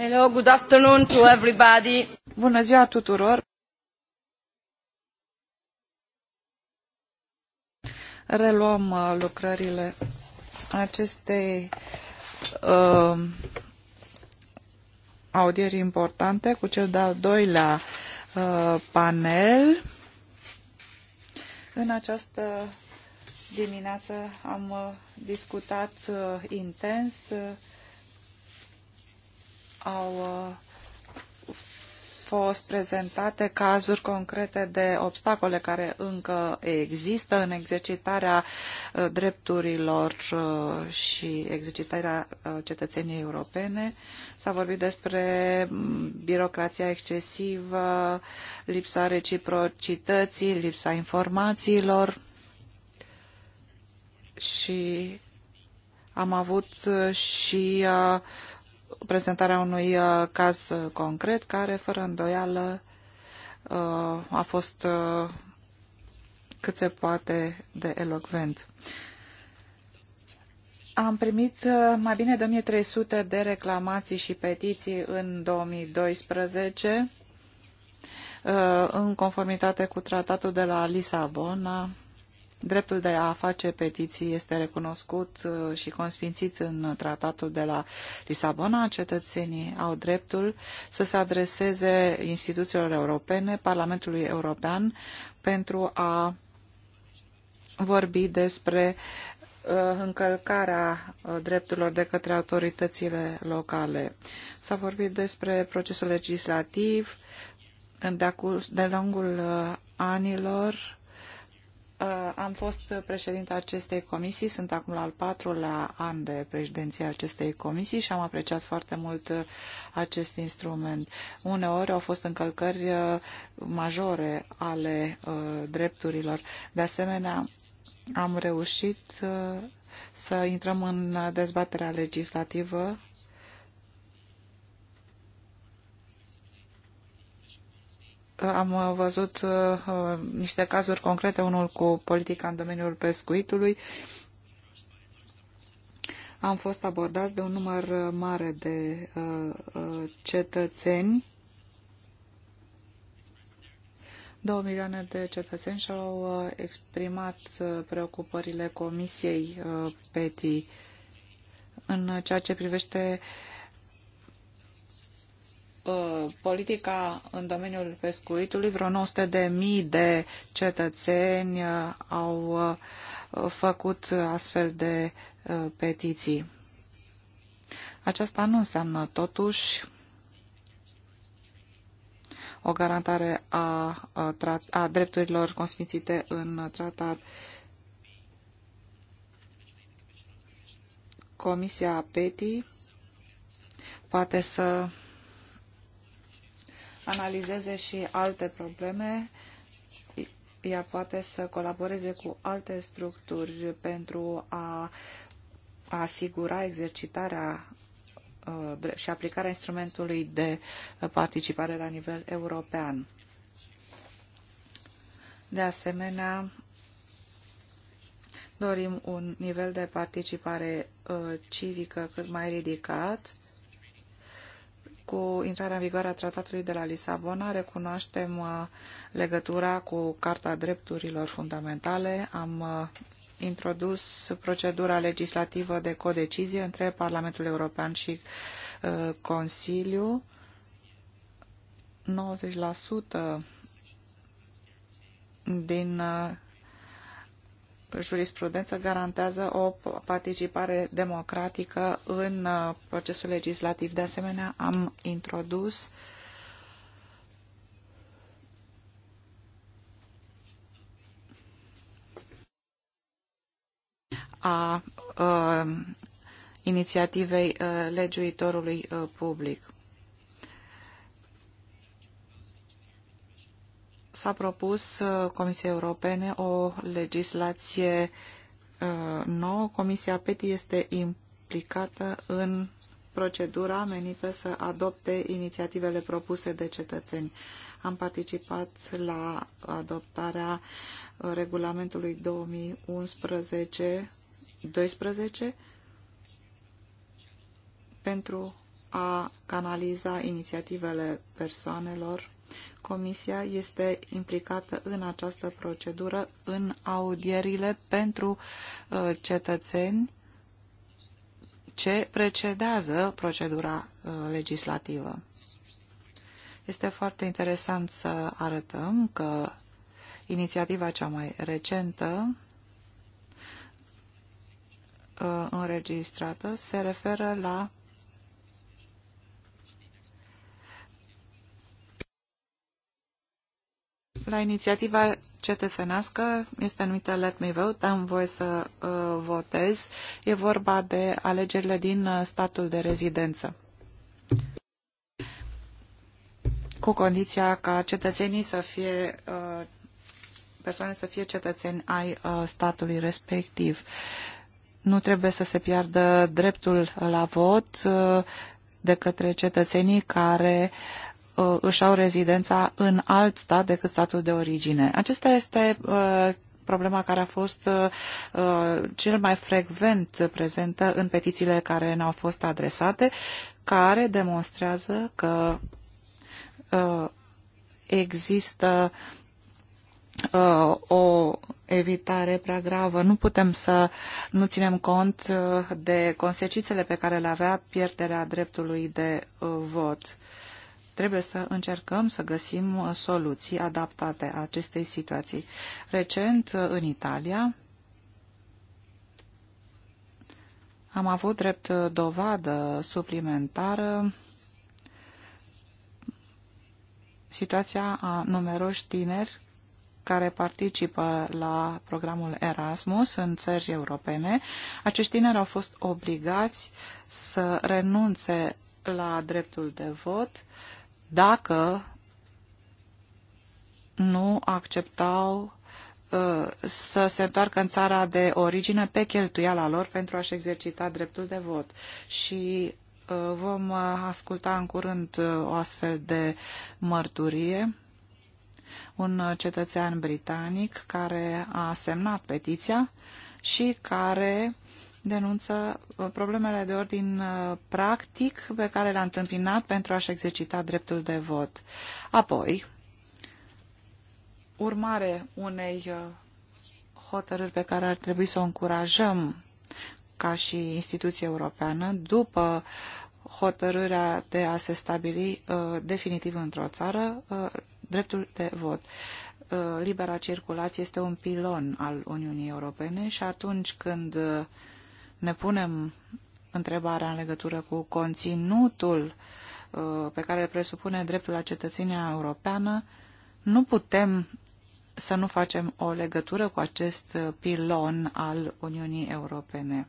Hello, good afternoon to everybody. Bună ziua tuturor. Reluăm uh, lucrările acestei uh, audieri importante cu cel de-al doilea uh, panel. În această dimineață am uh, discutat uh, intens uh, au uh, fost prezentate cazuri concrete de obstacole care încă există în exercitarea uh, drepturilor uh, și exercitarea cetățeniei europene. S-a vorbit despre mm, birocrația excesivă, lipsa reciprocității, lipsa informațiilor și am avut și prezentarea unui uh, caz uh, concret care, fără îndoială, uh, a fost cât se poate de elocvent. Am primit mai bine de 1300 de reclamații și petiții în 2012 în conformitate cu tratatul de la Lisabona Dreptul de a face petiții este recunoscut uh, și consfințit în tratatul de la Lisabona. Cetățenii au dreptul să se adreseze instituțiilor europene, Parlamentului European, pentru a vorbi despre uh, încălcarea uh, drepturilor de către autoritățile locale. S-a vorbit despre procesul legislativ de-a lungul anilor Uh, am fost președinte acestei comisii, sunt acum la al patrulea an de președinție acestei comisii și am apreciat foarte mult uh, acest instrument. Uneori au fost încălcări uh, majore ale drepturilor. De asemenea, am reușit să intrăm în dezbaterea legislativă am uh, văzut uh, uh, niște cazuri concrete, unul cu politica în domeniul pescuitului. Am fost abordați de un număr mare de cetățeni. Două milioane de cetățeni și-au exprimat preocupările Comisiei PETI în ceea ce privește uh, Uh, politica în domeniul pescuitului, vreo 900 de mii de cetățeni uh, au uh, făcut astfel de petiții. Aceasta nu înseamnă totuși o garantare a, a, a drepturilor consfințite în tratat. Comisia PETI poate să analizeze și alte probleme. Ea poate să colaboreze cu alte structuri pentru a asigura exercitarea uh, și aplicarea instrumentului de participare la nivel european. De asemenea, dorim un nivel de participare uh, civică cât mai ridicat cu intrarea în vigoare a tratatului de la Lisabona recunoaștem uh, legătura cu Carta Drepturilor Fundamentale. Am uh, introdus procedura legislativă de codecizie între Parlamentul European și uh, Consiliu. 90% din jurisprudență garantează o participare democratică în uh, procesul legislativ. De asemenea, am introdus a, a uh, inițiativei uh, legiuitorului public. s-a propus uh, Comisiei Europene o legislație uh, nouă. Comisia PETI este implicată în procedura menită să adopte inițiativele propuse de cetățeni. Am participat la adoptarea uh, regulamentului 2011 12 pentru a canaliza inițiativele persoanelor Comisia este implicată în această procedură, în audierile pentru uh, cetățeni ce precedează procedura uh, legislativă. Este foarte interesant să arătăm că inițiativa cea mai recentă uh, înregistrată se referă la La inițiativa ce este numită Let Me Vote, am voie să uh, votez. E vorba de alegerile din uh, statul de rezidență. Cu condiția ca cetățenii să fie, uh, persoane să fie cetățeni ai uh, statului respectiv. Nu trebuie să se piardă dreptul la vot uh, de către cetățenii care uh, uh, își au rezidența în alt stat decât statul de origine. Acesta este uh, problema care a fost uh, uh, cel mai frecvent prezentă în petițiile care ne-au fost adresate, care demonstrează că uh, există uh, o evitare prea gravă. Nu putem să nu ținem cont uh, de consecințele pe care le avea pierderea dreptului de uh, vot. Trebuie să încercăm să găsim uh, soluții adaptate acestei situații. Recent, uh, în Italia, am avut drept uh, dovadă suplimentară situația a numeroși tineri care participă la programul Erasmus în țări europene. Acești tineri au fost obligați să renunțe la dreptul de vot dacă nu acceptau uh, să se întoarcă în țara de origine pe cheltuiala lor pentru a-și exercita dreptul de vot. Și uh, vom uh, asculta în curând o astfel de mărturie. Un cetățean britanic care a semnat petiția și care denunță uh, problemele de ordin uh, practic pe care le-a întâmpinat pentru a-și exercita dreptul de vot. Apoi, urmare unei uh, hotărâri pe care ar trebui să o încurajăm ca și instituție europeană, după hotărârea de a se stabili uh, definitiv într-o țară uh, dreptul de vot. Uh, libera circulație este un pilon al Uniunii Europene și atunci când uh, ne punem întrebarea în legătură cu conținutul uh, pe care îl presupune dreptul la cetățenia europeană, nu putem să nu facem o legătură cu acest uh, pilon al Uniunii Europene.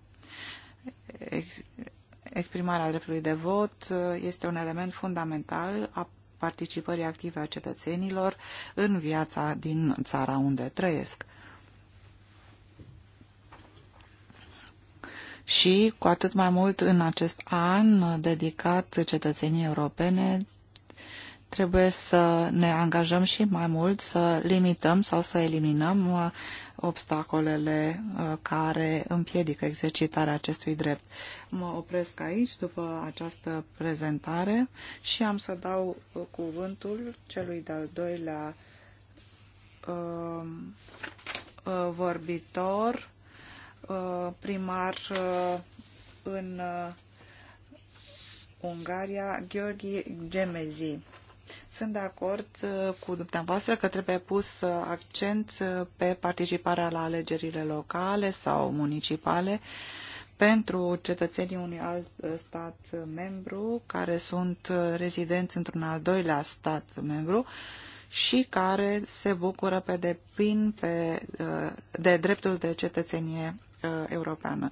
Exprimarea dreptului de vot uh, este un element fundamental a participării active a cetățenilor în viața din țara unde trăiesc. și cu atât mai mult în acest an dedicat cetățenii europene trebuie să ne angajăm și mai mult să limităm sau să eliminăm uh, obstacolele uh, care împiedică exercitarea acestui drept. Mă opresc aici după această prezentare și am să dau uh, cuvântul celui de-al doilea vorbitor Uh, primar uh, în uh, Ungaria, Gheorghe Gemezi. Sunt de acord cu dumneavoastră că trebuie pus accent pe participarea la alegerile locale sau municipale pentru cetățenii unui alt stat membru care sunt rezidenți într-un al doilea stat membru și care se bucură pe deplin pe, de dreptul de cetățenie Uh, europeană.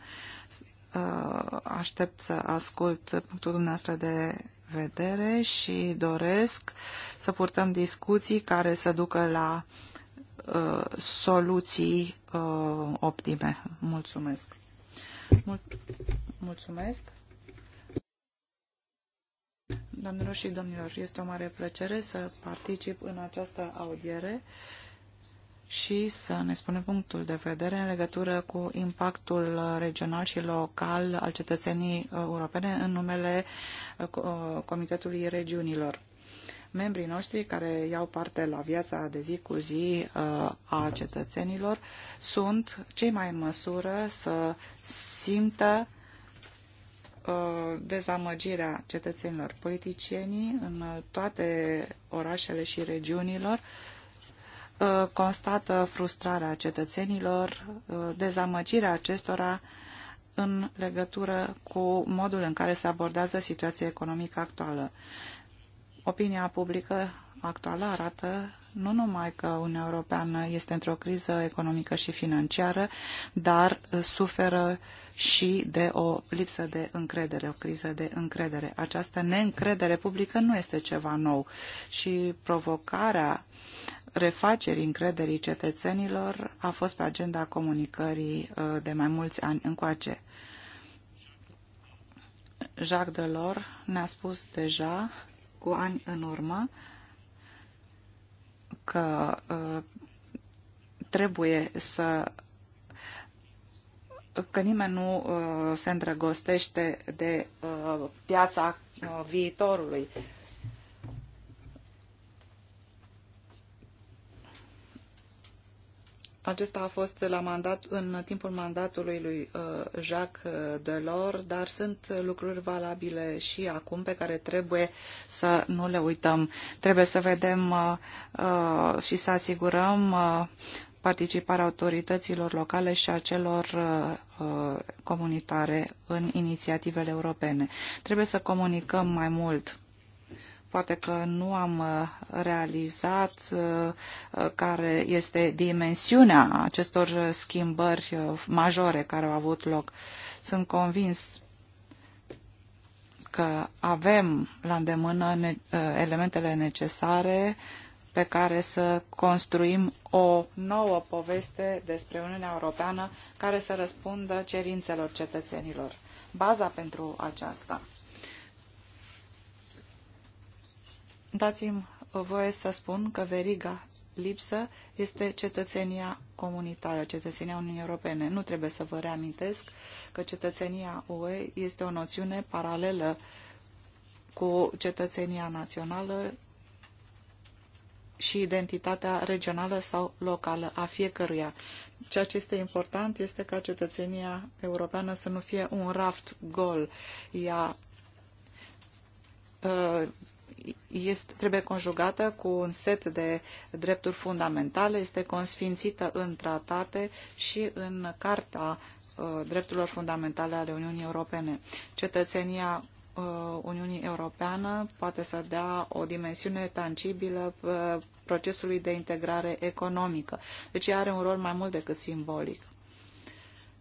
Uh, aștept să ascult punctul dumneavoastră de vedere și doresc să purtăm discuții care să ducă la uh, soluții uh, optime. Mulțumesc! Mul mulțumesc! Doamnelor și domnilor, este o mare plăcere să particip în această audiere și să ne spune punctul de vedere în legătură cu impactul regional și local al cetățenii uh, europene în numele uh, uh, Comitetului Regiunilor. Membrii noștri care iau parte la viața de zi cu zi a cetățenilor sunt cei mai în măsură să simtă dezamăgirea cetățenilor. Politicienii în toate orașele și regiunilor Uh, constată frustrarea cetățenilor, uh, dezamăgirea acestora în legătură cu modul în care se abordează situația economică actuală. Opinia publică actuală arată nu numai că Uniunea Europeană este într-o criză economică și financiară, dar uh, suferă și de o lipsă de încredere, o criză de încredere. Această neîncredere publică nu este ceva nou și provocarea refacerii încrederii cetățenilor a fost pe agenda comunicării uh, de mai mulți ani încoace. Jacques Delors ne-a spus deja cu ani în urmă că uh, trebuie să că nimeni nu uh, se îndrăgostește de piața viitorului Acesta a fost la mandat, în timpul mandatului lui uh, Jacques uh, Delors, dar sunt lucruri valabile și acum pe care trebuie să nu le uităm. Trebuie să vedem uh, și să asigurăm participarea autorităților locale și a celor comunitare în inițiativele europene. Trebuie să comunicăm mai mult Poate că nu am uh, realizat uh, uh, care este dimensiunea acestor schimbări majore care au avut loc. Sunt convins că avem la îndemână ne elementele necesare pe care să construim o nouă poveste despre Uniunea Europeană care să răspundă cerințelor cetățenilor. Baza pentru aceasta Dați-mi uh, voie să spun că veriga lipsă este cetățenia comunitară, cetățenia Uniunii Europene. Nu trebuie să vă reamintesc că cetățenia UE este o noțiune paralelă cu cetățenia națională și identitatea regională sau locală a fiecăruia. Ceea ce este important este ca cetățenia europeană să nu fie un raft gol. Ea uh, este, trebuie conjugată cu un set de drepturi fundamentale, este consfințită în tratate și în Carta uh, Drepturilor Fundamentale ale Uniunii Europene. Cetățenia uh, Uniunii Europeană poate să dea o dimensiune tangibilă uh, procesului de integrare economică. Deci are un rol mai mult decât simbolic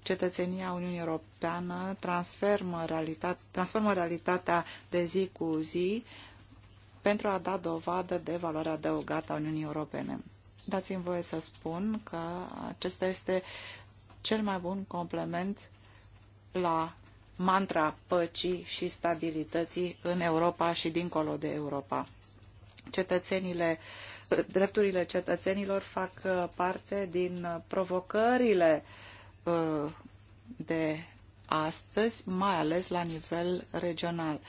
cetățenia Uniunii Europeană transformă, realitate, transformă realitatea de zi cu zi pentru a da dovadă de valoarea adăugată a Uniunii Europene. Dați-mi voie să spun că acesta este cel mai bun complement la mantra păcii și stabilității în Europa și dincolo de Europa. Cetățenile, drepturile cetățenilor fac uh, parte din provocările uh, de astăzi, mai ales la nivel regional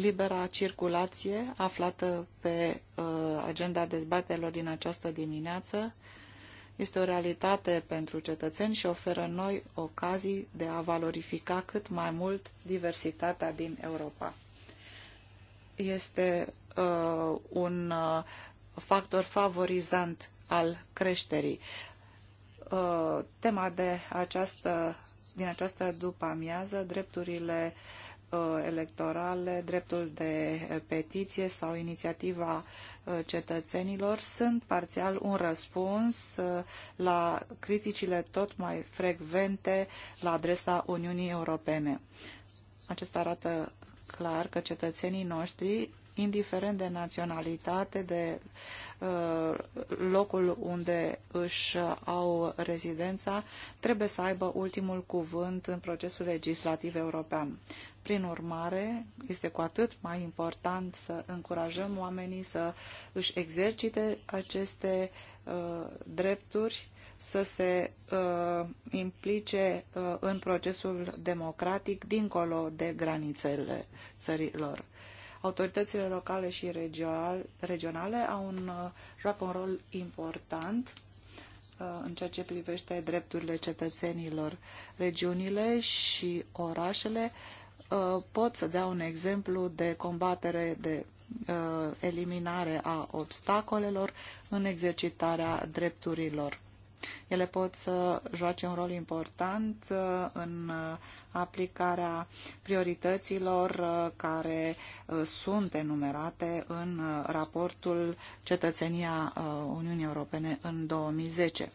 libera circulație aflată pe uh, agenda dezbaterilor din această dimineață este o realitate pentru cetățeni și oferă noi ocazii de a valorifica cât mai mult diversitatea din Europa. Este uh, un uh, factor favorizant al creșterii. Uh, tema de această, din această după amiază, drepturile uh, Uh, electorale, dreptul de petiție sau inițiativa uh, cetățenilor sunt parțial un răspuns uh, la criticile tot mai frecvente la adresa Uniunii Europene. Acesta arată clar că cetățenii noștri indiferent de naționalitate, de uh, locul unde își au rezidența, trebuie să aibă ultimul cuvânt în procesul legislativ european. Prin urmare, este cu atât mai important să încurajăm oamenii să își exercite aceste uh, drepturi, să se uh, implice uh, în procesul democratic dincolo de granițele țărilor autoritățile locale și regionale au un, uh, joacă un rol important uh, în ceea ce privește drepturile cetățenilor. Regiunile și orașele uh, pot să dea un exemplu de combatere, de eliminare a obstacolelor în exercitarea drepturilor. Ele pot să joace un rol important uh, în uh, aplicarea priorităților uh, care sunt enumerate în raportul Cetățenia Uniunii Europene în 2010.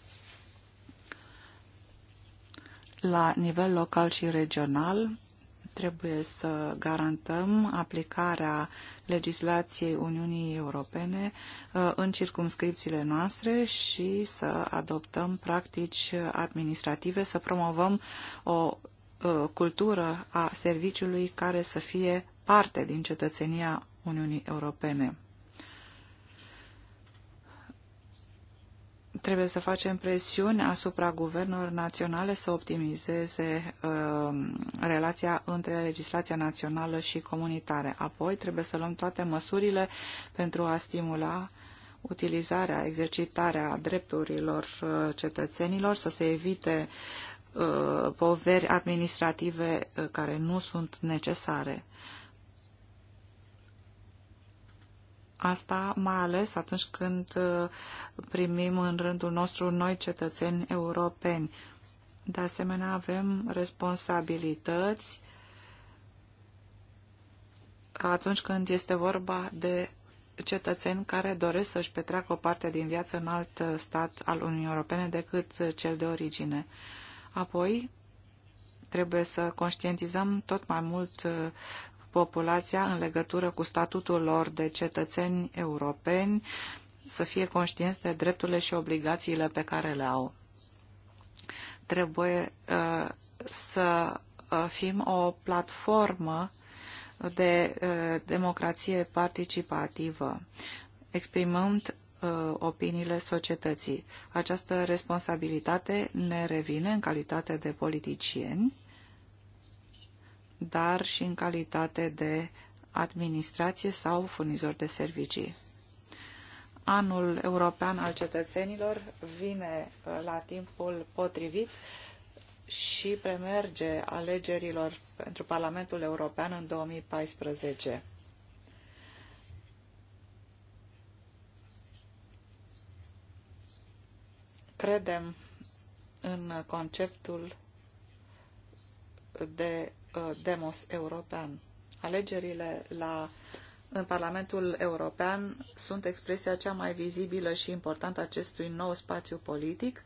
La nivel local și regional, trebuie să garantăm aplicarea legislației Uniunii Europene uh, în circumscripțiile noastre și să adoptăm practici administrative, să promovăm o uh, cultură a serviciului care să fie parte din cetățenia Uniunii Europene. trebuie să facem presiune asupra guvernelor naționale să optimizeze uh, relația între legislația națională și comunitare. Apoi trebuie să luăm toate măsurile pentru a stimula utilizarea, exercitarea drepturilor uh, cetățenilor, să se evite uh, poveri administrative uh, care nu sunt necesare. Asta mai ales atunci când uh, primim în rândul nostru noi cetățeni europeni. De asemenea, avem responsabilități atunci când este vorba de cetățeni care doresc să-și petreacă o parte din viață în alt uh, stat al Uniunii Europene decât uh, cel de origine. Apoi, trebuie să conștientizăm tot mai mult populația în legătură cu statutul lor de cetățeni europeni, să fie conștienți de drepturile și obligațiile pe care le au. Trebuie uh, să uh, fim o platformă de uh, democrație participativă, exprimând uh, opiniile societății. Această responsabilitate ne revine în calitate de politicieni dar și în calitate de administrație sau furnizor de servicii. Anul European al Cetățenilor vine uh, la timpul potrivit și premerge alegerilor pentru Parlamentul European în 2014. Credem în conceptul de Uh, demos european. Alegerile la, în Parlamentul European sunt expresia cea mai vizibilă și importantă a acestui nou spațiu politic,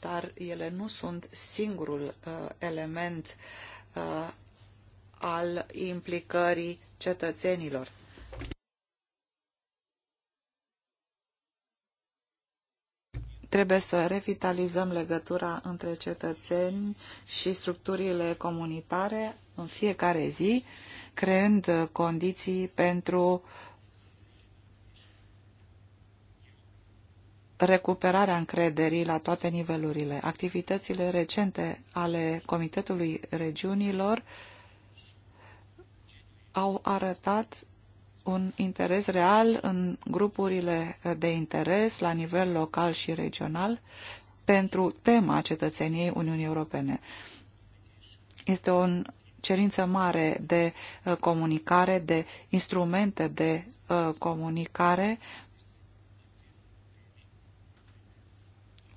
dar ele nu sunt singurul uh, element uh, al implicării cetățenilor. Trebuie să revitalizăm legătura între cetățeni și structurile comunitare, în fiecare zi, creând condiții pentru recuperarea încrederii la toate nivelurile. Activitățile recente ale Comitetului Regiunilor au arătat un interes real în grupurile de interes la nivel local și regional pentru tema cetățeniei Uniunii Europene. Este un cerință mare de uh, comunicare, de instrumente de uh, comunicare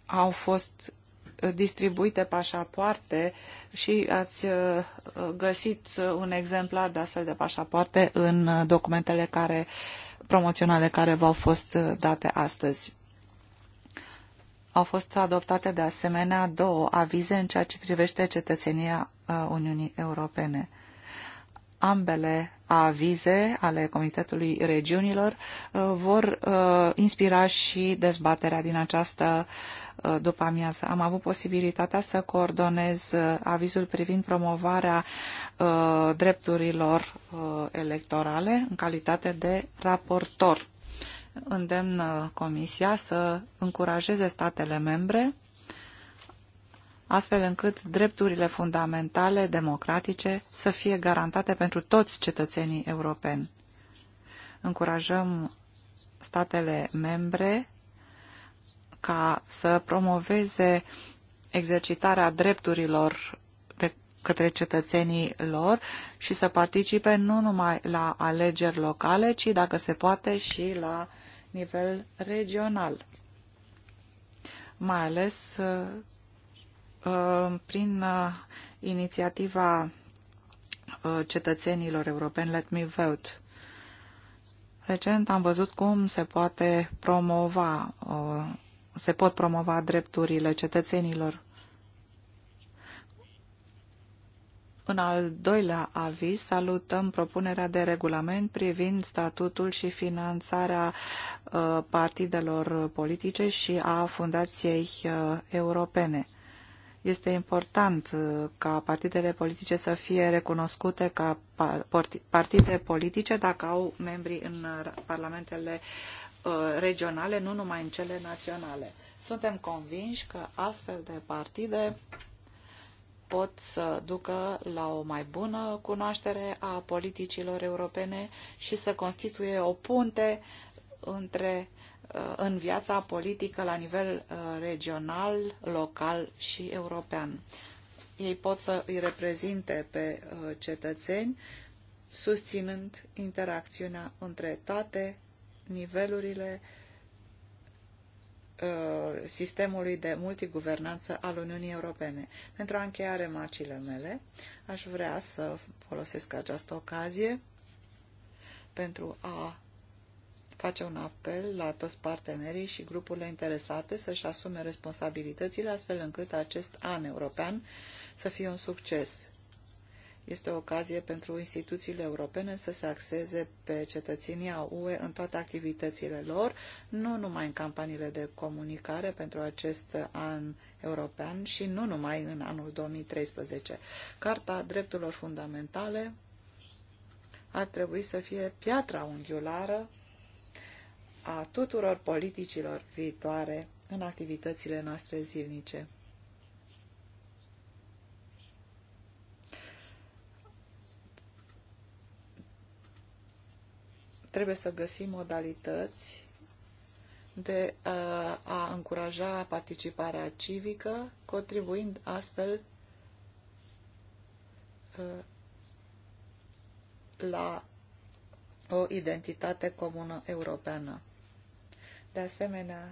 au fost uh, distribuite pașapoarte și ați găsit un exemplar de astfel de pașapoarte în documentele care, promoționale care v-au fost date astăzi. Au fost adoptate de asemenea două avize în ceea ce privește cetățenia Uniunii Europene. Ambele avize ale Comitetului Regiunilor uh, vor uh, inspira și dezbaterea din această uh, după amiază. Am avut posibilitatea să coordonez avizul privind promovarea drepturilor electorale în calitate de raportor îndemn Comisia să încurajeze statele membre astfel încât drepturile fundamentale democratice să fie garantate pentru toți cetățenii europeni. Încurajăm statele membre ca să promoveze exercitarea drepturilor de către cetățenii lor și să participe nu numai la alegeri locale, ci dacă se poate și la nivel regional, mai ales Uh, prin uh, inițiativa uh, cetățenilor europeni Let Me Vote. Recent am văzut cum se poate promova, se pot promova drepturile cetățenilor. În al doilea aviz salutăm propunerea de regulament privind statutul și finanțarea partidelor politice și a fundației europene. Este important uh, ca partidele politice să fie recunoscute ca partide politice dacă au membri în uh, parlamentele uh, regionale, nu numai în cele naționale. Suntem convinși că astfel de partide pot să ducă la o mai bună cunoaștere a politicilor europene și să constituie o punte între în viața politică la nivel uh, regional, local și european. Ei pot să îi reprezinte pe uh, cetățeni, susținând interacțiunea între toate nivelurile uh, sistemului de multiguvernanță al Uniunii Europene. Pentru a încheia remarcile mele, aș vrea să folosesc această ocazie pentru a face un apel la toți partenerii și grupurile interesate să-și asume responsabilitățile astfel încât acest an european să fie un succes. Este o ocazie pentru instituțiile europene să se axeze pe cetățenia UE în toate activitățile lor, nu numai în campaniile de comunicare pentru acest an european și nu numai în anul 2013. Carta Drepturilor Fundamentale ar trebui să fie piatra unghiulară a tuturor politicilor viitoare în activitățile noastre zilnice. Trebuie să găsim modalități de uh, a încuraja participarea civică, contribuind astfel uh, la o identitate comună europeană. De asemenea,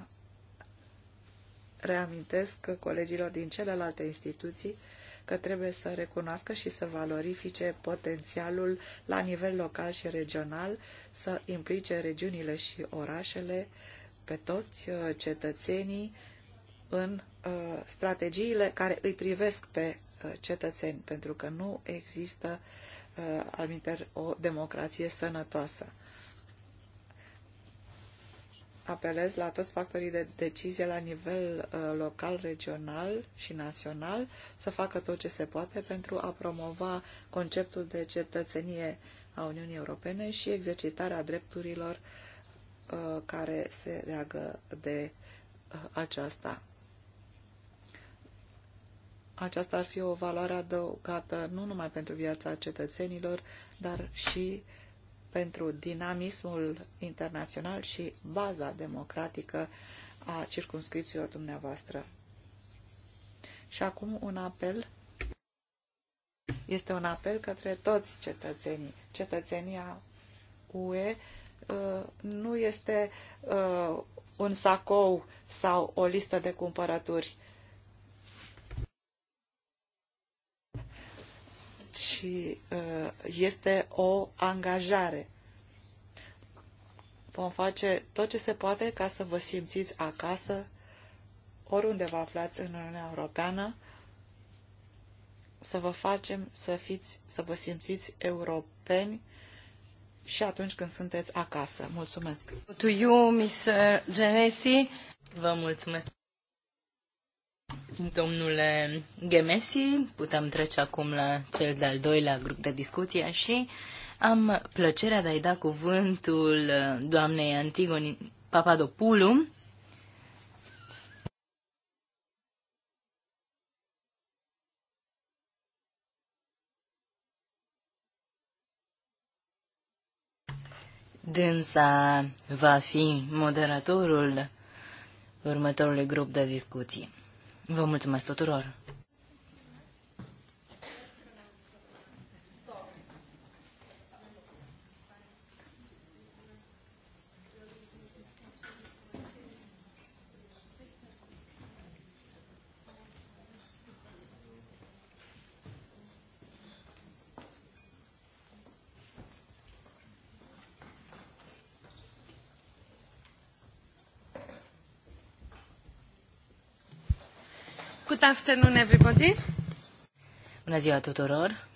reamintesc colegilor din celelalte instituții că trebuie să recunoască și să valorifice potențialul la nivel local și regional, să implice regiunile și orașele, pe toți uh, cetățenii în uh, strategiile care îi privesc pe uh, cetățeni, pentru că nu există alminter o democrație sănătoasă apelez la toți factorii de decizie la nivel uh, local, regional și național să facă tot ce se poate pentru a promova conceptul de cetățenie a Uniunii Europene și exercitarea drepturilor uh, care se leagă de uh, aceasta. Aceasta ar fi o valoare adăugată nu numai pentru viața cetățenilor, dar și uh, pentru dinamismul internațional și baza democratică a circunscripțiilor dumneavoastră. Și acum un apel este un apel către toți cetățenii. Cetățenia UE uh, nu este uh, un sacou sau o listă de cumpărături. ci uh, este o angajare. Vom face tot ce se poate ca să vă simțiți acasă, oriunde vă aflați în Uniunea Europeană, să vă facem să, fiți, să vă simțiți europeni și atunci când sunteți acasă. Mulțumesc! To you, Mr. Genesi. Vă mulțumesc! Domnule Gemesi, putem trece acum la cel de-al doilea grup de discuție și am plăcerea de a-i da cuvântul uh, doamnei Antigoni Papadopoulou, Dânsa va fi moderatorul următorului grup de discuții. Vă mulțumesc tuturor! afternoon, everybody. Bună ziua tuturor.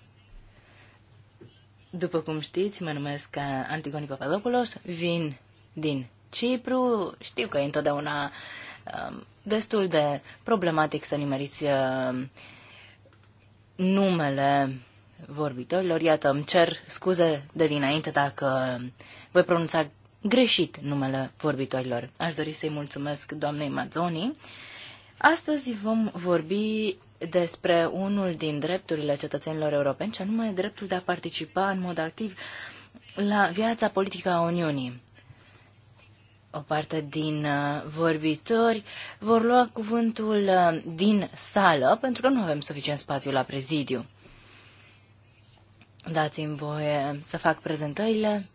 După cum știți, mă numesc Antigoni Papadopoulos, vin din Cipru. Știu că e întotdeauna um, destul de problematic să nimeriți um, numele vorbitorilor. Iată, îmi cer scuze de dinainte dacă voi pronunța greșit numele vorbitorilor. Aș dori să-i mulțumesc doamnei Mazzoni Astăzi vom vorbi despre unul din drepturile cetățenilor europeni, ce anume dreptul de a participa în mod activ la viața politică a Uniunii. O parte din uh, vorbitori vor lua cuvântul uh, din sală, pentru că nu avem suficient spațiu la prezidiu. Dați-mi voie să fac prezentările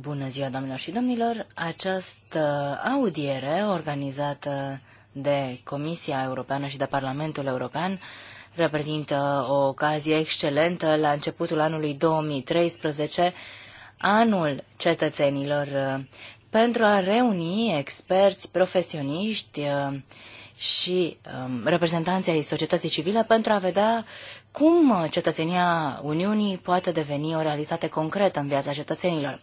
Bună ziua, doamnelor și domnilor! Această audiere organizată de Comisia Europeană și de Parlamentul European reprezintă o ocazie excelentă la începutul anului 2013, anul cetățenilor, pentru a reuni experți, profesioniști, și um, reprezentanții ai societății civile pentru a vedea cum cetățenia Uniunii poate deveni o realitate concretă în viața cetățenilor.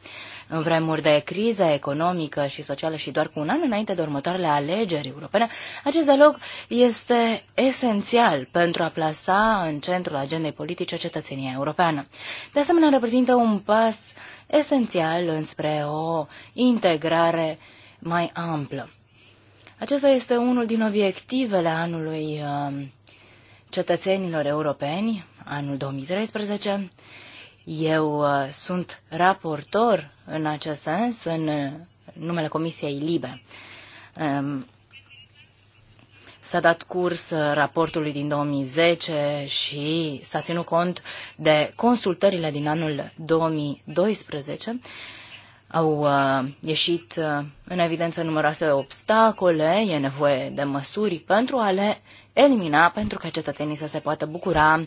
În vremuri de criză economică și socială și doar cu un an înainte de următoarele alegeri europene, acest dialog este esențial pentru a plasa în centrul agendei politice cetățenia europeană. De asemenea, reprezintă un pas esențial înspre o integrare mai amplă. Acesta este unul din obiectivele anului um, cetățenilor europeni, anul 2013. Eu uh, sunt raportor în acest sens, în uh, numele Comisiei Libe. Um, s-a dat curs uh, raportului din 2010 și s-a ținut cont de consultările din anul 2012 au uh, ieșit uh, în evidență numeroase obstacole, e nevoie de măsuri pentru a le elimina, pentru ca cetățenii să se poată bucura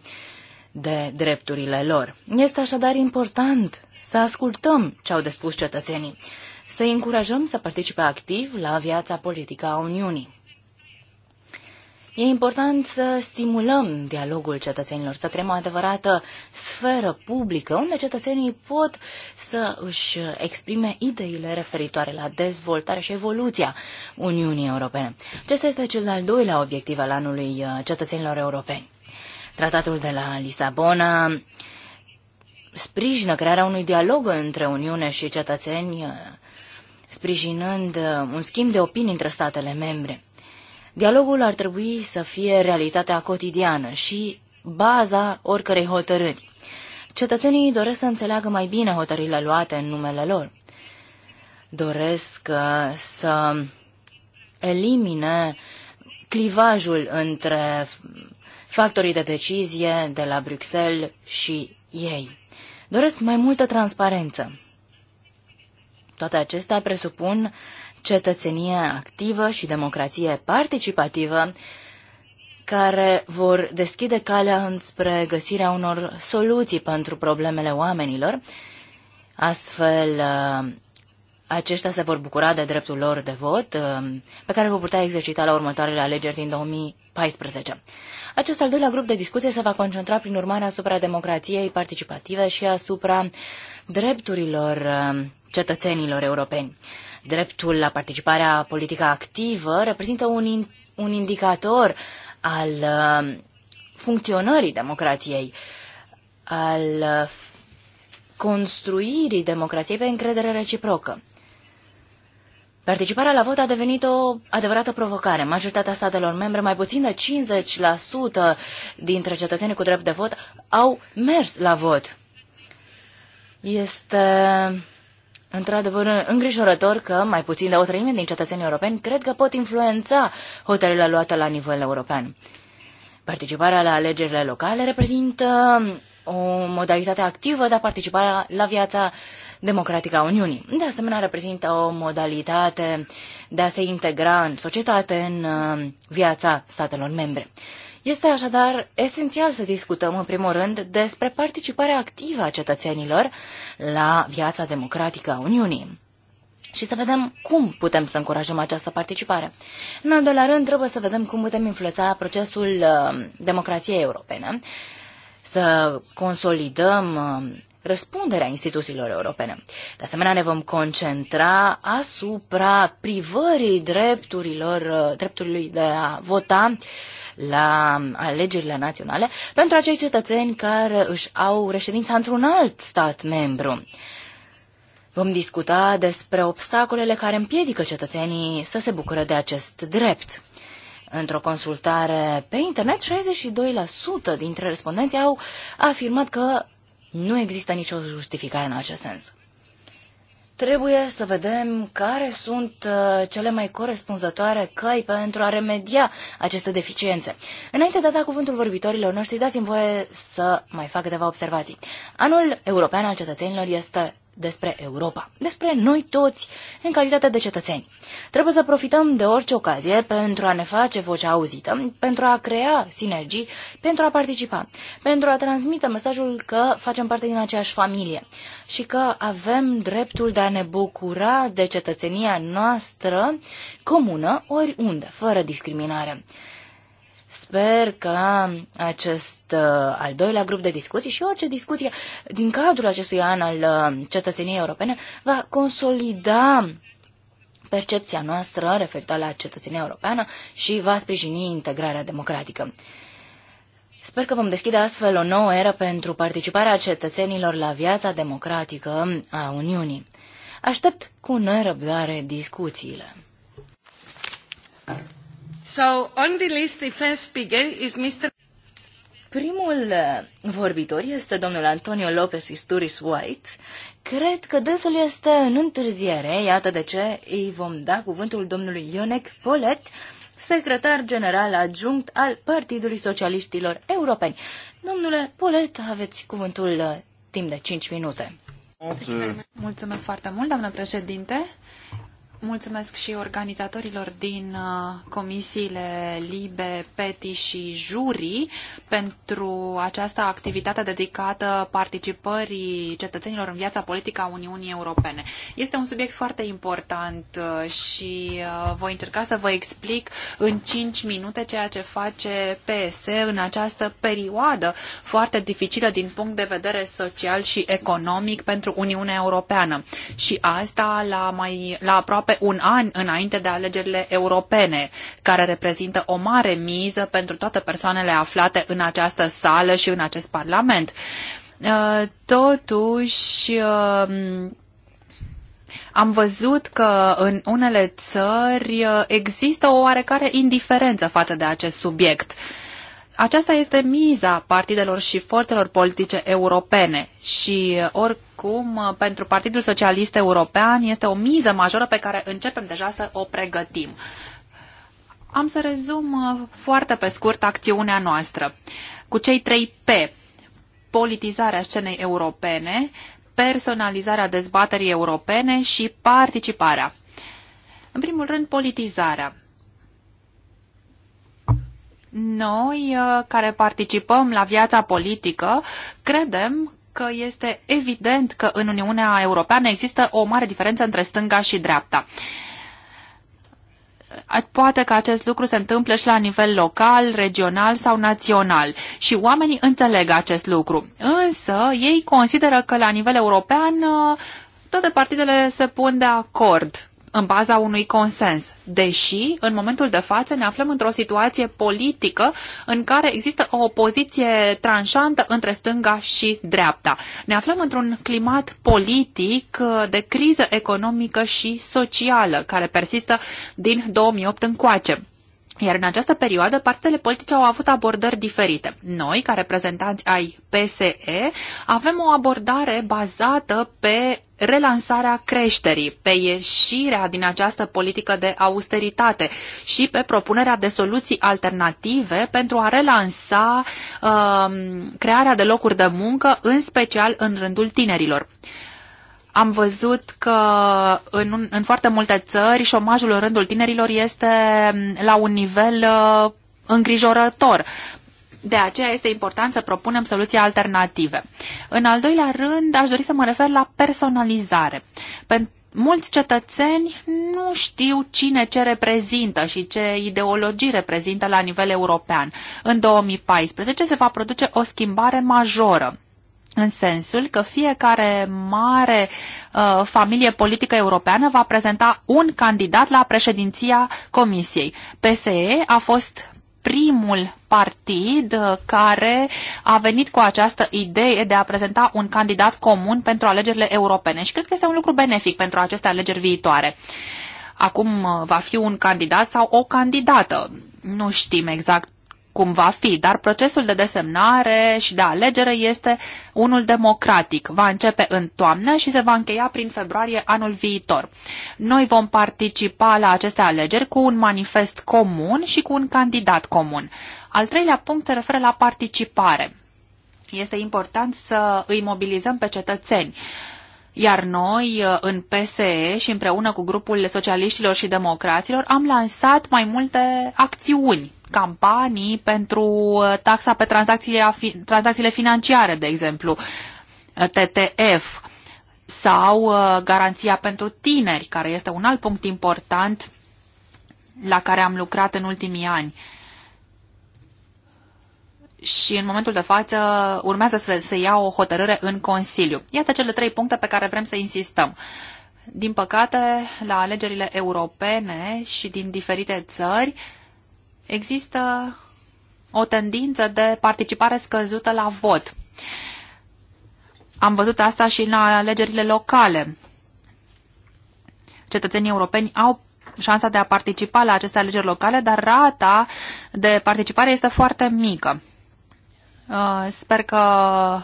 de drepturile lor. Este așadar important să ascultăm ce au de spus cetățenii, să-i încurajăm să participe activ la viața politică a Uniunii. E important să stimulăm dialogul cetățenilor, să creăm o adevărată sferă publică unde cetățenii pot să își exprime ideile referitoare la dezvoltare și evoluția Uniunii Europene. Acesta este cel de-al doilea obiectiv al anului uh, cetățenilor europeni. Tratatul de la Lisabona sprijină crearea unui dialog între Uniune și cetățeni, uh, sprijinând uh, un schimb de opinii între statele membre. Dialogul ar trebui să fie realitatea cotidiană și baza oricărei hotărâri. Cetățenii doresc să înțeleagă mai bine hotărârile luate în numele lor. Doresc uh, să elimine clivajul între factorii de decizie de la Bruxelles și ei. Doresc mai multă transparență. Toate acestea presupun cetățenie activă și democrație participativă care vor deschide calea înspre găsirea unor soluții pentru problemele oamenilor. Astfel, uh, aceștia se vor bucura de dreptul lor de vot, uh, pe care îl vor putea exercita la următoarele alegeri din 2014. Acest al doilea grup de discuție se va concentra prin urmare asupra democrației participative și asupra drepturilor uh, cetățenilor europeni. Dreptul la participarea politică activă reprezintă un, in, un indicator al uh, funcționării democrației, al uh, construirii democrației pe încredere reciprocă. Participarea la vot a devenit o adevărată provocare. Majoritatea statelor membre, mai puțin de 50% dintre cetățenii cu drept de vot, au mers la vot. Este într-adevăr îngrijorător că mai puțin de o treime din cetățenii europeni cred că pot influența hotărârea luate la nivel european. Participarea la alegerile locale reprezintă o modalitate activă de a participa la viața democratică a Uniunii. De asemenea, reprezintă o modalitate de a se integra în societate, în uh, viața statelor membre. Este așadar esențial să discutăm, în primul rând, despre participarea activă a cetățenilor la viața democratică a Uniunii și să vedem cum putem să încurajăm această participare. În al doilea rând, trebuie să vedem cum putem influența procesul uh, democrației europene, să consolidăm uh, răspunderea instituțiilor europene. De asemenea, ne vom concentra asupra privării drepturilor, uh, dreptului de a vota uh, la alegerile naționale pentru acei cetățeni care își au reședința într-un alt stat membru. Vom discuta despre obstacolele care împiedică cetățenii să se bucure de acest drept. Într-o consultare pe internet, 62% dintre respondenții au afirmat că nu există nicio justificare în acest sens. Trebuie să vedem care sunt uh, cele mai corespunzătoare căi pentru a remedia aceste deficiențe. Înainte de a da cuvântul vorbitorilor noștri, dați-mi voie să mai fac câteva observații. Anul European al Cetățenilor este despre Europa, despre noi toți, în calitate de cetățeni. Trebuie să profităm de orice ocazie pentru a ne face vocea auzită, pentru a crea sinergii, pentru a participa, pentru a transmite mesajul că facem parte din aceeași familie și că avem dreptul de a ne bucura de cetățenia noastră comună oriunde, fără discriminare. Sper că acest uh, al doilea grup de discuții și orice discuție din cadrul acestui an al uh, cetățeniei europene va consolida percepția noastră referitoare la cetățenia europeană și va sprijini integrarea democratică. Sper că vom deschide astfel o nouă eră pentru participarea cetățenilor la viața democratică a Uniunii. Aștept cu nerăbdare discuțiile. So, on the list, the first speaker is Mr. Primul uh, vorbitor este domnul Antonio Lopez Isturis White. Cred că dânsul este în întârziere, iată de ce îi vom da cuvântul domnului Ionec Polet, secretar general adjunct al Partidului Socialiștilor Europeni. Domnule Polet, aveți cuvântul uh, timp de 5 minute. Mulțumesc foarte mult, doamnă președinte mulțumesc și organizatorilor din uh, comisiile LIBE, PETI și Juri pentru această activitate dedicată participării cetățenilor în viața politică a Uniunii Europene. Este un subiect foarte important uh, și uh, voi încerca să vă explic în 5 minute ceea ce face PS în această perioadă foarte dificilă din punct de vedere social și economic pentru Uniunea Europeană. Și asta la, mai, la aproape aproape un an înainte de alegerile europene, care reprezintă o mare miză pentru toate persoanele aflate în această sală și în acest parlament. Uh, totuși, uh, am văzut că în unele țări uh, există o oarecare indiferență față de acest subiect. Uh, aceasta este miza partidelor și forțelor politice europene și uh, oricum uh, pentru Partidul Socialist European este o miză majoră pe care începem deja să o pregătim. Am să rezum uh, foarte pe scurt acțiunea noastră cu cei trei P. Politizarea scenei europene, personalizarea dezbaterii europene și participarea. În primul rând, politizarea. Noi, uh, care participăm la viața politică, credem că este evident că în Uniunea Europeană există o mare diferență între stânga și dreapta. Poate că acest lucru se întâmplă și la nivel local, regional sau național și oamenii înțeleg acest lucru. Însă ei consideră că la nivel european uh, toate partidele se pun de acord în baza unui consens, deși în momentul de față ne aflăm într-o situație politică în care există o opoziție tranșantă între stânga și dreapta. Ne aflăm într-un climat politic uh, de criză economică și socială care persistă din 2008 încoace. Iar în această perioadă, partele politice au avut abordări diferite. Noi, ca reprezentanți ai PSE, avem o abordare bazată pe relansarea creșterii, pe ieșirea din această politică de austeritate și pe propunerea de soluții alternative pentru a relansa uh, crearea de locuri de muncă, în special în rândul tinerilor am văzut că în, în foarte multe țări șomajul în rândul tinerilor este mm, la un nivel uh, îngrijorător. De aceea este important să propunem soluții alternative. În al doilea rând, aș dori să mă refer la personalizare. Pentru mulți cetățeni nu știu cine ce reprezintă și ce ideologii reprezintă la nivel european. În 2014 se va produce o schimbare majoră în sensul că fiecare mare uh, familie politică europeană va prezenta un candidat la președinția Comisiei. PSE a fost primul partid uh, care a venit cu această idee de a prezenta un candidat comun pentru alegerile europene și cred că este un lucru benefic pentru aceste alegeri viitoare. Acum uh, va fi un candidat sau o candidată. Nu știm exact cum va fi, dar procesul de desemnare și de alegere este unul democratic. Va începe în toamnă și se va încheia prin februarie anul viitor. Noi vom participa la aceste alegeri cu un manifest comun și cu un candidat comun. Al treilea punct se referă la participare. Este important să îi mobilizăm pe cetățeni. Uh, iar noi, uh, în PSE și împreună cu grupul socialiștilor și democraților, am lansat mai multe acțiuni, campanii pentru uh, taxa pe tranzacțiile, tranzacțiile financiare, de exemplu, uh, TTF, sau garanția pentru tineri, care este un alt punct important la care am lucrat în ultimii ani și în momentul de față urmează să se ia o hotărâre în Consiliu. Iată cele trei puncte pe care vrem să insistăm. Din păcate, la alegerile europene și din diferite țări există o tendință de participare scăzută la vot. Am văzut asta și la alegerile locale. Cetățenii europeni au șansa de a participa la aceste alegeri locale, dar rata de participare este foarte mică. Uh, sper că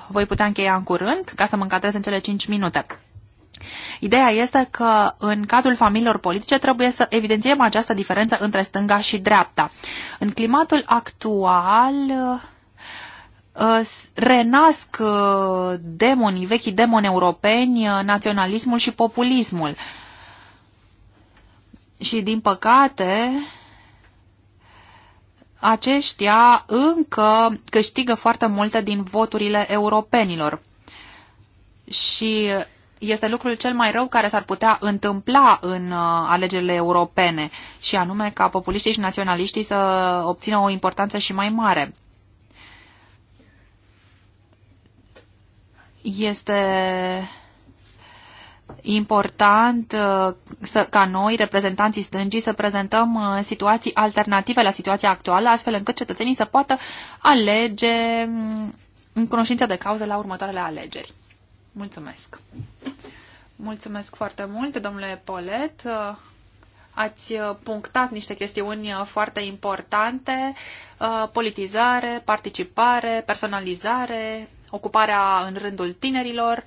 voi putea încheia în curând, ca să mă încadrez în cele 5 minute. Ideea este că în cadrul familiilor politice trebuie să evidențiem această diferență între stânga și dreapta. În climatul actual uh, renasc uh, demonii, vechi, demoni europeni, naționalismul și populismul. Și din păcate, aceștia încă câștigă foarte multe din voturile europenilor. Și este lucrul cel mai rău care s-ar putea întâmpla în uh, alegerile europene, și anume ca populiștii și naționaliștii să obțină o importanță și mai mare. Este important uh, să, ca noi, reprezentanții stângii, să prezentăm uh, situații alternative la situația actuală, astfel încât cetățenii să poată alege mm, în cunoștință de cauză la următoarele alegeri. Mulțumesc! Mulțumesc foarte mult, domnule Polet. Uh, ați punctat niște chestiuni foarte importante, politizare, participare, personalizare, ocuparea în rândul tinerilor.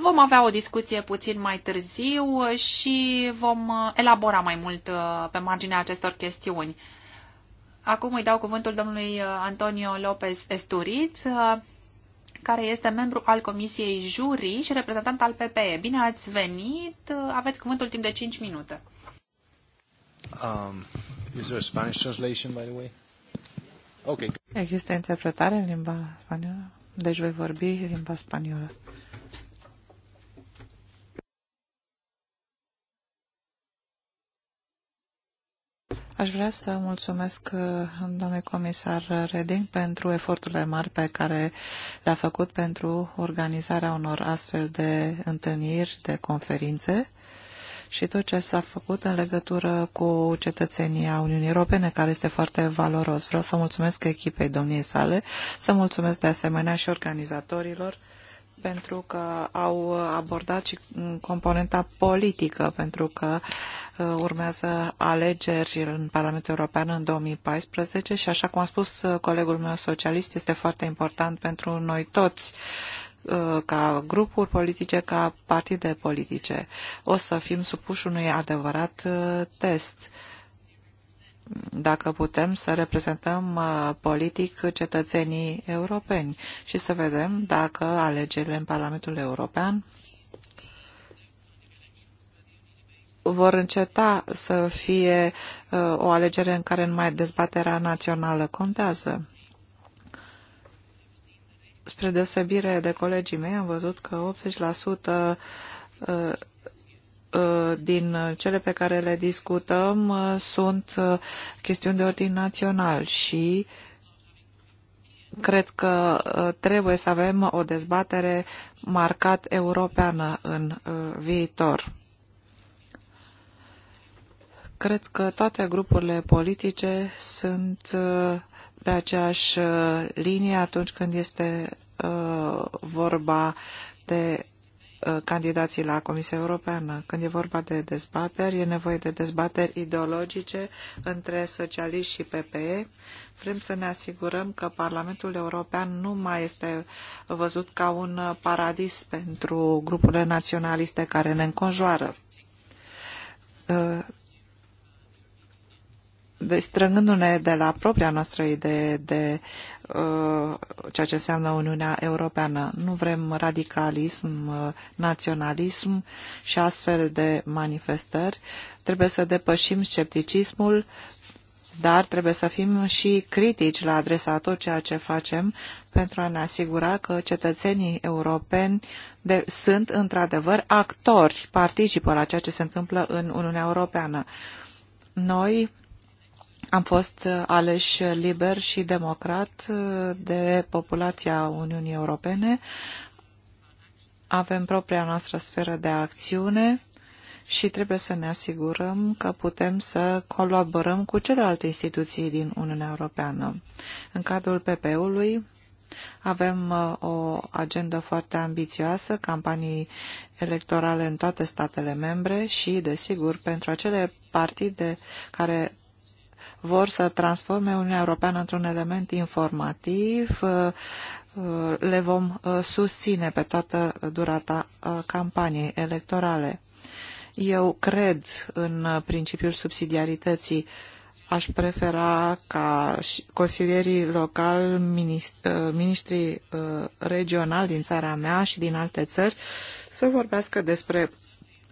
Vom avea o discuție puțin mai târziu și vom uh, elabora mai mult uh, pe marginea acestor chestiuni. Acum îi dau cuvântul domnului uh, Antonio Lopez Esturiz, care este membru al Comisiei Jurii și reprezentant al PPE. Bine ați venit! Aveți cuvântul timp de 5 minute. Um, is there a Spanish translation, by the way? Okay. Există interpretare în limba spaniolă? Deci voi vorbi limba spaniolă. Aș vrea să mulțumesc uh, domnului comisar Reding pentru eforturile mari pe care le-a făcut pentru organizarea unor astfel de întâlniri, de conferințe și tot ce s-a făcut în legătură cu cetățenia Uniunii Europene, care este foarte valoros. Vreau să mulțumesc echipei domniei sale, să mulțumesc de asemenea și organizatorilor pentru că au abordat și componenta politică, pentru că uh, urmează alegeri în Parlamentul European în 2014 și, așa cum a spus uh, colegul meu socialist, este foarte important pentru noi toți uh, ca grupuri politice, ca partide politice. O să fim supuși unui adevărat test dacă putem să reprezentăm uh, politic cetățenii europeni și să vedem dacă alegerile în Parlamentul European vor înceta să fie uh, o alegere în care numai dezbaterea națională contează. Spre deosebire de colegii mei, am văzut că 80% Uh, din cele pe care le discutăm uh, sunt uh, chestiuni de ordin național și cred că trebuie să avem o dezbatere marcat europeană în viitor. Cred că toate grupurile politice sunt pe aceeași linie atunci când este vorba de Uh, candidații la Comisia Europeană. Când e vorba de dezbateri, e nevoie de dezbateri ideologice între socialiști și PPE. Vrem să ne asigurăm că Parlamentul European nu mai este văzut ca un paradis pentru grupurile naționaliste care ne înconjoară uh, deci, strângându-ne de la propria noastră idee de Uh, ceea ce înseamnă Uniunea Europeană. Nu vrem radicalism, uh, naționalism și astfel de manifestări. Trebuie să depășim scepticismul, dar trebuie să fim și critici la adresa tot ceea ce facem pentru a ne asigura că cetățenii europeni de, sunt într-adevăr actori, participă la ceea ce se întâmplă în Uniunea Europeană. Noi am fost uh, aleși liber și democrat uh, de populația Uniunii Europene. Avem propria noastră sferă de acțiune și trebuie să ne asigurăm că putem să colaborăm cu celelalte instituții din Uniunea Europeană. În cadrul PP-ului avem uh, o agendă foarte ambițioasă, campanii electorale în toate statele membre și, desigur, pentru acele partide care vor să transforme Uniunea Europeană într-un element informativ. Uh, uh, le vom uh, susține pe toată durata campaniei electorale. Eu cred în principiul subsidiarității aș prefera ca consilierii locali, miniștrii regionali din țara mea și din alte țări să vorbească despre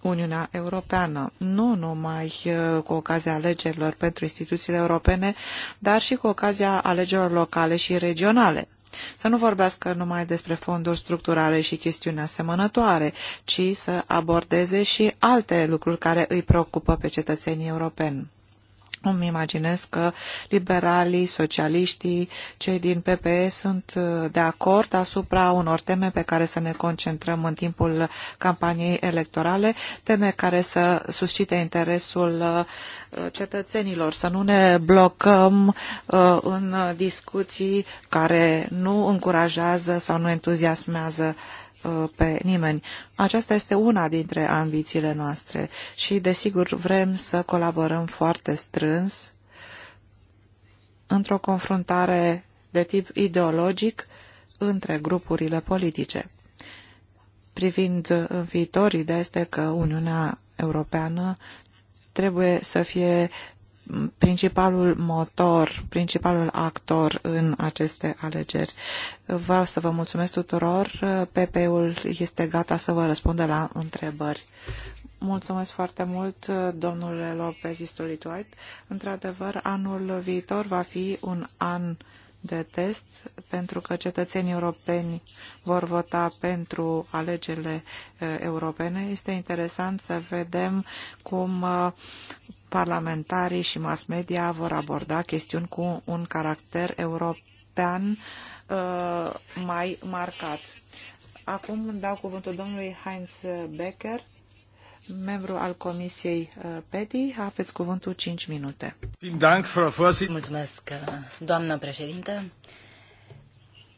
Uniunea Europeană, nu numai uh, cu ocazia alegerilor pentru instituțiile europene, dar și cu ocazia alegerilor locale și regionale. Să nu vorbească numai despre fonduri structurale și chestiuni asemănătoare, ci să abordeze și alte lucruri care îi preocupă pe cetățenii europeni. Îmi imaginez că liberalii, socialiștii, cei din PPE sunt uh, de acord asupra unor teme pe care să ne concentrăm în timpul campaniei electorale, teme care să suscite interesul uh, cetățenilor, să nu ne blocăm uh, în discuții care nu încurajează sau nu entuziasmează Uh, pe nimeni. Aceasta este una dintre ambițiile noastre și, desigur, vrem să colaborăm foarte strâns într-o confruntare de tip ideologic între grupurile politice. Privind în viitor, ideea este că Uniunea Europeană trebuie să fie principalul motor, principalul actor în aceste alegeri. Vreau să vă mulțumesc tuturor. PP-ul este gata să vă răspundă la întrebări. Mulțumesc foarte mult, domnule Lopez Istolituait. Într-adevăr, anul viitor va fi un an de test, pentru că cetățenii europeni vor vota pentru alegerile eh, europene. Este interesant să vedem cum eh, parlamentarii și mass media vor aborda chestiuni cu un caracter european uh, mai marcat. Acum dau cuvântul domnului Heinz Becker, membru al Comisiei uh, PETI. Aveți cuvântul 5 minute. Mulțumesc, doamnă președinte.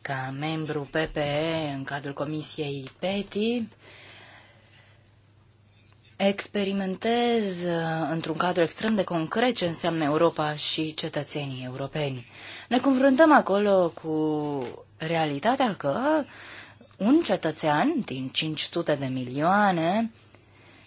Ca membru PPE în cadrul Comisiei PETI, experimentez uh, într-un cadru extrem de concret ce înseamnă Europa și cetățenii europeni. Ne confruntăm acolo cu realitatea că un cetățean din 500 de milioane,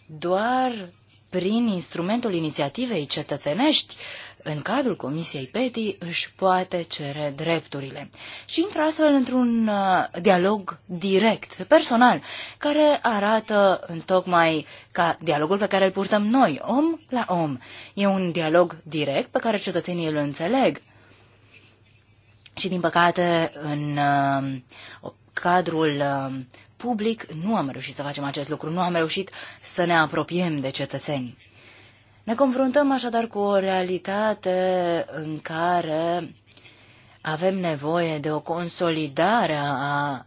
doar prin instrumentul inițiativei cetățenești, în cadrul Comisiei PETI își poate cere drepturile și intră astfel într-un uh, dialog direct, personal, care arată în tocmai ca dialogul pe care îl purtăm noi, om la om. E un dialog direct pe care cetățenii îl înțeleg. Și, din păcate, în uh, cadrul uh, public nu am reușit să facem acest lucru, nu am reușit să ne apropiem de cetățeni. Ne confruntăm așadar cu o realitate în care avem nevoie de o consolidare a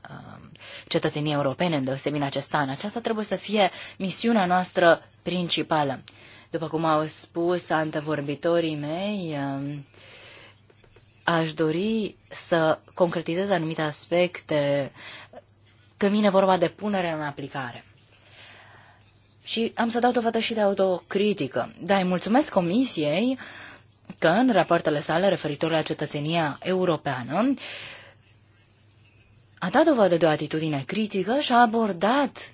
cetățeniei europene, deosebire în acest an. Aceasta trebuie să fie misiunea noastră principală. După cum au spus antevorbitorii mei, aș dori să concretizez anumite aspecte când vine vorba de punere în aplicare. Și am să dau dovadă și de autocritică. Da, îi mulțumesc Comisiei că în rapoartele sale referitor la cetățenia europeană a dat dovadă de o atitudine critică și a abordat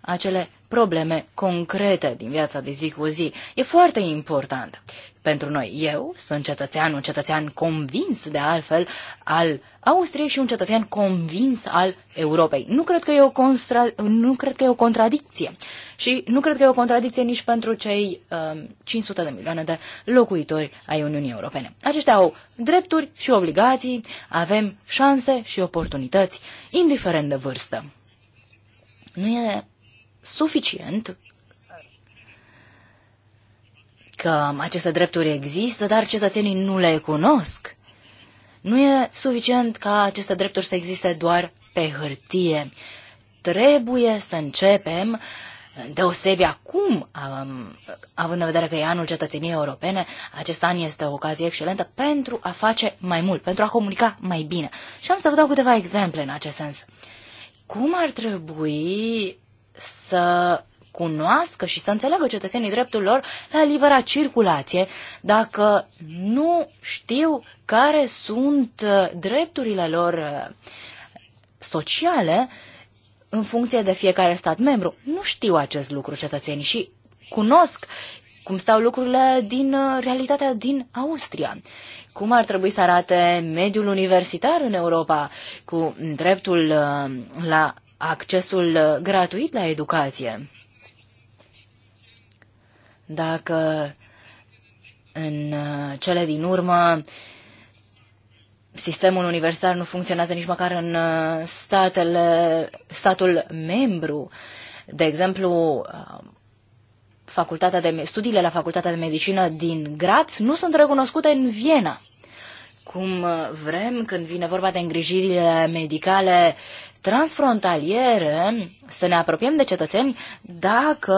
acele probleme concrete din viața de zi cu zi. E foarte important pentru noi. Eu sunt cetățean, un cetățean convins de altfel al Austriei și un cetățean convins al Europei. Nu cred că e o, constra, nu cred că e o contradicție și nu cred că e o contradicție nici pentru cei uh, um, 500 de milioane de locuitori ai Uniunii Europene. Aceștia au drepturi și obligații, avem șanse și oportunități, indiferent de vârstă. Nu e suficient că aceste drepturi există, dar cetățenii nu le cunosc. Nu e suficient ca aceste drepturi să existe doar pe hârtie. Trebuie să începem deosebi acum, având în vedere că e anul cetățeniei europene, acest an este o ocazie excelentă pentru a face mai mult, pentru a comunica mai bine. Și am să vă dau câteva exemple în acest sens. Cum ar trebui să cunoască și să înțeleagă cetățenii dreptul lor la libera circulație dacă nu știu care sunt uh, drepturile lor uh, sociale în funcție de fiecare stat membru. Nu știu acest lucru cetățenii și cunosc cum stau lucrurile din uh, realitatea din Austria. Cum ar trebui să arate mediul universitar în Europa cu dreptul la accesul gratuit la educație dacă în uh, cele din urmă sistemul universitar nu funcționează nici măcar în uh, statele, statul membru. De exemplu, uh, facultatea de, studiile la Facultatea de Medicină din Graz nu sunt recunoscute în Viena. Cum vrem, când vine vorba de îngrijirile medicale transfrontaliere, să ne apropiem de cetățeni dacă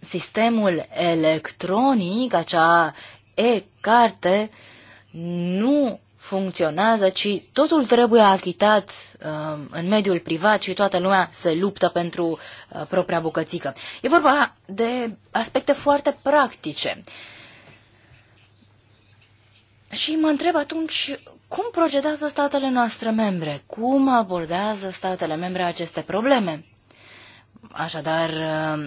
sistemul electronic, acea e-carte, nu funcționează, ci totul trebuie achitat uh, în mediul privat și toată lumea se luptă pentru uh, propria bucățică. E vorba de aspecte foarte practice. Și mă întreb atunci cum procedează statele noastre membre, cum abordează statele membre aceste probleme. Așadar, uh,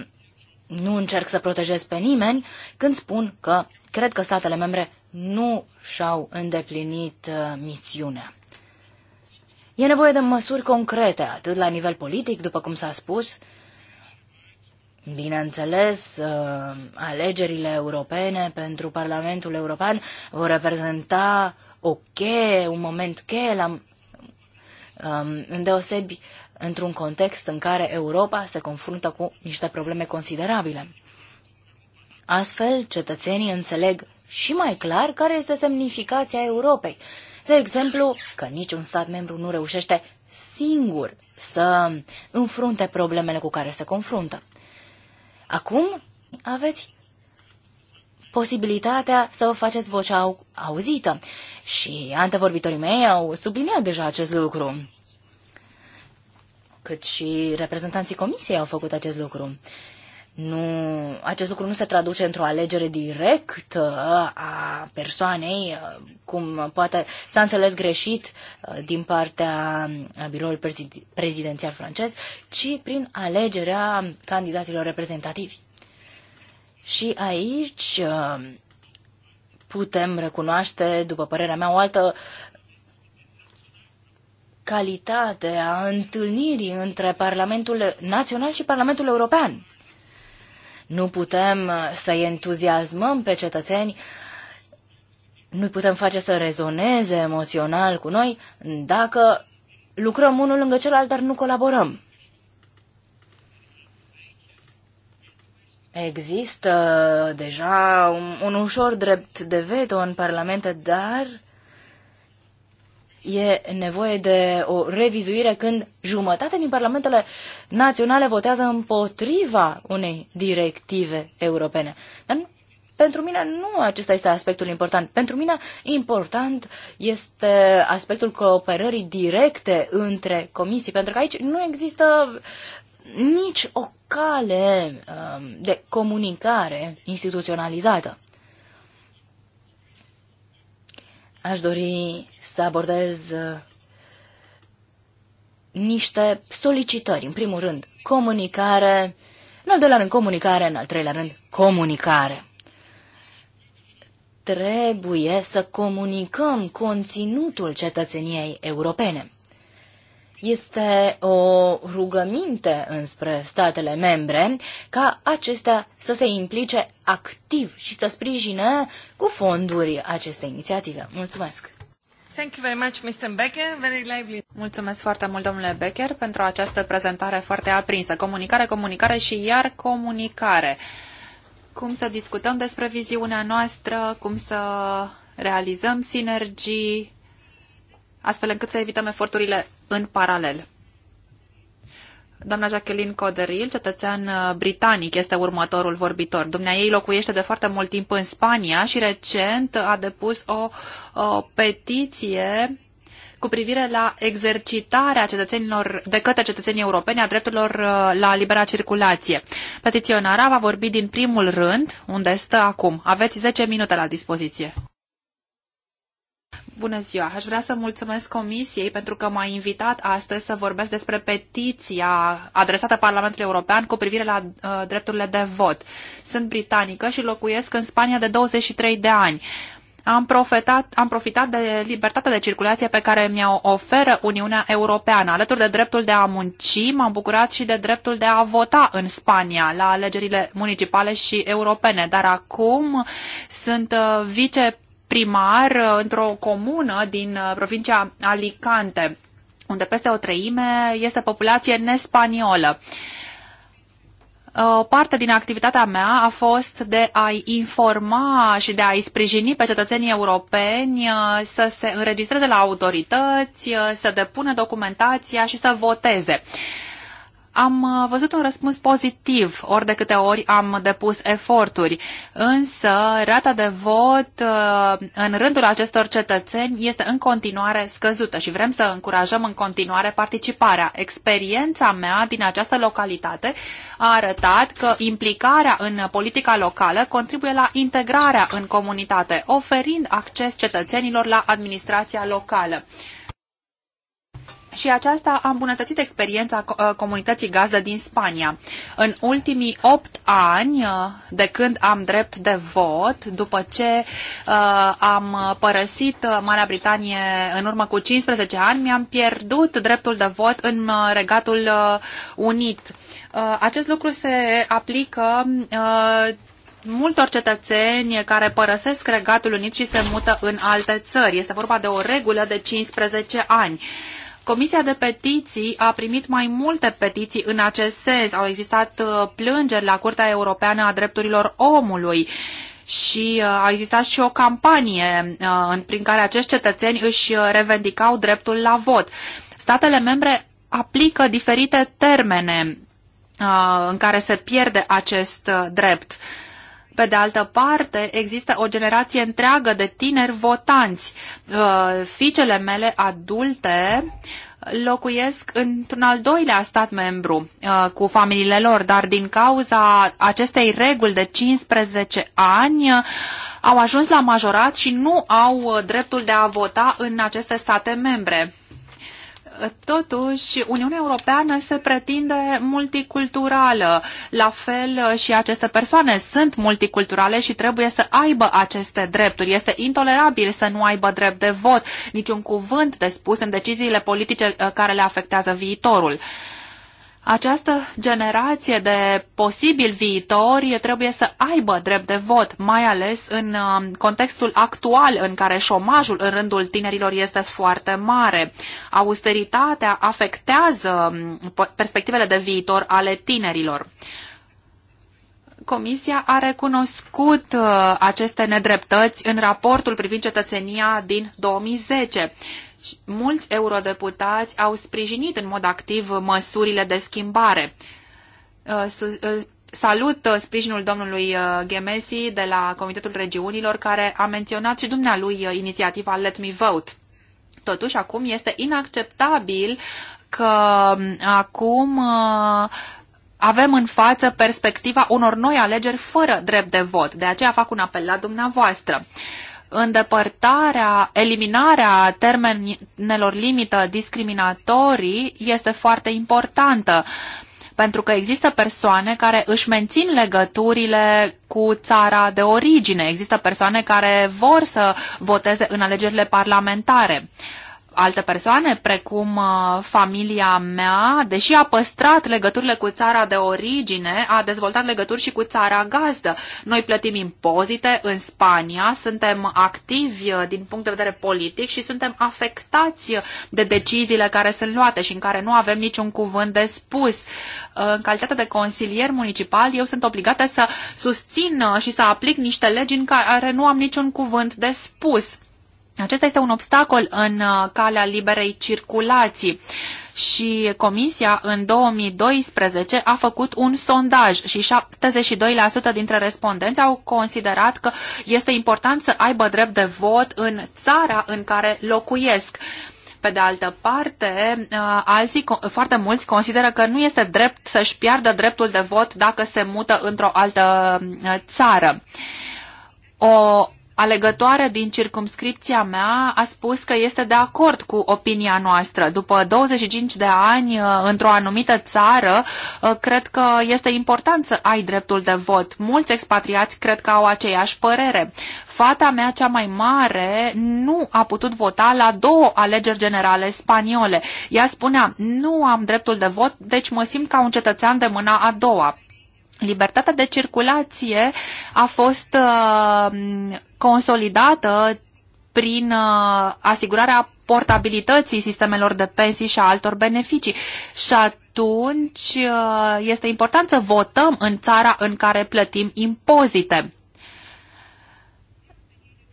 nu încerc să protejez pe nimeni când spun că cred că statele membre nu și-au îndeplinit uh, misiunea. E nevoie de măsuri concrete, atât la nivel politic, după cum s-a spus, Bineînțeles, uh, alegerile europene pentru Parlamentul European vor reprezenta o cheie, un moment cheie la um, îndeosebi într-un context în care Europa se confruntă cu niște probleme considerabile. Astfel, cetățenii înțeleg și mai clar care este semnificația Europei. De exemplu, că niciun stat membru nu reușește singur să înfrunte problemele cu care se confruntă. Acum aveți posibilitatea să vă faceți vocea auzită. Și antevorbitorii mei au subliniat deja acest lucru cât și reprezentanții comisiei au făcut acest lucru. Nu, acest lucru nu se traduce într-o alegere directă a persoanei, cum poate s-a înțeles greșit uh, din partea uh, biroului prezidențial francez, ci prin alegerea candidaților reprezentativi. Și aici uh, putem recunoaște, după părerea mea, o altă calitate a întâlnirii între Parlamentul Național și Parlamentul European. Nu putem uh, să-i entuziasmăm pe cetățeni, nu putem face să rezoneze emoțional cu noi dacă lucrăm unul lângă celălalt, dar nu colaborăm. Există deja un, un ușor drept de veto în parlamente, dar uh, e nevoie de o revizuire când jumătate din parlamentele naționale votează împotriva unei directive europene. Dar nu, pentru mine nu acesta este aspectul important. Pentru mine important este aspectul cooperării directe între comisii, pentru că aici nu există nici o cale um, de comunicare instituționalizată. Aș dori să abordez uh, niște solicitări. În primul rând, comunicare, în al doilea rând, comunicare, în al treilea rând, comunicare. Trebuie să comunicăm conținutul cetățeniei europene este o rugăminte înspre statele membre ca acestea să se implice activ și să sprijine cu fonduri aceste inițiative. Mulțumesc! Thank you very much, Mr. Becker. Very lively. Mulțumesc foarte mult, domnule Becker, pentru această prezentare foarte aprinsă. Comunicare, comunicare și iar comunicare. Cum să discutăm despre viziunea noastră, cum să realizăm sinergii astfel încât să evităm eforturile în paralel. Doamna Jacqueline Coderil, cetățean uh, britanic, este următorul vorbitor. Dumnea ei locuiește de foarte mult timp în Spania și recent a depus o, o petiție cu privire la exercitarea cetățenilor, de către cetățenii europeni a drepturilor uh, la libera circulație. Petiționara va vorbi din primul rând, unde stă acum. Aveți 10 minute la dispoziție. Bună ziua! Aș vrea să mulțumesc Comisiei pentru că m-a invitat astăzi să vorbesc despre petiția adresată Parlamentului European cu privire la uh, drepturile de vot. Sunt britanică și locuiesc în Spania de 23 de ani. Am, profetat, am profitat de libertatea de circulație pe care mi-o oferă Uniunea Europeană. Alături de dreptul de a munci, m-am bucurat și de dreptul de a vota în Spania la alegerile municipale și europene. Dar acum sunt uh, vice primar uh, într-o comună din uh, provincia Alicante, unde peste o treime este populație nespaniolă. O uh, parte din activitatea mea a fost de a-i informa și de a-i sprijini pe cetățenii europeni să se înregistreze la autorități, să depună documentația și să voteze. Am uh, văzut un răspuns pozitiv ori de câte ori am depus eforturi, însă rata de vot uh, în rândul acestor cetățeni este în continuare scăzută și vrem să încurajăm în continuare participarea. Experiența mea din această localitate a arătat că implicarea în politica locală contribuie la integrarea în comunitate, oferind acces cetățenilor la administrația locală și aceasta a îmbunătățit experiența uh, comunității gazdă din Spania. În ultimii opt ani, uh, de când am drept de vot, după ce uh, am părăsit Marea Britanie în urmă cu 15 ani, mi-am pierdut dreptul de vot în Regatul Unit. Acest lucru se aplică multor cetățeni care părăsesc Regatul Unit și se mută în alte țări. Este vorba de o regulă de 15 ani. Uh, Comisia de petiții a primit mai multe petiții în acest sens. Au existat uh, plângeri la Curtea Europeană a Drepturilor Omului și uh, a existat și o campanie uh, prin care acești cetățeni își revendicau dreptul la vot. Statele membre aplică diferite termene în care se pierde acest drept. Pe de altă parte, există o generație întreagă de tineri votanți. Uh, Ficele mele adulte locuiesc într-un al doilea stat membru uh, cu familiile lor, dar din cauza acestei reguli de 15 ani uh, au ajuns la majorat și nu au dreptul de a vota în aceste state membre. Totuși, Uniunea Europeană se pretinde multiculturală. La fel și aceste persoane sunt multiculturale și trebuie să aibă aceste drepturi. Este intolerabil să nu aibă drept de vot, niciun cuvânt de spus în deciziile politice uh, care le afectează viitorul. Această generație de posibil viitori trebuie să aibă drept de vot, mai ales în um, contextul actual în care șomajul în rândul tinerilor este foarte mare. Austeritatea afectează um, perspectivele de viitor ale tinerilor. Comisia a recunoscut uh, aceste nedreptăți în raportul privind cetățenia din 2010 mulți eurodeputați au sprijinit în mod activ măsurile de schimbare. Uh, uh, salut uh, sprijinul domnului Gemesi de la Comitetul Regiunilor, care a menționat și dumnealui inițiativa Let Me Vote. Totuși, acum este inacceptabil că um, acum avem în față perspectiva unor noi alegeri fără drept de vot. De aceea fac un apel la dumneavoastră îndepărtarea, eliminarea termenelor limită discriminatorii este foarte importantă pentru că există persoane care își mențin legăturile cu țara de origine, există persoane care vor să voteze în alegerile parlamentare. Uh, alte persoane, precum uh, familia mea, deși a păstrat legăturile cu țara de origine, a dezvoltat legături și cu țara gazdă. Noi plătim impozite în Spania, suntem activi uh, din punct de vedere politic și suntem afectați de deciziile care sunt luate și în care nu avem niciun cuvânt de spus. Uh, în calitate de consilier municipal, eu sunt obligată să susțin și să aplic niște legi în care nu am niciun cuvânt de spus acesta este un obstacol în uh, calea liberei circulații și Comisia în 2012 a făcut un sondaj și 72% dintre respondenți au considerat că este important să aibă drept de vot în țara în care locuiesc. Pe de altă parte, uh, alții, foarte mulți consideră că nu este drept să-și piardă dreptul de vot dacă se mută într-o altă uh, țară. O alegătoare din circumscripția mea a spus că este de acord cu opinia noastră. După 25 de ani uh, într-o anumită țară, uh, cred că este important să ai dreptul de vot. Mulți expatriați cred că au aceeași părere. Fata mea cea mai mare nu a putut vota la două alegeri generale spaniole. Ea spunea, nu am dreptul de vot, deci mă simt ca un cetățean de mâna a doua. Libertatea de circulație a fost uh, consolidată prin uh, asigurarea portabilității sistemelor de pensii și a altor beneficii. Și atunci uh, este important să votăm în țara în care plătim impozite.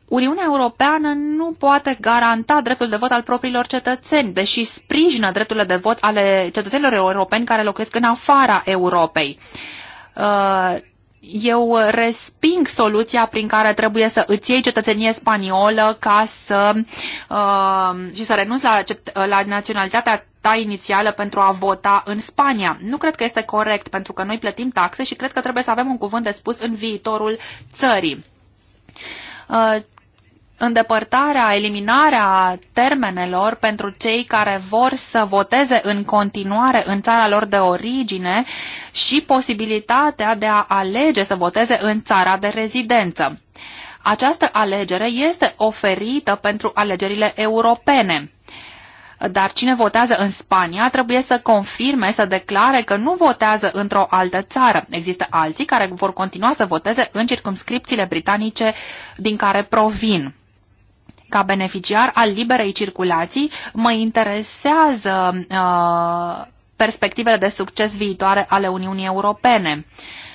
Uniunea Europeană nu poate garanta dreptul de vot al propriilor cetățeni, deși sprijină drepturile de vot ale cetățenilor europeni care locuiesc în afara Europei. Uh, Uh, eu resping soluția prin care trebuie să îți iei cetățenie spaniolă ca să uh, și să renunți la, la naționalitatea ta inițială pentru a vota în Spania. Nu cred că este corect, pentru că noi plătim taxe și cred că trebuie să avem un cuvânt de spus în viitorul țării. Uh, îndepărtarea, eliminarea termenelor pentru cei care vor să voteze în continuare în țara lor de origine și posibilitatea de a alege să voteze în țara de rezidență. Această alegere este oferită pentru alegerile europene. Dar cine votează în Spania trebuie să confirme, să declare că nu votează într-o altă țară. Există alții care vor continua să voteze în circumscripțiile britanice din care provin ca beneficiar al liberei circulații, mă interesează uh, perspectivele de succes viitoare ale Uniunii Europene. Uh,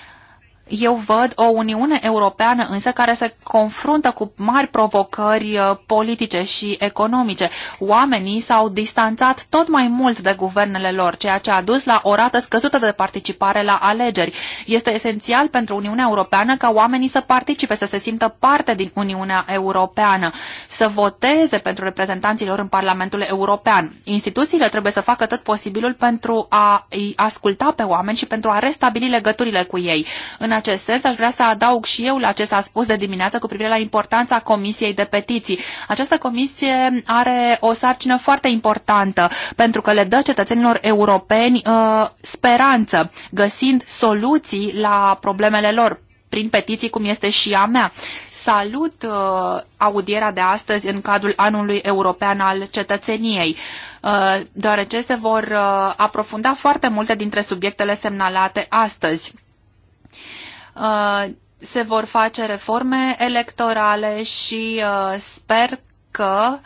eu văd o Uniune Europeană însă care se confruntă cu mari provocări uh, politice și economice. Oamenii s-au distanțat tot mai mult de guvernele lor, ceea ce a dus la o rată scăzută de participare la alegeri. Este esențial pentru Uniunea Europeană ca oamenii să participe, să se simtă parte din Uniunea Europeană, să voteze pentru reprezentanții lor în Parlamentul European. Instituțiile trebuie să facă tot posibilul pentru a asculta pe oameni și pentru a restabili legăturile cu ei. În acest sens, aș vrea să adaug și eu la ce s-a spus de dimineață cu privire la importanța Comisiei de Petiții. Această comisie are o sarcină foarte importantă pentru că le dă cetățenilor europeni uh, speranță, găsind soluții la problemele lor prin petiții cum este și a mea. Salut uh, audierea de astăzi în cadrul anului european al cetățeniei, uh, deoarece se vor uh, aprofunda foarte multe dintre subiectele semnalate astăzi. Uh, se vor face reforme electorale și uh, sper că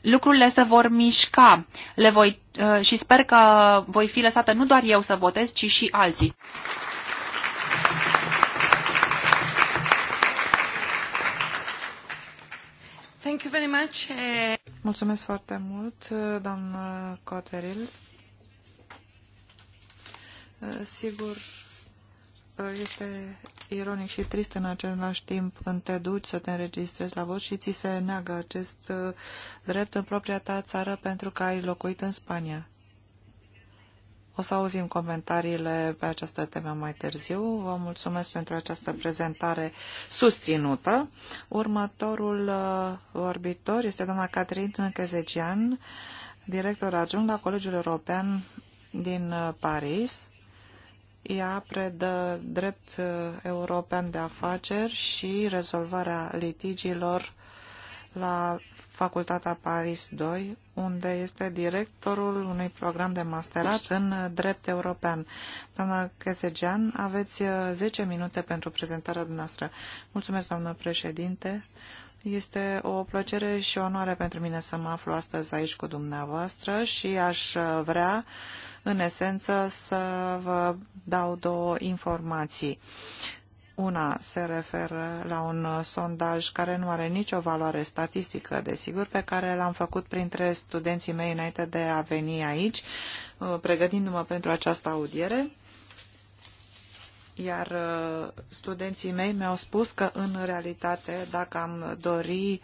lucrurile se vor mișca. Le voi, uh, și sper că voi fi lăsată nu doar eu să votez, ci și alții. Thank you very much. Mulțumesc foarte mult, doamnă Coteril. Sigur, este ironic și trist în același timp când te duci să te înregistrezi la vot și ți se neagă acest uh, drept în propria ta țară pentru că ai locuit în Spania. O să auzim comentariile pe această temă mai târziu. Vă mulțumesc pentru această prezentare susținută. Următorul uh, vorbitor este doamna Catrin Căzegian, director adjunct la Colegiul European din uh, Paris ea predă drept uh, european de afaceri și rezolvarea litigiilor la Facultatea Paris 2, unde este directorul unui program de masterat în drept european. Doamna Chesegean, aveți 10 uh, minute pentru prezentarea dumneavoastră. Mulțumesc, doamnă președinte. Este o plăcere și o onoare pentru mine să mă aflu astăzi aici cu dumneavoastră și aș uh, vrea în esență să vă dau două informații. Una se referă la un sondaj care nu are nicio valoare statistică, desigur, pe care l-am făcut printre studenții mei înainte de a veni aici, uh, pregătindu-mă pentru această audiere iar uh, studenții mei mi-au spus că, în realitate, dacă am dori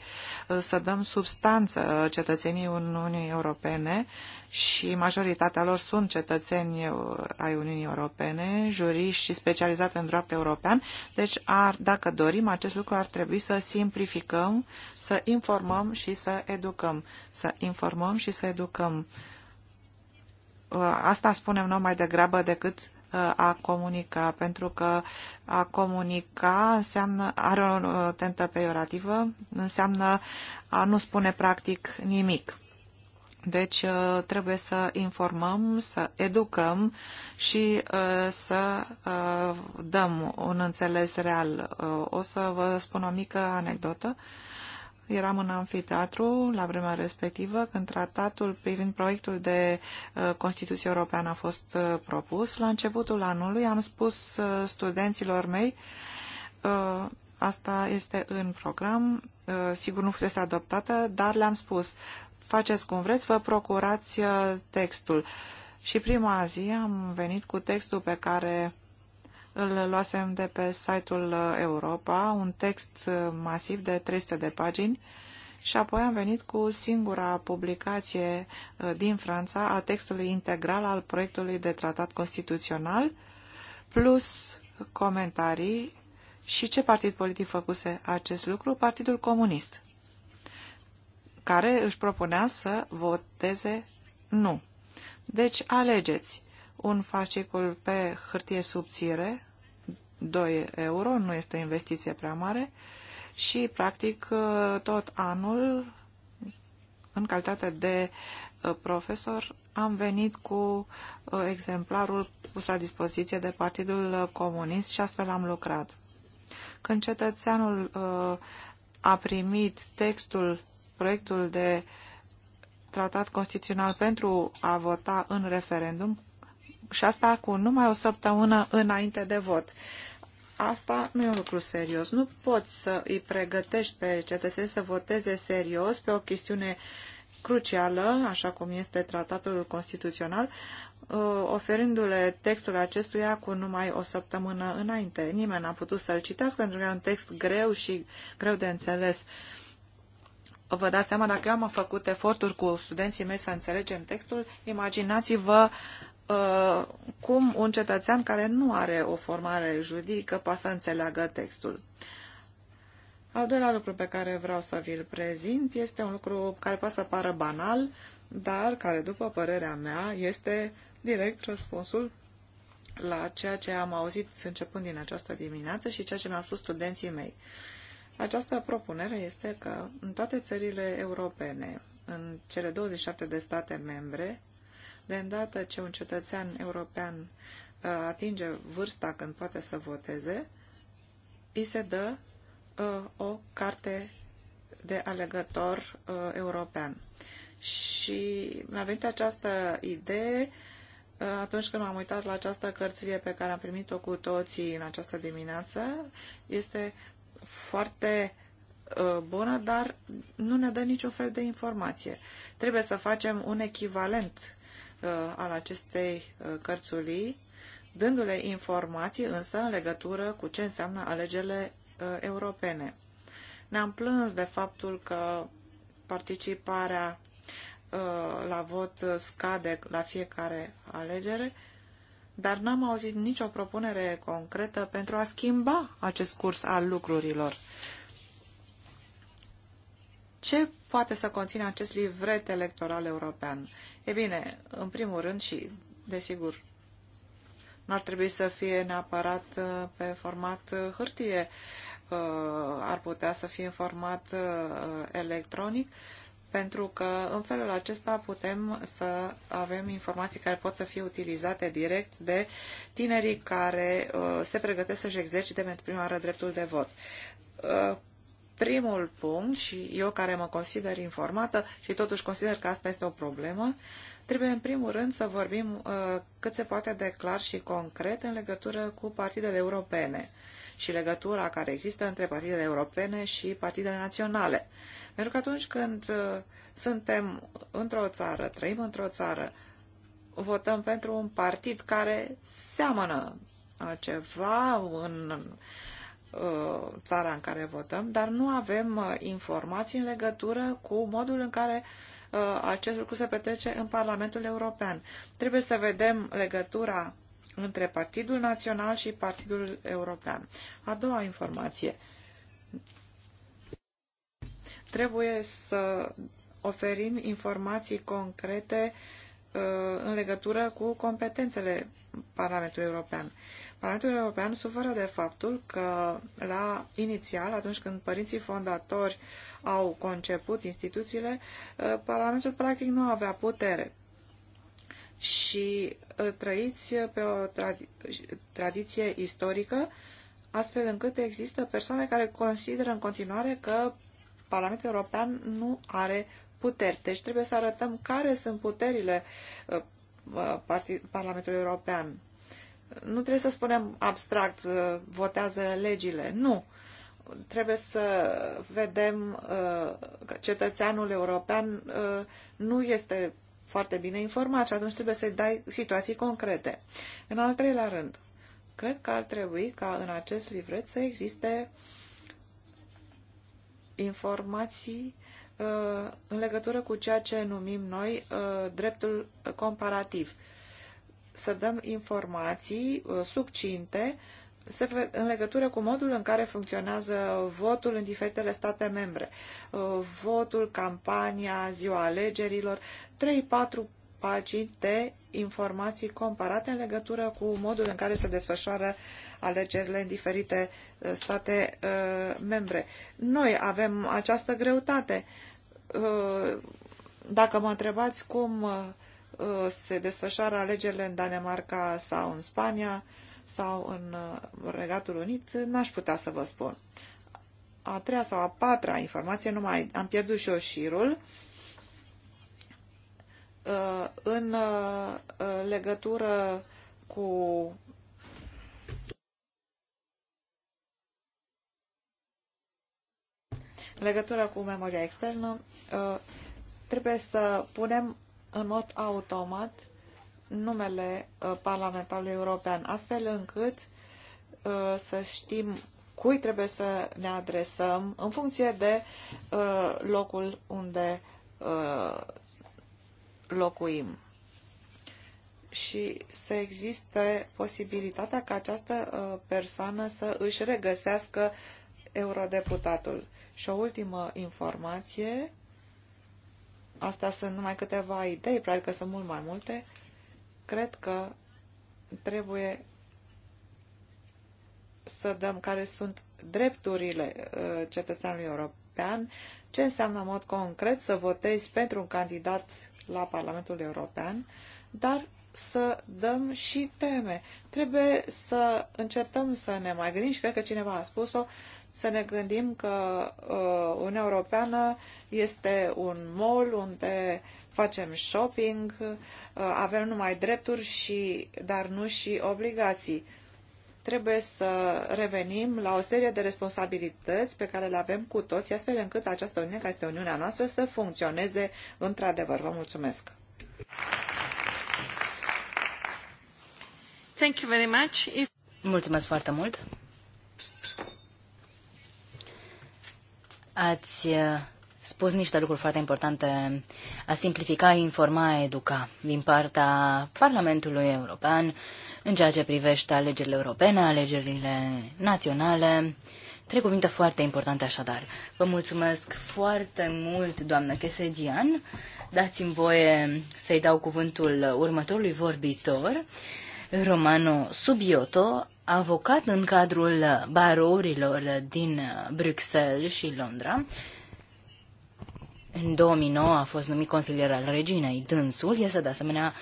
uh, să dăm substanță cetățenii Uniunii Europene, și majoritatea lor sunt cetățeni uh, ai Uniunii Europene, juriști și specializați în drept european, deci ar, dacă dorim acest lucru ar trebui să simplificăm, să informăm și să educăm. Să informăm și să educăm. Asta spunem noi mai degrabă decât a comunica, pentru că a comunica înseamnă, are o tentă peiorativă, înseamnă a nu spune practic nimic. Deci trebuie să informăm, să educăm și să dăm un înțeles real. O să vă spun o mică anecdotă. Eram în anfiteatru la vremea respectivă când tratatul privind proiectul de uh, Constituție Europeană a fost uh, propus. La începutul anului am spus uh, studenților mei asta este în program, sigur nu fusese adoptată, dar le-am spus faceți cum vreți, vă procurați textul. Și prima zi am venit cu textul pe care îl luasem de pe site-ul uh, Europa, un text uh, masiv de 300 de pagini și apoi am venit cu singura publicație uh, din Franța a textului integral al proiectului de tratat constituțional, plus comentarii și ce partid politic făcuse acest lucru? Partidul Comunist, care își propunea să voteze nu. Deci alegeți un fascicul pe hârtie subțire, 2 euro, nu este o investiție prea mare și, practic, tot anul, în calitate de uh, profesor, am venit cu uh, exemplarul pus la dispoziție de Partidul uh, Comunist și astfel am lucrat. Când cetățeanul a primit textul, proiectul de tratat constituțional pentru a vota în referendum, și asta cu numai o săptămână înainte de vot. Asta nu e un lucru serios. Nu poți să îi pregătești pe cetățeni să voteze serios pe o chestiune crucială, așa cum este tratatul constituțional, uh, oferindu-le textul acestuia cu numai o săptămână înainte. Nimeni n-a putut să-l citească pentru că e un text greu și greu de înțeles. Vă dați seama, dacă eu am făcut eforturi cu studenții mei să înțelegem textul, imaginați-vă Uh, cum un cetățean care nu are o formare juridică poate să înțeleagă textul. Al doilea lucru pe care vreau să vi-l prezint este un lucru care poate să pară banal, dar care, după părerea mea, este direct răspunsul la ceea ce am auzit începând din această dimineață și ceea ce mi-au spus studenții mei. Această propunere este că în toate țările europene, în cele 27 de state membre, de îndată ce un cetățean european uh, atinge vârsta când poate să voteze, îi se dă uh, o carte de alegător uh, european. Și mi-a venit această idee atunci când m-am uitat la această cărțulie pe care am primit-o cu toții în această dimineață. Este foarte bună, dar nu ne dă niciun fel de informație. Trebuie să facem un echivalent Uh, al acestei uh, cărțulii, dându-le informații însă în legătură cu ce înseamnă alegerile uh, europene. Ne-am plâns de faptul că participarea la vot scade la fiecare alegere, dar n-am auzit nicio propunere concretă pentru a schimba acest curs al lucrurilor. Ce poate să conțină acest livret electoral european? E bine, în primul rând și, desigur, nu ar trebui să fie neapărat uh, pe format uh, hârtie, uh, ar putea să fie în format electronic, pentru că în felul acesta putem să avem informații care pot să fie utilizate direct de tinerii care se pregătesc să-și exercite pentru prima oară dreptul de vot primul punct și eu care mă consider informată și totuși consider că asta este o problemă, trebuie în primul rând să vorbim uh, cât se poate de clar și concret în legătură cu partidele europene și legătura care există între partidele europene și partidele naționale. Pentru că atunci când uh, suntem într-o țară, trăim într-o țară, votăm pentru un partid care seamănă uh, ceva în Uh, țara în care votăm, dar nu avem uh, informații în legătură cu modul în care uh, acest lucru se petrece în Parlamentul European. Trebuie să vedem legătura între Partidul Național și Partidul European. A doua informație. Trebuie să oferim informații concrete în legătură cu competențele Parlamentul European. Parlamentul European suferă de faptul că la inițial, atunci când părinții fondatori au conceput instituțiile, ă, Parlamentul practic nu avea putere. Și ă, trăiți pe o tradi tradiție istorică, astfel încât există persoane care consideră în continuare că Parlamentul European nu are puteri. Deci trebuie să arătăm care sunt puterile ă, Uh, Parlamentului European. Nu trebuie să spunem abstract, uh, votează legile. Nu. Trebuie să vedem uh, că cetățeanul european nu este foarte bine informat și atunci trebuie să-i dai situații concrete. În al treilea rând, cred că ar trebui ca în acest livret să existe informații în legătură cu ceea ce numim noi uh, dreptul comparativ. Să dăm informații uh, succinte în legătură cu modul în care funcționează votul în diferitele state membre. Uh, votul, campania, ziua alegerilor, 3-4 pagini de informații comparate în legătură cu modul în care se desfășoară alegerile în diferite state membre. Noi avem această greutate. Uh, Uh, dacă mă întrebați cum uh, se desfășoară alegerile în Danemarca sau în Spania sau în uh, Regatul Unit, n-aș putea să vă spun. A treia sau a patra informație, nu mai am pierdut și eu șirul, în legătură cu legătură cu memoria externă, uh, trebuie să punem în mod automat numele uh, Parlamentului European, astfel încât uh, să știm cui trebuie să ne adresăm în funcție de locul unde locuim și să existe posibilitatea ca această persoană să își regăsească eurodeputatul. Și o ultimă informație, astea sunt numai câteva idei, probabil că sunt mult mai multe, cred că trebuie să dăm care sunt drepturile uh, cetățeanului european, ce înseamnă în mod concret să votezi pentru un candidat la Parlamentul European, dar să dăm și teme. Trebuie să încetăm să ne mai gândim și cred că cineva a spus-o, să ne gândim că uh, Uniunea Europeană este un mall unde facem shopping, uh, avem numai drepturi, și, dar nu și obligații. Trebuie să revenim la o serie de responsabilități pe care le avem cu toți, astfel încât această Uniune, care este Uniunea noastră, să funcționeze într-adevăr. Vă mulțumesc! Thank you very much. If... Mulțumesc foarte mult! Ați uh, spus niște lucruri foarte importante. A simplifica, informa, educa din partea Parlamentului European în ceea ce privește alegerile europene, alegerile naționale. Trei cuvinte foarte importante așadar. Vă mulțumesc foarte mult, doamnă Chesegian. Dați-mi voie să-i dau cuvântul următorului vorbitor, Romano Subioto, avocat în cadrul barourilor din Bruxelles și Londra. În 2009 a fost numit consilier al reginei. Dânsul este de asemenea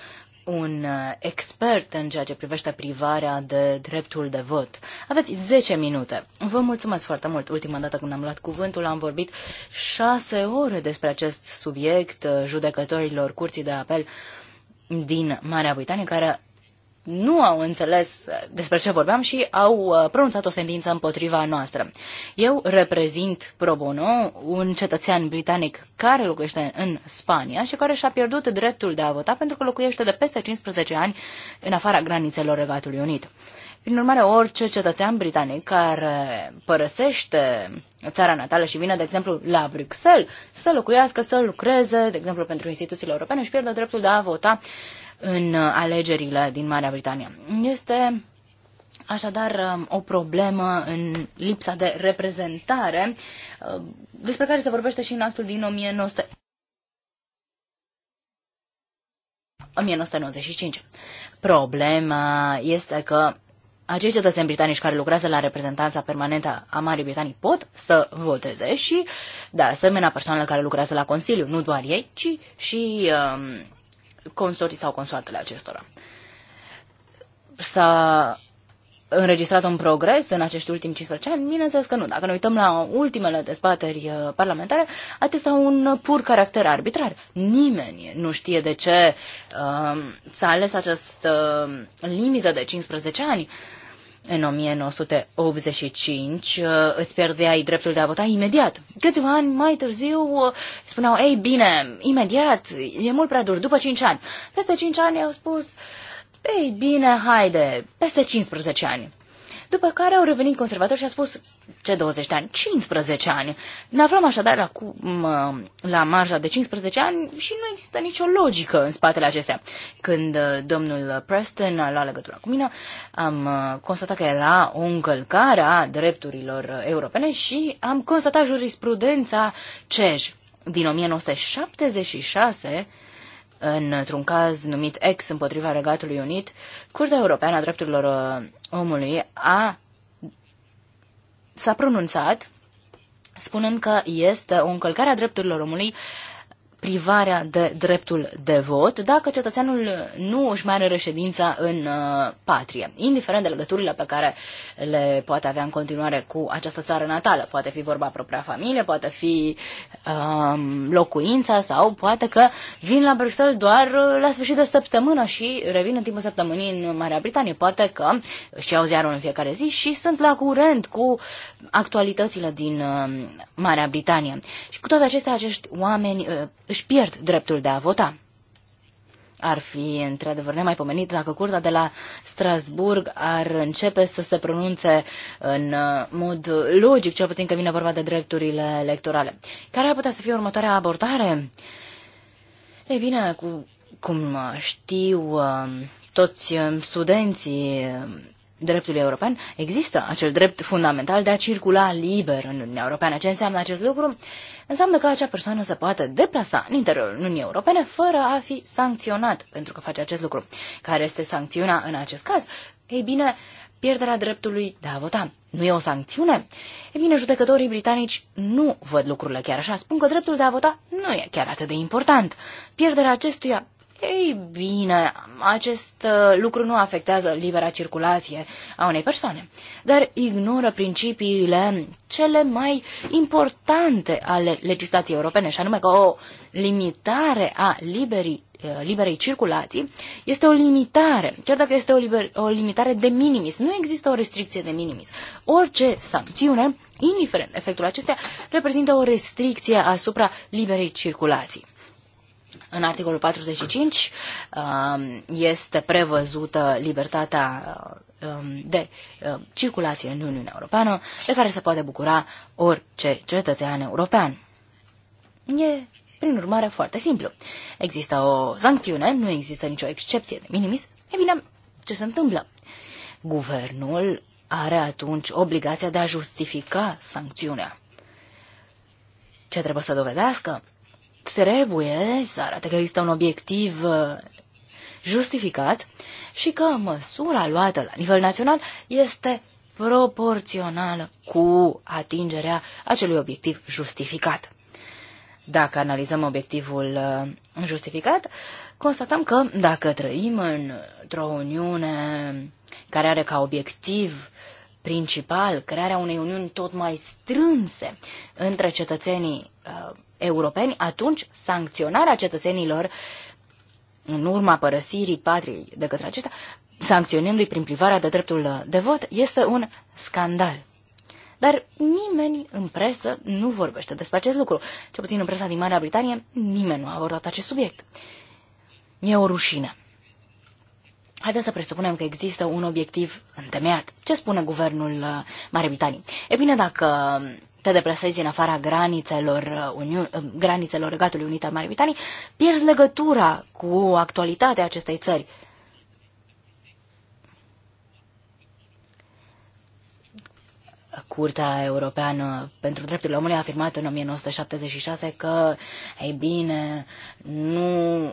un expert în ceea ce privește privarea de dreptul de vot. Aveți 10 minute. Vă mulțumesc foarte mult. Ultima dată când am luat cuvântul am vorbit 6 ore despre acest subiect judecătorilor curții de apel din Marea Britanie, care nu au înțeles despre ce vorbeam și au uh, pronunțat o sentință împotriva noastră. Eu reprezint pro bono un cetățean britanic care locuiește în Spania și care și-a pierdut dreptul de a vota pentru că locuiește de peste 15 ani în afara granițelor Regatului Unit. Prin urmare, orice cetățean britanic care părăsește țara natală și vine, de exemplu, la Bruxelles să locuiască, să lucreze, de exemplu, pentru instituțiile europene și pierde dreptul de a vota în uh, alegerile din Marea Britanie. Este așadar um, o problemă în lipsa de reprezentare, uh, despre care se vorbește și în actul din 1900. 1995. Problema este că acei cetățeni britanici care lucrează la reprezentanța permanentă a Marii Britanii pot să voteze și, de asemenea, persoanele care lucrează la Consiliu, nu doar ei, ci și uh, consorții sau consoartele acestora. S-a înregistrat un progres în acești ultimi 15 ani? Bineînțeles că nu. Dacă ne uităm la ultimele dezbateri uh, parlamentare, acestea au un pur caracter arbitrar. Nimeni nu știe de ce uh, s-a ales această uh, limită de 15 ani. Uh, în 1985 uh, îți pierdeai dreptul de a vota imediat. Câțiva ani mai târziu uh, spuneau, ei bine, imediat, e mult prea dur, după 5 ani. Peste 5 ani au spus, ei bine, haide, peste 15 ani. După care au revenit conservatori și au spus, ce 20 de ani? 15 ani. Ne aflăm așadar acum la marja de 15 ani și nu există nicio logică în spatele acestea. Când uh, domnul Preston a luat legătura cu mine, am uh, constatat că era o încălcare a drepturilor uh, europene și am constatat jurisprudența CEJ din 1976 într-un caz numit ex împotriva Regatului Unit, Curtea Europeană a Drepturilor Omului a s-a pronunțat spunând că este o încălcare a drepturilor omului privarea de dreptul de vot dacă cetățeanul nu își mai are reședința în uh, patrie, indiferent de legăturile pe care le poate avea în continuare cu această țară natală. Poate fi vorba propria familie, poate fi um, locuința sau poate că vin la Bruxelles doar uh, la sfârșit de săptămână și revin în timpul săptămânii în Marea Britanie. Poate că își iau ziarul în fiecare zi și sunt la curent cu actualitățile din uh, Marea Britanie. Și cu toate acestea, acești oameni își pierd dreptul de a vota. Ar fi într-adevăr nemaipomenit dacă curtea de la Strasburg ar începe să se pronunțe în uh, mod logic, cel puțin că vine vorba de drepturile electorale. Care ar putea să fie următoarea abordare? Ei bine, cu, cum știu uh, toți uh, studenții dreptul european, există acel drept fundamental de a circula liber în Uniunea Europeană. Ce înseamnă acest lucru? Înseamnă că acea persoană se poate deplasa în interiorul Uniunii Europene fără a fi sancționat pentru că face acest lucru. Care este sancțiunea în acest caz? Ei bine, pierderea dreptului de a vota. Nu e o sancțiune? E bine, judecătorii britanici nu văd lucrurile chiar așa. Spun că dreptul de a vota nu e chiar atât de important. Pierderea acestuia ei bine, acest uh, lucru nu afectează libera circulație a unei persoane, dar ignoră principiile cele mai importante ale legislației europene, și anume că o limitare a liberii uh, liberei circulații este o limitare, chiar dacă este o, liber, o limitare de minimis. Nu există o restricție de minimis. Orice sancțiune, indiferent efectul acestea, reprezintă o restricție asupra liberei circulații. În articolul 45 um, este prevăzută libertatea um, de um, circulație în Uniunea Europeană, de care se poate bucura orice cetățean european. E, prin urmare, foarte simplu. Există o sancțiune, nu există nicio excepție de minimis. E bine, ce se întâmplă? Guvernul are atunci obligația de a justifica sancțiunea. Ce trebuie să dovedească? trebuie să arate că există un obiectiv uh, justificat și că măsura luată la nivel național este proporțională cu atingerea acelui obiectiv justificat. Dacă analizăm obiectivul uh, justificat, constatăm că dacă trăim într-o Uniune care are ca obiectiv uh, principal, crearea unei uniuni tot mai strânse între cetățenii uh, europeni, atunci sancționarea cetățenilor în urma părăsirii patriei de către aceștia, sancționându-i prin privarea de dreptul uh, de vot, este un scandal. Dar nimeni în presă nu vorbește despre acest lucru. Cel puțin în presa din Marea Britanie, nimeni nu a abordat acest subiect. E o rușine. Haideți să presupunem că există un obiectiv întemeiat. Ce spune guvernul uh, Marii Britanii? E bine, dacă te deplasezi în afara granițelor, uh, Uniun, uh, granițelor Regatului Unit al Marii Britanii, pierzi legătura cu actualitatea acestei țări. Curtea Europeană pentru Drepturile Omului a afirmat în 1976 că, ei bine, nu uh,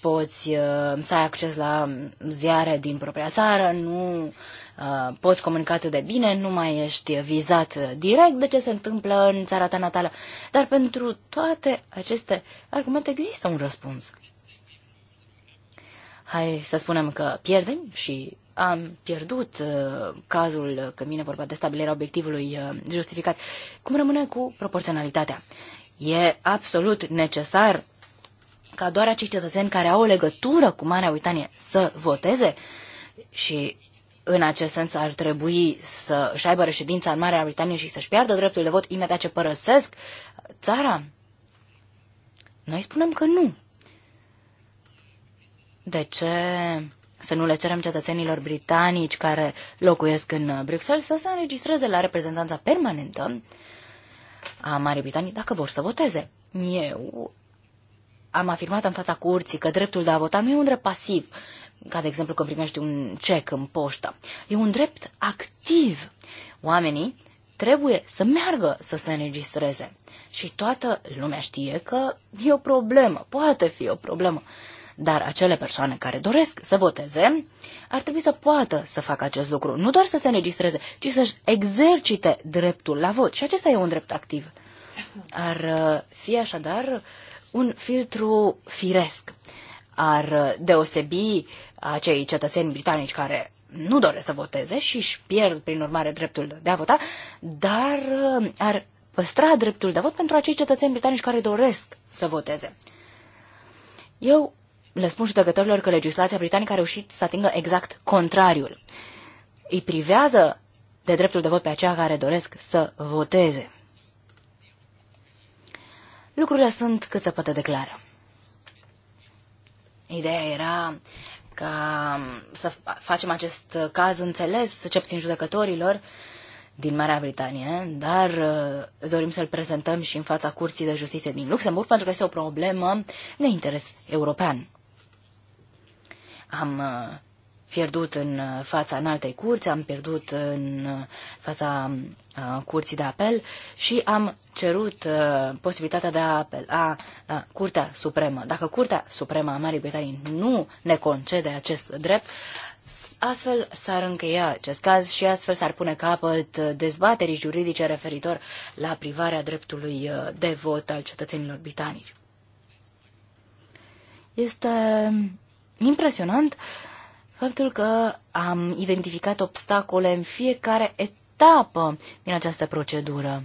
poți uh, să ai acces la ziare din propria țară, nu uh, poți comunica atât de bine, nu mai ești vizat direct de ce se întâmplă în țara ta natală. Dar pentru toate aceste argumente există un răspuns. Hai să spunem că pierdem și am pierdut uh, cazul că vine vorba de stabilirea obiectivului uh, justificat. Cum rămâne cu proporționalitatea? E absolut necesar ca doar acești cetățeni care au o legătură cu Marea Uitanie să voteze și în acest sens ar trebui să își aibă reședința în Marea Britanie și să-și piardă dreptul de vot imediat ce părăsesc țara? Noi spunem că nu. De ce să nu le cerem cetățenilor britanici care locuiesc în uh, Bruxelles să se înregistreze la reprezentanța permanentă a Marii Britanii dacă vor să voteze. Eu am afirmat în fața curții că dreptul de a vota nu e un drept pasiv, ca de exemplu când primești un cec în poștă. E un drept activ. Oamenii trebuie să meargă să se înregistreze. Și toată lumea știe că e o problemă, poate fi o problemă. Dar acele persoane care doresc să voteze ar trebui să poată să facă acest lucru. Nu doar să se înregistreze, ci să-și exercite dreptul la vot. Și acesta e un drept activ. Ar uh, fi așadar un filtru firesc. Ar uh, deosebi acei cetățeni britanici care nu doresc să voteze și își pierd, prin urmare, dreptul de a vota, dar uh, ar păstra dreptul de vot pentru acei cetățeni britanici care doresc să voteze. Eu le spun judecătorilor că legislația britanică a reușit să atingă exact contrariul. Îi privează de dreptul de vot pe aceia care doresc să voteze. Lucrurile sunt cât se poate declară. Ideea era ca să facem acest caz înțeles, să ce puțin judecătorilor, din Marea Britanie, dar uh, dorim să-l prezentăm și în fața Curții de Justiție din Luxemburg, pentru că este o problemă de interes european. Am uh, pierdut în uh, fața înaltei curți, am pierdut în uh, fața curții de apel și am cerut posibilitatea de a apela la Curtea Supremă. Dacă Curtea Supremă a Marii Britanii nu ne concede acest drept, Astfel s-ar încheia acest caz și astfel s-ar pune capăt dezbaterii juridice referitor la privarea dreptului de vot al cetățenilor britanici. Este impresionant faptul că am identificat obstacole în fiecare etapă din această procedură.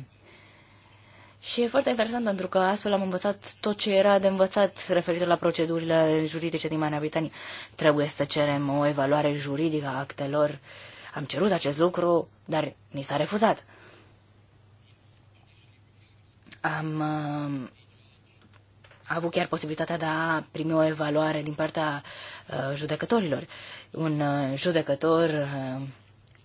Și e foarte interesant pentru că astfel am învățat tot ce era de învățat referitor la procedurile juridice din Marea Britanie. Trebuie să cerem o evaluare juridică a actelor. Am cerut acest lucru, dar ni s-a refuzat. Am uh, a avut chiar posibilitatea de a primi o evaluare din partea uh, judecătorilor. Un uh, judecător uh,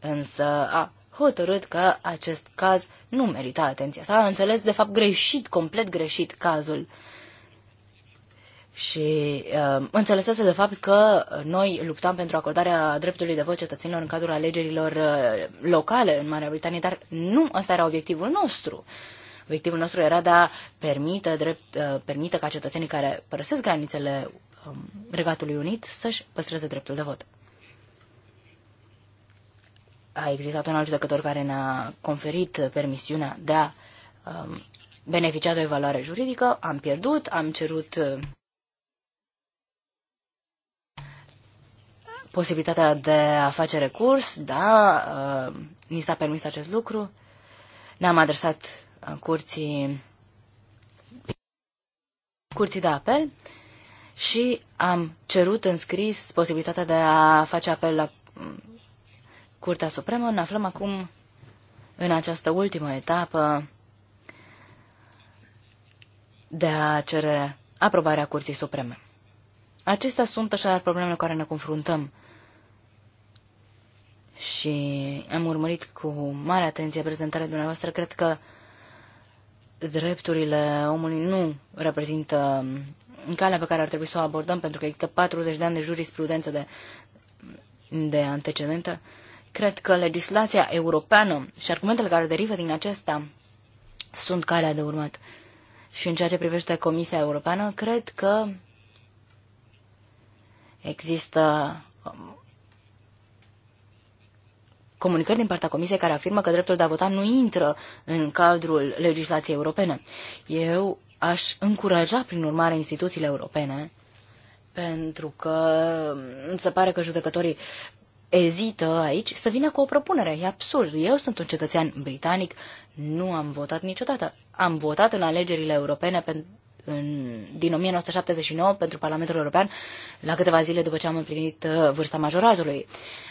însă a hotărât că acest caz nu merita atenția sa, a înțeles de fapt greșit, complet greșit cazul și uh, înțelesese de fapt că noi luptam pentru acordarea dreptului de vot cetățenilor în cadrul alegerilor uh, locale în Marea Britanie, dar nu ăsta era obiectivul nostru. Uh, Obiectivul nostru era de a permite, drept, uh, permite ca cetățenii care părăsesc granițele um, Regatului Unit să-și păstreze dreptul de vot. A existat un alt judecător care ne-a conferit permisiunea de a um, beneficia de o evaluare juridică. Am pierdut, am cerut uh, posibilitatea de a face recurs, da, uh, ni s-a permis acest lucru. Ne-am adresat curții, curții de apel și am cerut în scris posibilitatea de a face apel la mm, Curtea Supremă. Ne aflăm acum în această ultimă etapă de a cere aprobarea Curții Supreme. Acestea sunt așa problemele cu care ne confruntăm. Și am urmărit cu mare atenție prezentarea dumneavoastră. Cred că drepturile omului nu reprezintă calea pe care ar trebui să o abordăm, pentru că există 40 de ani de jurisprudență de, de antecedentă. Cred că legislația europeană și argumentele care derivă din acesta sunt calea de urmat. Și în ceea ce privește Comisia Europeană, cred că există comunicări din partea Comisiei care afirmă că dreptul de a vota nu intră în cadrul legislației europene. Eu aș încuraja, prin urmare, instituțiile europene, pentru că îmi se pare că judecătorii ezită aici să vină cu o propunere. E absurd. Eu sunt un cetățean britanic, nu am votat niciodată. Am votat în alegerile europene în, din 1979 pentru Parlamentul European, la câteva zile după ce am împlinit uh, vârsta majoratului.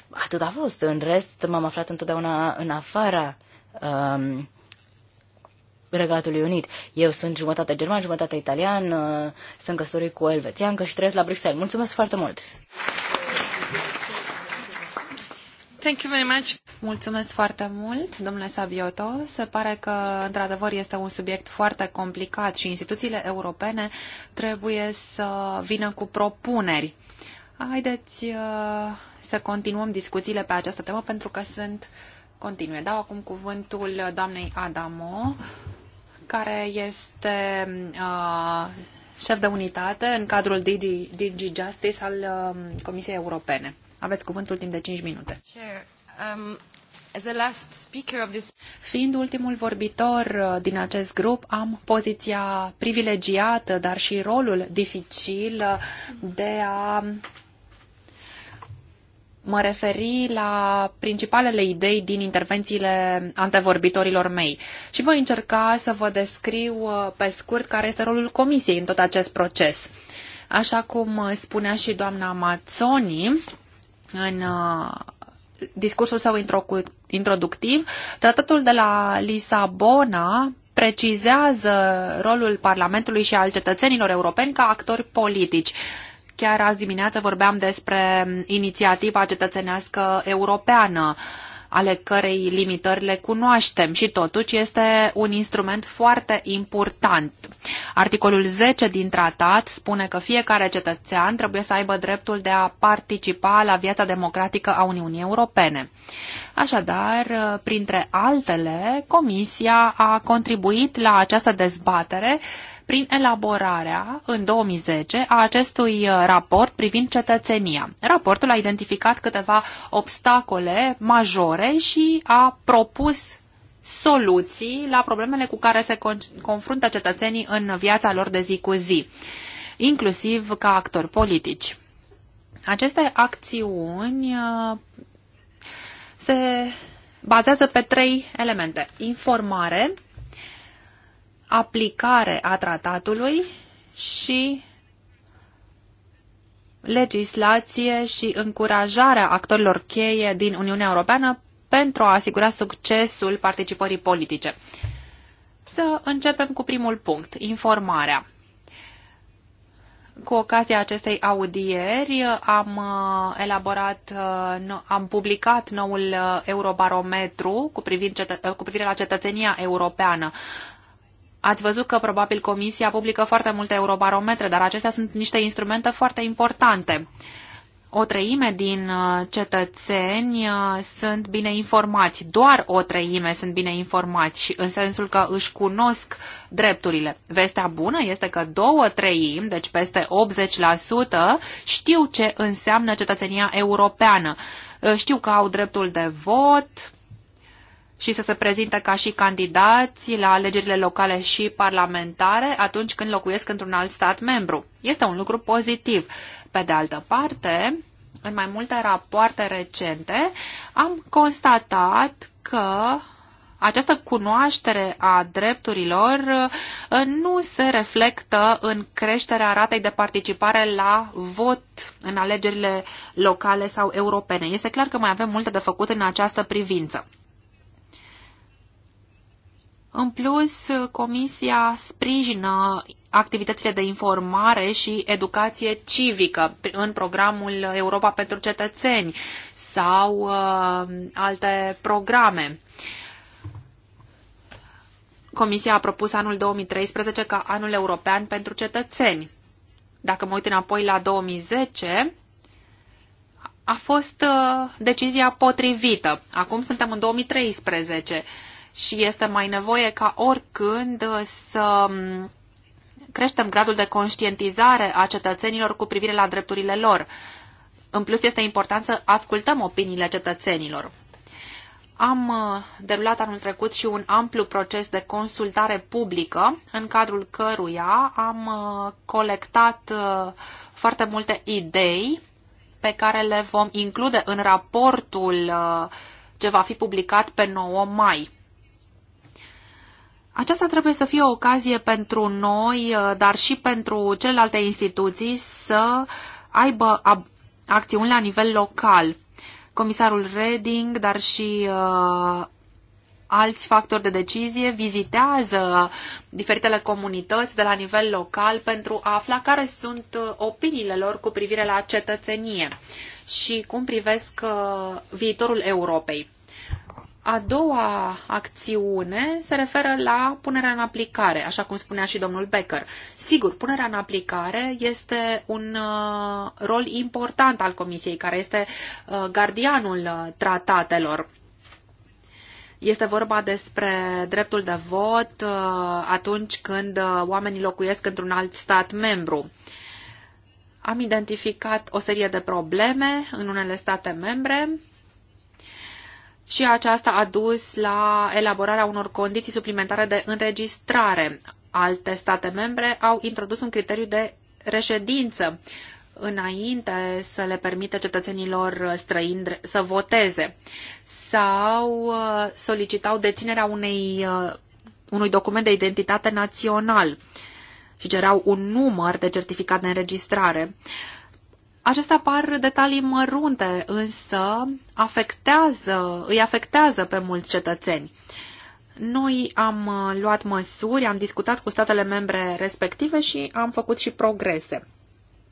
Atât a fost. În rest, m-am aflat întotdeauna în afara um, Regatului Unit. Eu sunt jumătate german, jumătate italian, uh, sunt căsătorit cu elvețiancă și trăiesc la Bruxelles. Mulțumesc foarte mult! Thank you very much. Mulțumesc foarte mult, domnule Sabioto. Se pare că, într-adevăr, este un subiect foarte complicat și instituțiile europene trebuie să vină cu propuneri. Haideți uh, să continuăm discuțiile pe această temă pentru că sunt continue. Dau acum cuvântul doamnei Adamo, care este uh, șef de unitate în cadrul DG, DG Justice al uh, Comisiei Europene. Aveți cuvântul timp de 5 minute. Um, Fiind ultimul vorbitor uh, din acest grup, am poziția privilegiată, dar și rolul dificil de a mă referi la principalele idei din intervențiile antevorbitorilor mei și voi încerca să vă descriu uh, pe scurt care este rolul Comisiei în tot acest proces. Așa cum spunea și doamna Mazzoni, în uh, discursul său introductiv, tratatul de la Lisabona precizează rolul Parlamentului și al cetățenilor europeni ca actori politici. Chiar azi dimineață vorbeam despre inițiativa cetățenească europeană. Uh, ale cărei limitări le cunoaștem și totuși este un instrument foarte important. Articolul 10 din tratat spune că fiecare cetățean trebuie să aibă dreptul de a participa la viața democratică a Uniunii Europene. Așadar, printre altele, Comisia a contribuit la această dezbatere prin elaborarea în 2010 a acestui uh, raport privind cetățenia. Raportul a identificat câteva obstacole majore și a propus soluții la problemele cu care se confruntă cetățenii în viața lor de zi cu zi, inclusiv ca actori politici. Aceste acțiuni uh, se bazează pe trei elemente. Informare, aplicare a tratatului și legislație și încurajarea actorilor cheie din Uniunea Europeană pentru a asigura succesul participării politice. Să începem cu primul punct, informarea. Cu ocazia acestei audieri am uh, elaborat, uh, am publicat noul uh, eurobarometru cu, cu privire la cetățenia europeană. Ați văzut că probabil Comisia publică foarte multe eurobarometre, dar acestea sunt niște instrumente foarte importante. O treime din uh, cetățeni uh, sunt bine informați, doar o treime sunt bine informați și în sensul că își cunosc drepturile. Vestea bună este că două treimi, deci peste 80%, știu ce înseamnă cetățenia europeană. Uh, știu că au dreptul de vot, și să se prezinte ca și candidați la alegerile locale și parlamentare atunci când locuiesc într-un alt stat membru. Este un lucru pozitiv. Pe de altă parte, în mai multe rapoarte recente, am constatat că această cunoaștere a drepturilor uh, nu se reflectă în creșterea ratei de participare la vot în alegerile locale sau europene. Este clar că mai avem multe de făcut în această privință. În plus, Comisia sprijină activitățile de informare și educație civică în programul Europa pentru cetățeni sau uh, alte programe. Comisia a propus anul 2013 ca anul european pentru cetățeni. Dacă mă uit înapoi la 2010, a fost uh, decizia potrivită. Acum suntem în 2013 și este mai nevoie ca oricând să mm, creștem gradul de conștientizare a cetățenilor cu privire la drepturile lor. În plus, este important să ascultăm opiniile cetățenilor. Am uh, derulat anul trecut și un amplu proces de consultare publică, în cadrul căruia am uh, colectat uh, foarte multe idei pe care le vom include în raportul ce va fi publicat pe 9 mai. Aceasta trebuie să fie o ocazie pentru noi, uh, dar și pentru celelalte instituții să aibă acțiuni la nivel local. Comisarul Reding, dar și uh, alți factori de decizie vizitează diferitele comunități de la nivel local pentru a afla care sunt uh, opiniile lor cu privire la cetățenie și cum privesc uh, viitorul Europei. A doua acțiune se referă la punerea în aplicare, așa cum spunea și domnul Becker. Sigur, punerea în aplicare este un uh, rol important al Comisiei, care este uh, gardianul uh, tratatelor. Este vorba despre dreptul de vot atunci când oamenii locuiesc într-un alt stat membru. Am identificat o serie de probleme în unele state membre și aceasta a dus la elaborarea unor condiții suplimentare de înregistrare. Alte state membre au introdus un criteriu de reședință înainte să le permită cetățenilor străini să voteze sau uh, solicitau deținerea unei, uh, unui document de identitate național și cereau un număr de certificat de înregistrare. Acestea par detalii mărunte, însă afectează, îi afectează pe mulți cetățeni. Noi am uh, luat măsuri, am discutat cu statele membre respective și am făcut și progrese.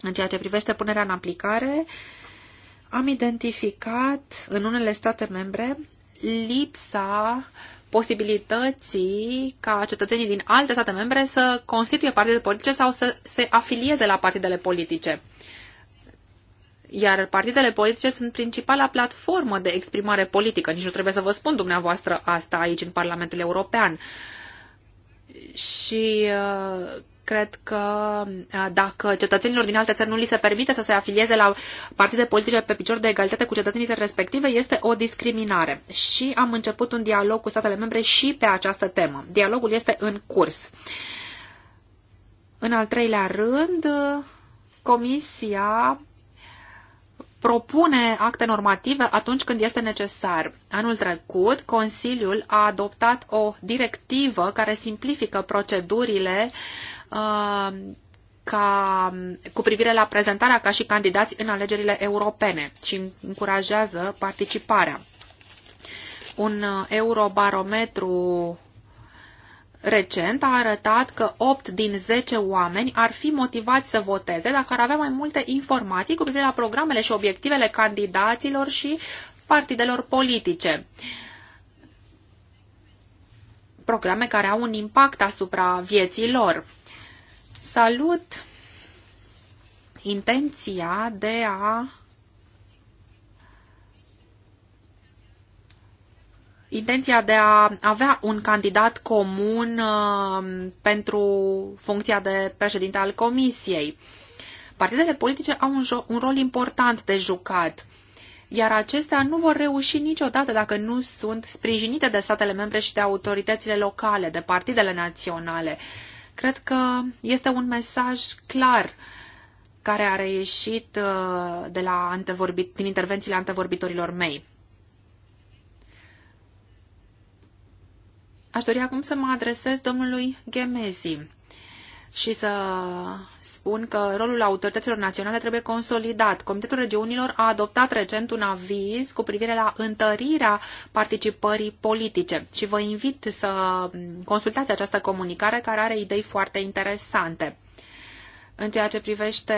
În ceea ce privește punerea în aplicare, am identificat în unele state membre lipsa posibilității ca cetățenii din alte state membre să constituie partide politice sau să se afilieze la partidele politice. Iar partidele politice sunt principala platformă de exprimare politică. Nici nu trebuie să vă spun dumneavoastră asta aici în Parlamentul European. Și uh, cred că uh, dacă cetățenilor din alte țări nu li se permite să se afilieze la partide politice pe picior de egalitate cu cetățenii țări respective, este o discriminare. Și am început un dialog cu statele membre și pe această temă. Dialogul este în curs. În al treilea rând, uh, Comisia propune acte normative atunci când este necesar. Anul trecut, Consiliul a adoptat o directivă care simplifică procedurile uh, ca, cu privire la prezentarea ca și candidați în alegerile europene și încurajează participarea. Un uh, eurobarometru recent a arătat că 8 din 10 oameni ar fi motivați să voteze dacă ar avea mai multe informații cu privire la programele și obiectivele candidaților și partidelor politice. Programe care au un impact asupra vieții lor. Salut intenția de a intenția de a avea un candidat comun uh, pentru funcția de președinte al Comisiei. Partidele politice au un, un rol important de jucat, iar acestea nu vor reuși niciodată dacă nu sunt sprijinite de statele membre și de autoritățile locale, de partidele naționale. Cred că este un mesaj clar care a reieșit uh, de la antevorbit, din intervențiile antevorbitorilor mei. Aș dori acum să mă adresez domnului Gemezi și să spun că rolul autorităților naționale trebuie consolidat. Comitetul Regiunilor a adoptat recent un aviz cu privire la întărirea participării politice și vă invit să consultați această comunicare care are idei foarte interesante în ceea ce privește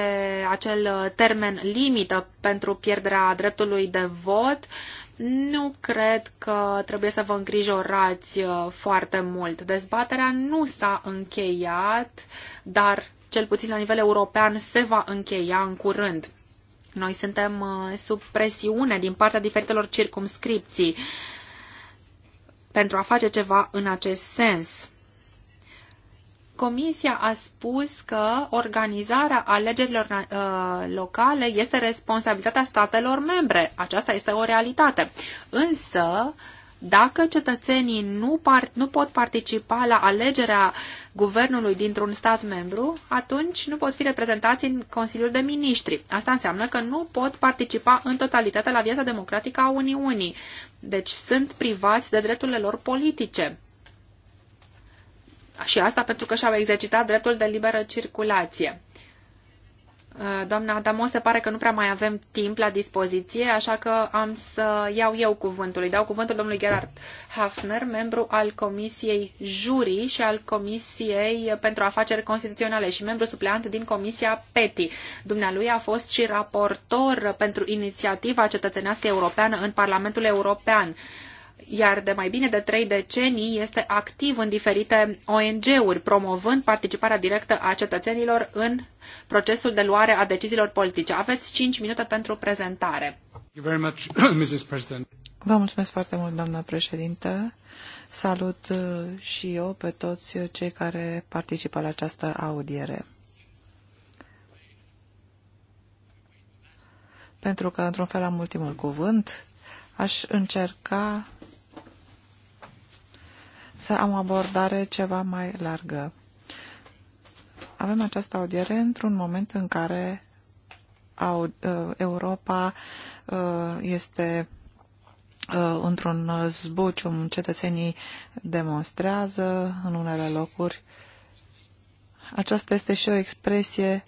acel termen limită pentru pierderea dreptului de vot. Uh, nu cred că trebuie să vă îngrijorați uh, foarte mult. Dezbaterea nu s-a încheiat, dar cel puțin la nivel european se va încheia în curând. Noi suntem uh, sub presiune din partea diferitelor circumscripții pentru a face ceva în acest sens. Comisia a spus că organizarea alegerilor uh, locale este responsabilitatea statelor membre. Aceasta este o realitate. Însă, dacă cetățenii nu, part, nu pot participa la alegerea guvernului dintr-un stat membru, atunci nu pot fi reprezentați în Consiliul de Ministri. Asta înseamnă că nu pot participa în totalitate la viața democratică a Uniunii. Deci sunt privați de drepturile lor politice. Și asta pentru că și-au exercitat dreptul de liberă circulație. Uh, doamna Adamo, se pare că nu prea mai avem timp la dispoziție, așa că am să iau eu cuvântul. Îi dau cuvântul domnului Gerard Hafner, membru al Comisiei Juri și al Comisiei pentru Afaceri Constituționale și membru supleant din Comisia PETI. Dumnealui a fost și raportor pentru inițiativa cetățenească europeană în Parlamentul European iar de mai bine de trei decenii este activ în diferite ONG-uri, promovând participarea directă a cetățenilor în procesul de luare a deciziilor politice. Aveți 5 minute pentru prezentare. Vă mulțumesc foarte mult, doamna președintă. Salut uh, și eu pe toți cei care participă la această audiere. Pentru că, într-un fel, am ultimul cuvânt, aș încerca să am o abordare ceva mai largă. Avem această audiere într-un moment în care uh, Europa uh, este uh, într-un zbucium, cetățenii demonstrează în unele locuri. Aceasta este și o expresie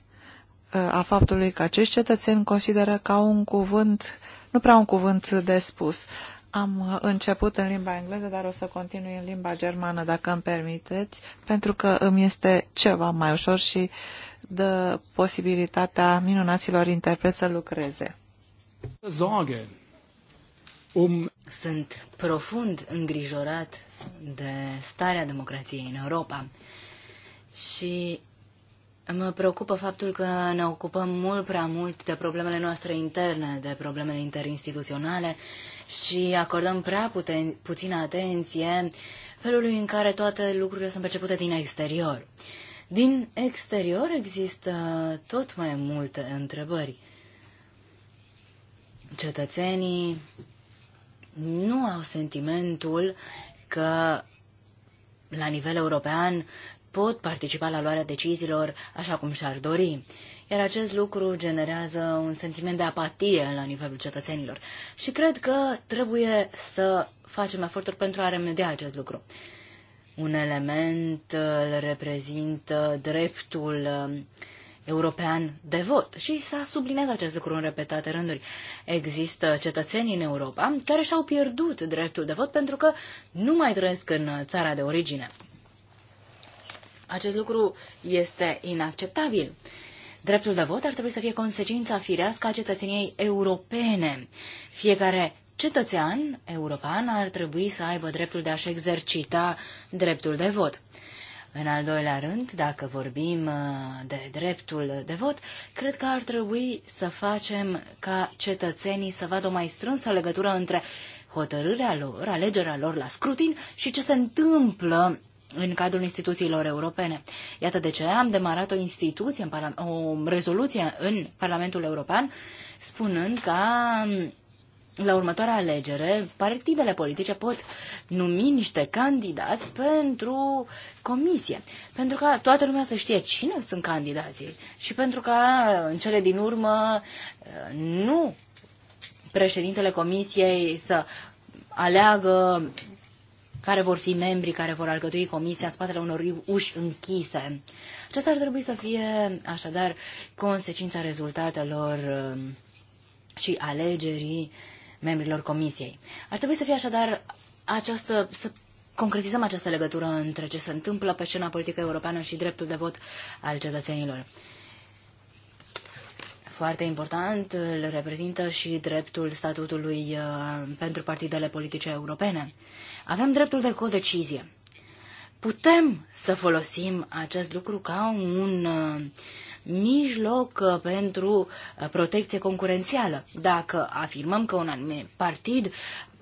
a faptului că acești cetățeni consideră ca un cuvânt, nu prea un cuvânt de spus. Am uh, început în limba engleză, dar o să continui în limba germană, dacă îmi permiteți, pentru că îmi este ceva mai ușor și dă posibilitatea minunaților interpreți să lucreze. Um. Sunt profund îngrijorat de starea democrației în Europa și Mă preocupă faptul că ne ocupăm mult prea mult de problemele noastre interne, de problemele interinstituționale și acordăm prea puten, puțină atenție felului în care toate lucrurile sunt percepute din exterior. Din exterior există tot mai multe întrebări. Cetățenii nu au sentimentul că la nivel european pot participa la luarea deciziilor așa cum și-ar dori. Iar acest lucru generează un sentiment de apatie la nivelul cetățenilor. Și cred că trebuie să facem eforturi pentru a remedia acest lucru. Un element uh, îl reprezintă dreptul um, european de vot. Și s-a subliniat acest lucru în repetate rânduri. Există cetățeni în Europa care și-au pierdut dreptul de vot pentru că nu mai trăiesc în uh, țara de origine. Acest lucru este inacceptabil. Dreptul de vot ar trebui să fie consecința firească a cetățeniei europene. Fiecare cetățean european ar trebui să aibă dreptul de a-și exercita dreptul de vot. În al doilea rând, dacă vorbim uh, de dreptul de vot, cred că ar trebui să facem ca cetățenii să vadă o mai strânsă legătură între hotărârea lor, alegerea lor la scrutin și ce se întâmplă în cadrul instituțiilor europene. Iată de ce am demarat o instituție, o rezoluție în Parlamentul European, spunând că la următoarea alegere, partidele politice pot numi niște candidați pentru comisie. Pentru că toată lumea să știe cine sunt candidații și pentru că în cele din urmă nu președintele comisiei să aleagă care vor fi membrii care vor alcătui comisia în spatele unor uși închise. Aceasta ar trebui să fie, așadar, consecința rezultatelor um, și alegerii membrilor comisiei. Ar trebui să fie, așadar, această, să concretizăm această legătură între ce se întâmplă pe scena politică europeană și dreptul de vot al cetățenilor foarte important îl reprezintă și dreptul statutului uh, pentru partidele politice europene. Avem dreptul de codecizie. Putem să folosim acest lucru ca un uh, mijloc uh, pentru uh, protecție concurențială. Dacă afirmăm că un anumit partid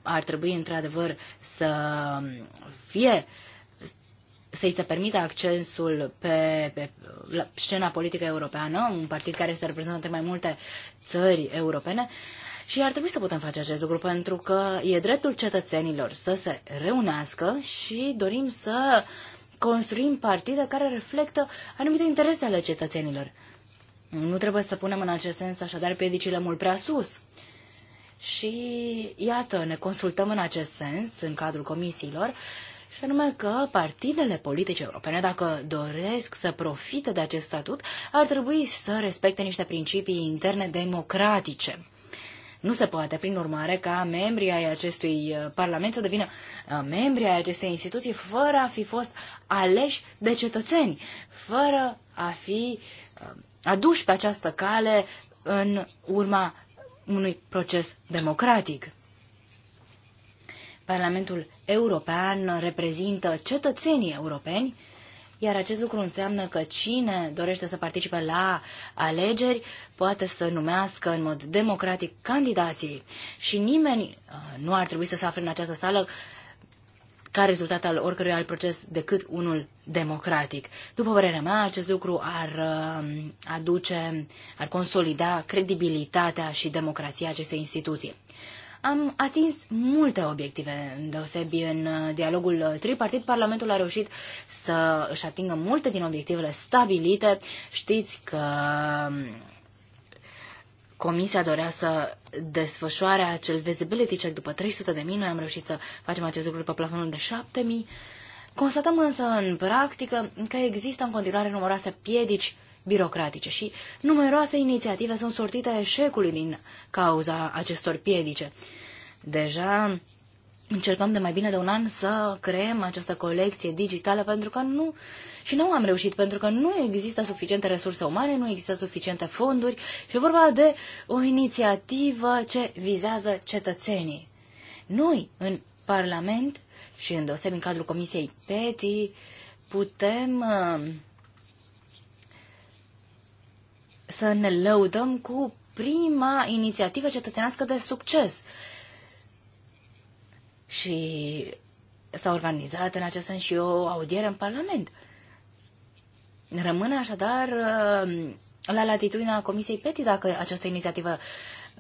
ar trebui într-adevăr să fie să-i se permită accesul pe, pe la scena politică europeană, un partid care să reprezentante mai multe țări europene, și ar trebui să putem face acest lucru pentru că e dreptul cetățenilor să se reunească și dorim să construim partide care reflectă anumite interese ale cetățenilor. Nu trebuie să punem în acest sens așadar piedicile mult prea sus. Și iată, ne consultăm în acest sens în cadrul comisiilor și anume că partidele politice europene, dacă doresc să profite de acest statut, ar trebui să respecte niște principii interne democratice. Nu se poate, prin urmare, ca membrii ai acestui uh, Parlament să devină uh, membri ai acestei instituții fără a fi fost aleși de cetățeni, fără a fi uh, aduși pe această cale în urma unui proces democratic. Parlamentul European reprezintă cetățenii europeni iar acest lucru înseamnă că cine dorește să participe la alegeri poate să numească în mod democratic candidații și nimeni uh, nu ar trebui să se afle în această sală ca rezultat al oricărui alt proces decât unul democratic. După părerea mea, acest lucru ar uh, aduce, ar consolida credibilitatea și democrația acestei instituții. Am atins multe obiective, deosebi în uh, dialogul tripartit. Parlamentul a reușit să își atingă multe din obiectivele stabilite. Știți că um, Comisia dorea să desfășoare acel visibility check după 300 de mii. Noi am reușit să facem acest lucru după plafonul de 7 mii. Constatăm însă în practică că există în continuare numeroase piedici birocratice și numeroase inițiative sunt sortite eșecului din cauza acestor piedice. Deja încercăm de mai bine de un an să creăm această colecție digitală pentru că nu și nu am reușit pentru că nu există suficiente resurse umane, nu există suficiente fonduri și e vorba de o inițiativă ce vizează cetățenii. Noi în Parlament și în deosebit în cadrul Comisiei PETI putem uh, să ne lăudăm cu prima inițiativă cetățenească de succes. Și s-a organizat în acest sens și o audiere în Parlament. Rămâne așadar uh, la latitudinea Comisiei PETI dacă această inițiativă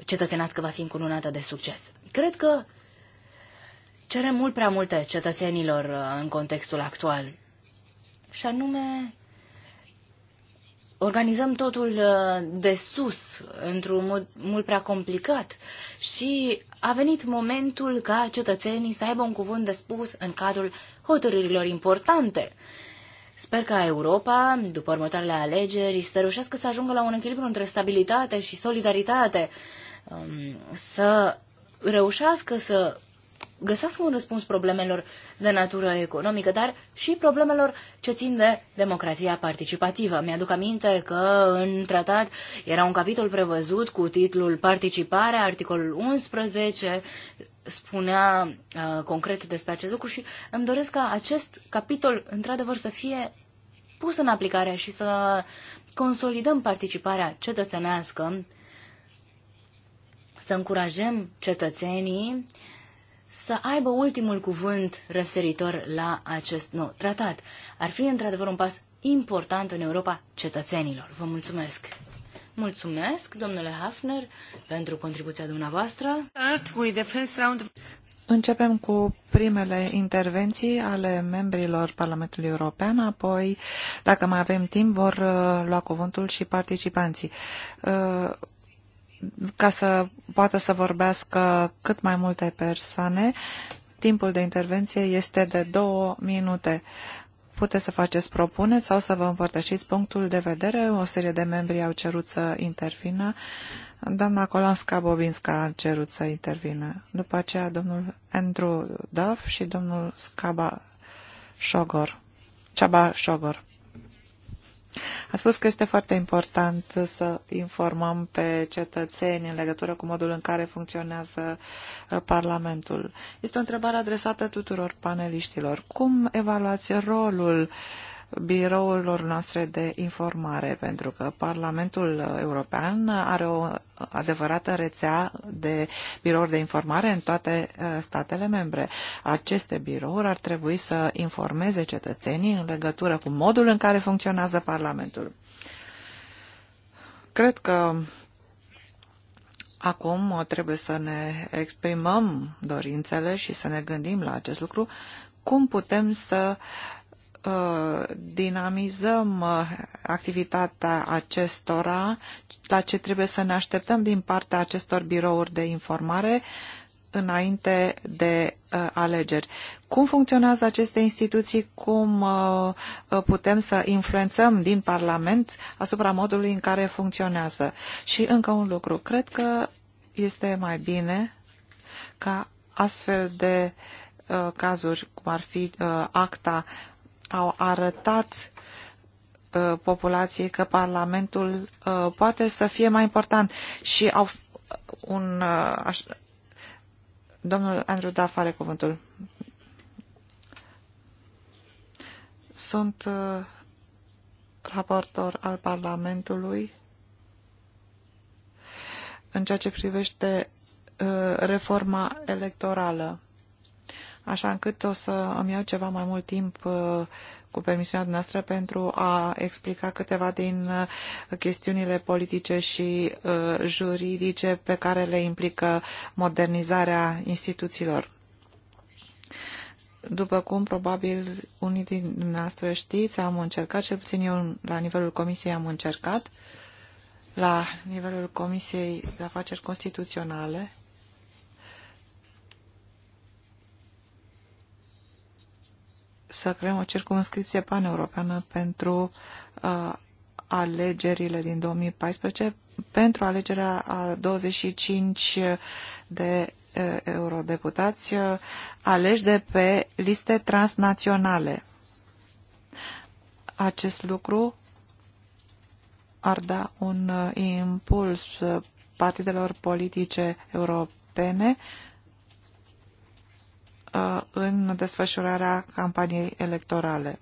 cetățenească va fi încununată de succes. Cred că cerem mult prea multe cetățenilor uh, în contextul actual. Și anume organizăm totul uh, de sus, într-un mod mult prea complicat și a venit momentul ca cetățenii să aibă un cuvânt de spus în cadrul hotărârilor importante. Sper ca Europa, după următoarele alegeri, să reușească să ajungă la un echilibru între stabilitate și solidaritate, um, să reușească să găsească un răspuns problemelor de natură economică, dar și problemelor ce țin de democrația participativă. Mi-aduc aminte că în tratat era un capitol prevăzut cu titlul Participare, articolul 11, spunea uh, concret despre acest lucru și îmi doresc ca acest capitol, într-adevăr, să fie pus în aplicare și să consolidăm participarea cetățenească, să încurajăm cetățenii uh, să aibă ultimul cuvânt referitor la acest nou tratat. Ar fi într-adevăr un pas important în Europa cetățenilor. Vă mulțumesc! Mulțumesc, domnule Hafner, pentru contribuția dumneavoastră. Începem cu primele intervenții ale membrilor Parlamentului European, apoi, dacă mai avem timp, vor uh, lua cuvântul și participanții. Uh, ca să poată să vorbească cât mai multe persoane, timpul de intervenție este de două minute. Puteți să faceți propuneri sau să vă împărtășiți punctul de vedere. O serie de membri au cerut să intervină. Doamna Colanska Bobinska a cerut să intervină. După aceea domnul Andrew Duff și domnul Scaba Șogor. Ceaba Șogor. A spus că este foarte important să informăm pe cetățeni în legătură cu modul în care funcționează uh, Parlamentul. Este o întrebare adresată tuturor paneliștilor. Cum evaluați rolul uh, birourilor noastre de informare, pentru că Parlamentul European are o adevărată rețea de birouri de informare în toate uh, statele membre. Aceste birouri ar trebui să informeze cetățenii în legătură cu modul în care funcționează Parlamentul. Cred că Acum trebuie să ne exprimăm dorințele și să ne gândim la acest lucru, cum putem să Uh, dinamizăm uh, activitatea acestora, la ce trebuie să ne așteptăm din partea acestor birouri de informare înainte de uh, alegeri. Cum funcționează aceste instituții? Cum putem să influențăm din Parlament asupra modului în care funcționează? Și încă un lucru. Cred că este mai bine ca astfel de cazuri, cum ar fi acta, au arătat uh, populației că Parlamentul uh, poate să fie mai important și au un... Uh, aș... Domnul Andrew Duff are cuvântul. Sunt uh, raportor al Parlamentului în ceea ce privește uh, reforma electorală așa încât o să îmi iau ceva mai mult timp uh, cu permisiunea noastră pentru a explica câteva din uh, chestiunile politice și uh, juridice pe care le implică modernizarea instituțiilor. După cum probabil unii din dumneavoastră știți, am încercat, cel puțin eu la nivelul comisiei am încercat, la nivelul Comisiei de Afaceri Constituționale, să creăm o pan paneuropeană pentru uh, alegerile din 2014, pentru alegerea a 25 de uh, eurodeputați uh, aleși de pe liste transnaționale. Acest lucru ar da un uh, impuls uh, partidelor politice europene uh, în desfășurarea campaniei electorale.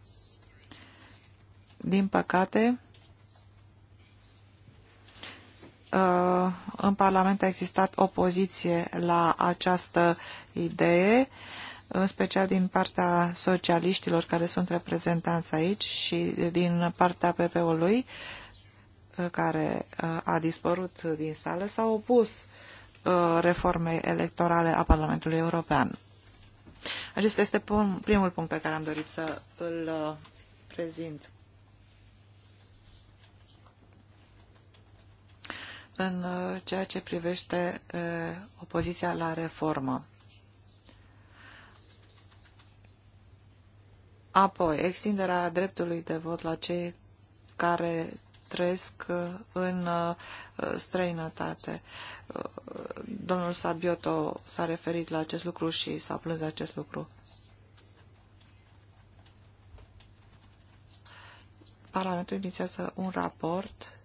Din păcate, în Parlament a existat opoziție la această idee, în special din partea socialiștilor care sunt reprezentanți aici și din partea PP-ului care a dispărut din sală s-a opus reformei electorale a Parlamentului European. Acesta este primul punct pe care am dorit să îl uh, prezint. În uh, ceea ce privește uh, opoziția la reformă. Apoi, extinderea dreptului de vot la cei care trăiesc în străinătate. Domnul Sabioto s-a referit la acest lucru și s-a plâns de acest lucru. Parlamentul inițiază un raport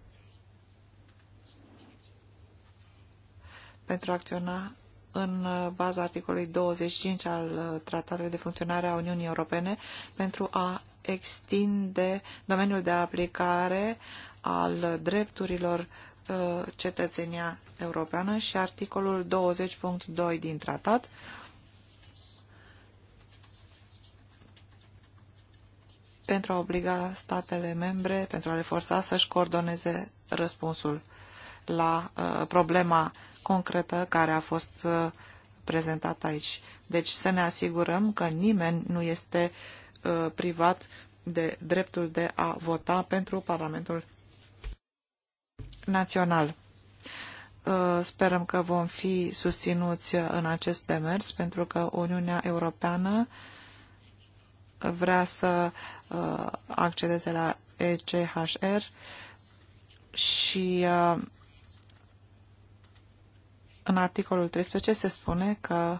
pentru a acționa în baza articolului 25 al Tratatului de Funcționare a Uniunii Europene pentru a extinde domeniul de aplicare al drepturilor Uh, cetățenia europeană și articolul 20.2 din tratat pentru a obliga statele membre, pentru a le forța să-și coordoneze răspunsul la uh, problema concretă care a fost uh, prezentată aici. Deci să ne asigurăm că nimeni nu este uh, privat de dreptul de a vota pentru Parlamentul național. Uh, sperăm că vom fi susținuți în acest demers, pentru că Uniunea Europeană vrea să uh, accedeze la ECHR și uh, în articolul 13 se spune că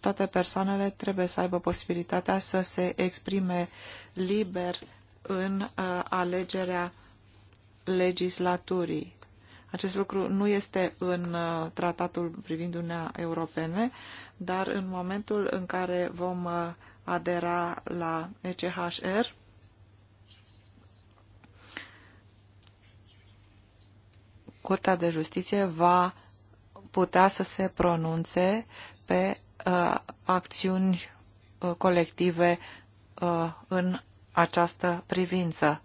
toate persoanele trebuie să aibă posibilitatea să se exprime liber în uh, alegerea legislaturii. Acest lucru nu este în uh, tratatul privind Uniunea Europene, dar în momentul în care vom uh, adera la ECHR, Curtea de Justiție va putea să se pronunțe pe uh, acțiuni uh, colective uh, în această privință.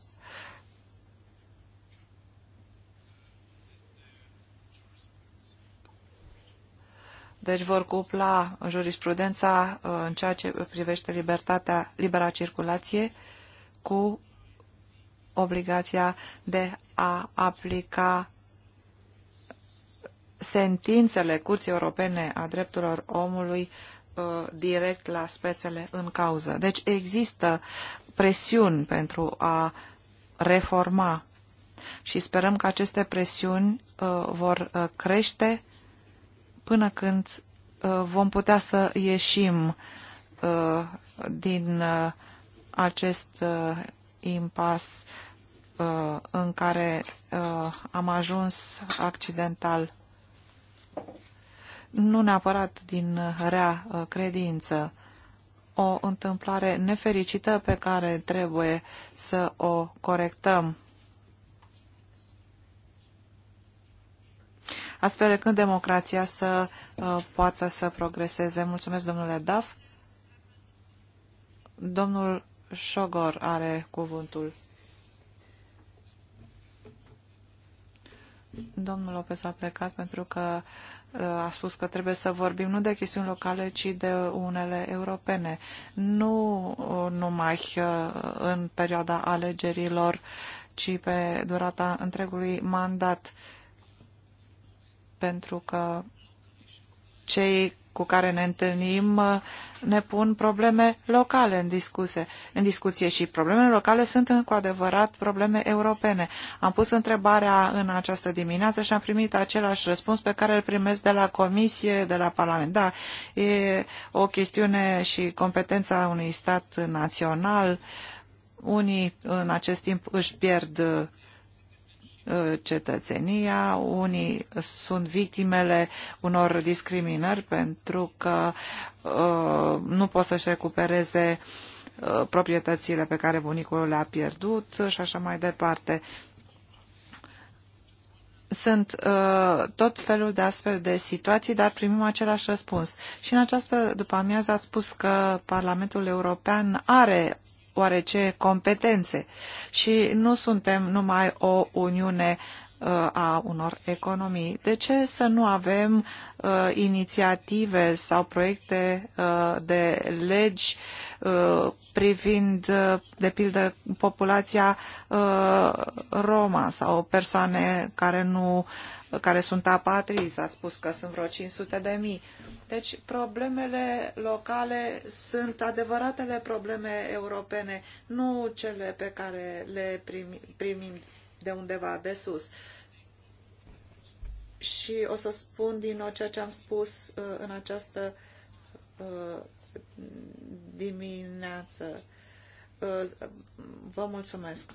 Deci vor cupla jurisprudența uh, în ceea ce privește libertatea, libera circulație cu obligația de a aplica sentințele Curții Europene a Drepturilor Omului uh, direct la spețele în cauză. Deci există presiuni pentru a reforma și sperăm că aceste presiuni uh, vor uh, crește până când uh, vom putea să ieșim uh, din uh, acest uh, impas în care am ajuns accidental. Nu neapărat din rea credință, o întâmplare nefericită pe care trebuie să o corectăm. Astfel când democrația să uh, poată să progreseze. Mulțumesc, domnule Daf. Domnul Șogor are cuvântul. Domnul Lopez a plecat pentru că a spus că trebuie să vorbim nu de chestiuni locale, ci de unele europene. Nu uh, numai uh, în perioada alegerilor, ci pe durata întregului mandat. Pentru că cei cu care ne întâlnim ne pun probleme locale în, discuse, în discuție și problemele locale sunt cu adevărat probleme europene. Am pus întrebarea în această dimineață și am primit același răspuns pe care îl primesc de la Comisie, de la Parlament. Da, e o chestiune și competența unui stat național. Unii în acest timp își pierd Uh, cetățenia, unii sunt victimele unor discriminări pentru că uh, nu pot să-și recupereze uh, proprietățile pe care bunicul le-a pierdut și așa mai departe. Sunt uh, tot felul de astfel de situații, dar primim același răspuns. Și în această după amiază ați spus că Parlamentul European are oarece competențe și nu suntem numai o uniune uh, a unor economii. De ce să nu avem uh, inițiative sau proiecte uh, de legi uh, privind, uh, de pildă, populația uh, Roma sau persoane care, nu, care sunt apatrizi? s-a spus că sunt vreo 500 de mii. Uh, deci problemele locale sunt adevăratele probleme europene, nu cele pe care le primim de undeva de sus. Și o să spun din nou ceea ce am spus uh, în această uh, dimineață. Uh, vă mulțumesc.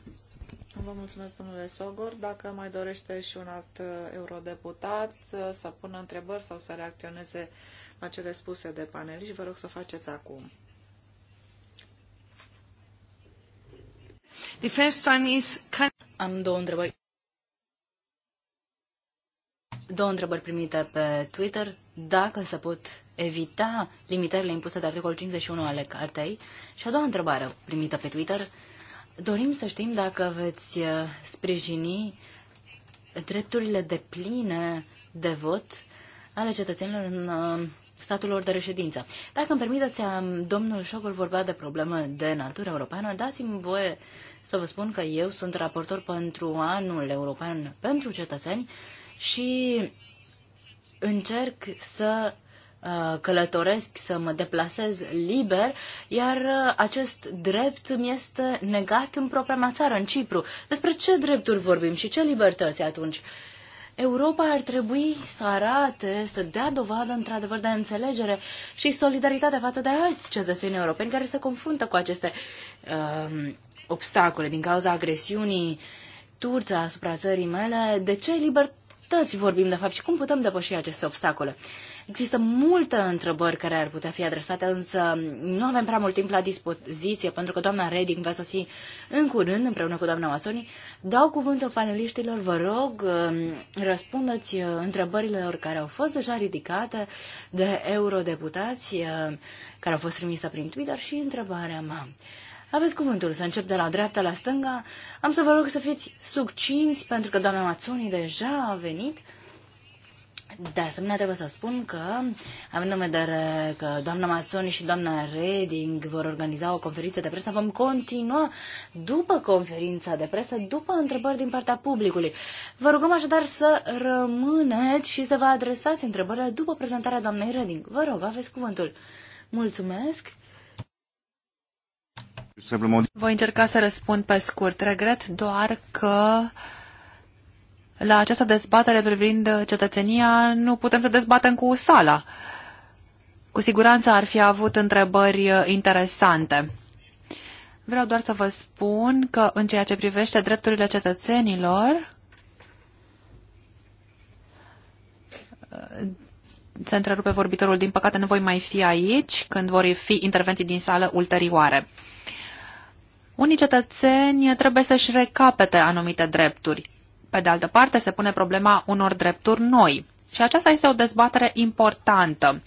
Vă mulțumesc, domnule Sogor. Dacă mai dorește și un alt eurodeputat să pună întrebări sau să reacționeze la cele spuse de paneliști. Vă rog să o faceți acum. The first one is... Am două întrebări. Două întrebări primite pe Twitter. Dacă se pot evita limitările impuse de articolul 51 ale cartei? Și a doua întrebare primită pe Twitter. Dorim să știm dacă veți uh, sprijini drepturile de pline de vot ale cetățenilor în uh, statelor de reședință. Dacă îmi permiteți, domnul Șocul vorbea de probleme de natură europeană, dați-mi voie să vă spun că eu sunt raportor pentru anul european pentru cetățeni și încerc să uh, călătoresc, să mă deplasez liber, iar uh, acest drept mi este negat în propria mea țară, în Cipru. Despre ce drepturi vorbim și ce libertăți atunci? Uh, Europa ar trebui să arate, să dea dovadă într-adevăr de înțelegere și solidaritate față de alți cetățeni europeni care se confruntă cu aceste um, uh, obstacole din cauza agresiunii turce asupra țării mele. De ce liber priorități vorbim de fapt și cum putem depăși aceste obstacole. Există multe întrebări care ar putea fi adresate, însă nu avem prea mult timp la dispoziție, pentru că doamna Reding va sosi în curând, împreună cu doamna Masoni. Dau cuvântul paneliștilor, vă rog, um, răspundeți uh, întrebărilor care au fost deja ridicate de eurodeputați, uh, care au fost trimise prin Twitter și întrebarea mea. Aveți cuvântul să încep de la dreapta la stânga. Am să vă rog să fiți succinți, pentru că doamna Mațoni deja a venit. De asemenea, trebuie să spun că, având în vedere că doamna Mazzoni și doamna Reding vor organiza o conferință de presă, vom continua după conferința de presă, după întrebări din partea publicului. Vă rugăm așadar să rămâneți și să vă adresați întrebările după prezentarea doamnei Reding. Vă rog, aveți cuvântul. Mulțumesc! Voi încerca să răspund pe scurt. Regret doar că la această dezbatere privind cetățenia nu putem să dezbatem cu sala. Cu siguranță ar fi avut întrebări interesante. Vreau doar să vă spun că în ceea ce privește drepturile cetățenilor, se întrerupe vorbitorul, din păcate nu voi mai fi aici când vor fi intervenții din sală ulterioare. Unii cetățeni trebuie să-și recapete anumite drepturi. Pe de altă parte, se pune problema unor drepturi noi. Și aceasta este o dezbatere importantă.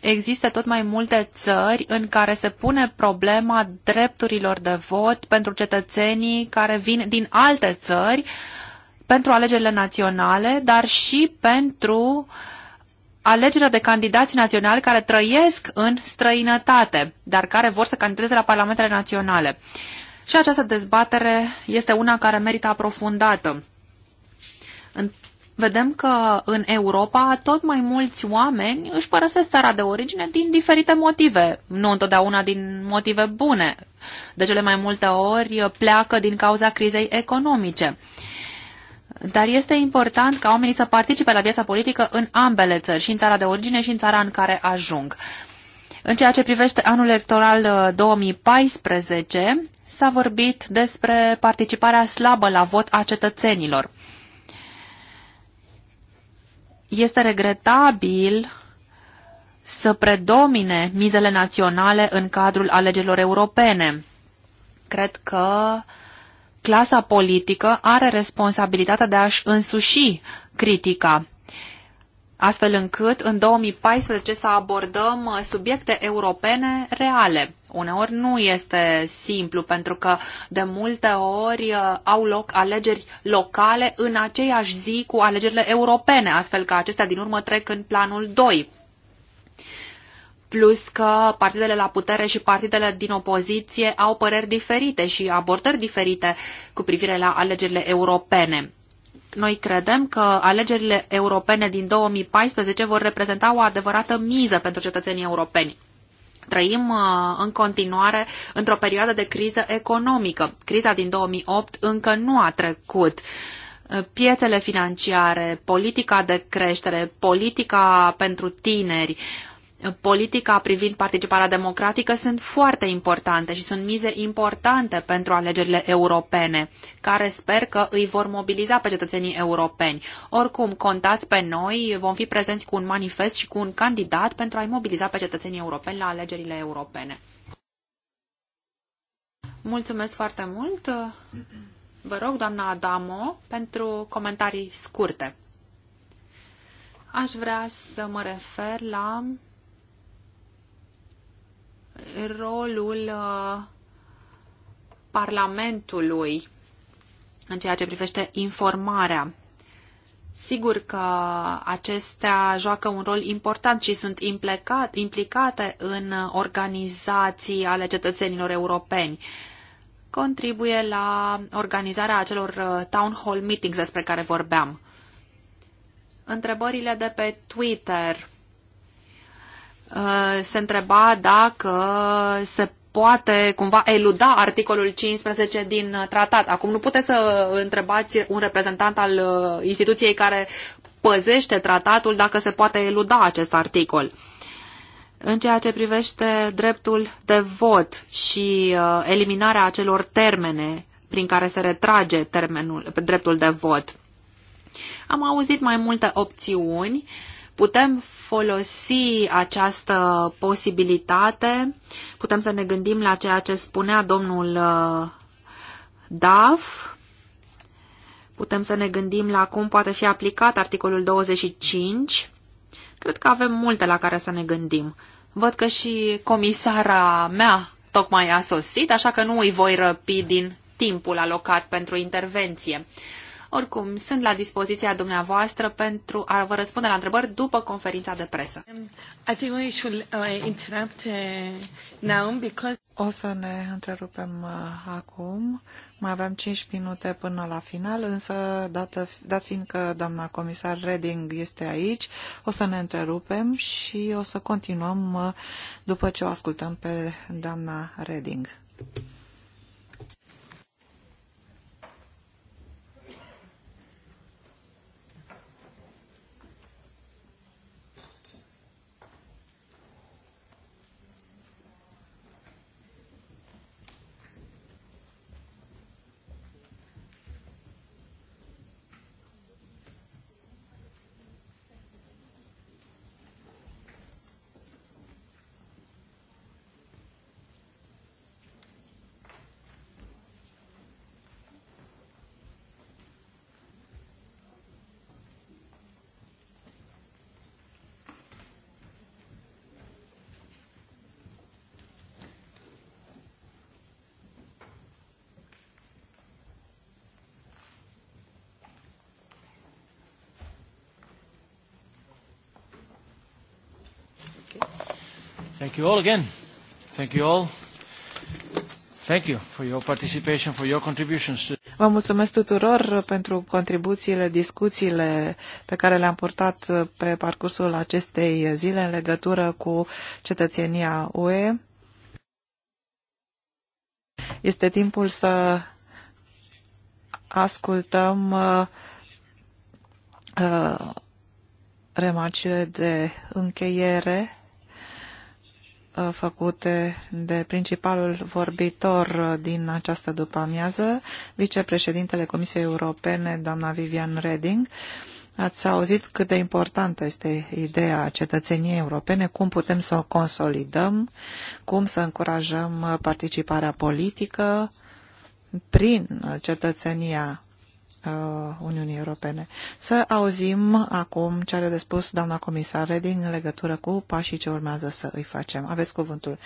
Există tot mai multe țări în care se pune problema drepturilor de vot pentru cetățenii care vin din alte țări pentru alegerile naționale, dar și pentru uh, alegerea de candidați naționali care trăiesc în străinătate, dar care vor să candideze la parlamentele naționale. Și această dezbatere este una care merită aprofundată. În vedem că în Europa tot mai mulți oameni își părăsesc țara de origine din diferite motive, nu întotdeauna din motive bune. De cele mai multe ori pleacă din cauza crizei economice. Dar este important ca oamenii să participe la viața politică în ambele țări, și în țara de origine și în țara în care ajung. În ceea ce privește anul electoral 2014, uh, s-a vorbit despre participarea slabă la vot a cetățenilor. Este regretabil să predomine mizele naționale în cadrul alegerilor europene. Cred că uh, clasa politică are responsabilitatea de a-și însuși critica astfel încât în 2014 să abordăm uh, subiecte europene reale. Uneori nu este simplu, pentru că de multe ori uh, au loc alegeri locale în aceeași zi cu alegerile europene, astfel că acestea din urmă trec în planul 2 plus că partidele la putere și partidele din opoziție au păreri diferite și abordări diferite cu privire la alegerile europene. Noi credem că alegerile europene din 2014 vor reprezenta o adevărată miză pentru cetățenii europeni. Trăim uh, în continuare într-o perioadă de criză economică. Criza din 2008 încă nu a trecut uh, piețele financiare, politica de creștere, politica pentru tineri, politica privind participarea democratică sunt foarte importante și sunt mize importante pentru alegerile europene, care sper că îi vor mobiliza pe cetățenii europeni. Oricum, contați pe noi, vom fi prezenți cu un manifest și cu un candidat pentru a-i mobiliza pe cetățenii europeni la alegerile europene. Mulțumesc foarte mult! Vă rog, doamna Adamo, pentru comentarii scurte. Aș vrea să mă refer la rolul uh, Parlamentului în ceea ce privește informarea. Sigur că acestea joacă un rol important și sunt implicat, implicate în organizații ale cetățenilor europeni. Contribuie la organizarea acelor uh, town hall meetings despre care vorbeam. Întrebările de pe Twitter Uh, se întreba dacă se poate cumva eluda articolul 15 din tratat. Acum nu puteți să întrebați un reprezentant al uh, instituției care păzește tratatul dacă se poate eluda acest articol. În ceea ce privește dreptul de vot și uh, eliminarea acelor termene prin care se retrage termenul, dreptul de vot. Am auzit mai multe opțiuni uh, Putem folosi această posibilitate, putem să ne gândim la ceea ce spunea domnul uh, DAF, putem să ne gândim la cum poate fi aplicat articolul 25. Cred că avem multe la care să ne gândim. Văd că și comisara mea tocmai a sosit, așa că nu îi voi răpi din timpul alocat pentru intervenție. Oricum, sunt la dispoziția dumneavoastră pentru a vă răspunde la întrebări după conferința de presă. Um, I think we should uh, interrupt uh, now because... O să ne întrerupem uh, acum. Mai avem 5 minute până la final, însă, dată, dat fiind că doamna comisar Reding este aici, o să ne întrerupem și o să continuăm după ce o ascultăm pe doamna Reding. Thank you all again. Thank you all. Thank you for your participation, for your contributions. Vă mulțumesc tuturor pentru contribuțiile, discuțiile pe care le-am purtat pe parcursul acestei zile în legătură cu cetățenia UE. Este timpul să ascultăm uh, uh, remarcile de încheiere Uh, făcute de principalul vorbitor uh, din această după-amiază, vicepreședintele Comisiei Europene, doamna Vivian Reding. Ați auzit cât de importantă este ideea cetățeniei europene, cum putem să o consolidăm, cum să încurajăm participarea politică prin cetățenia Uh, Uniunii Europene. Să auzim acum ce are de spus doamna comisar Reding în legătură cu pașii ce urmează să îi facem. Aveți cuvântul.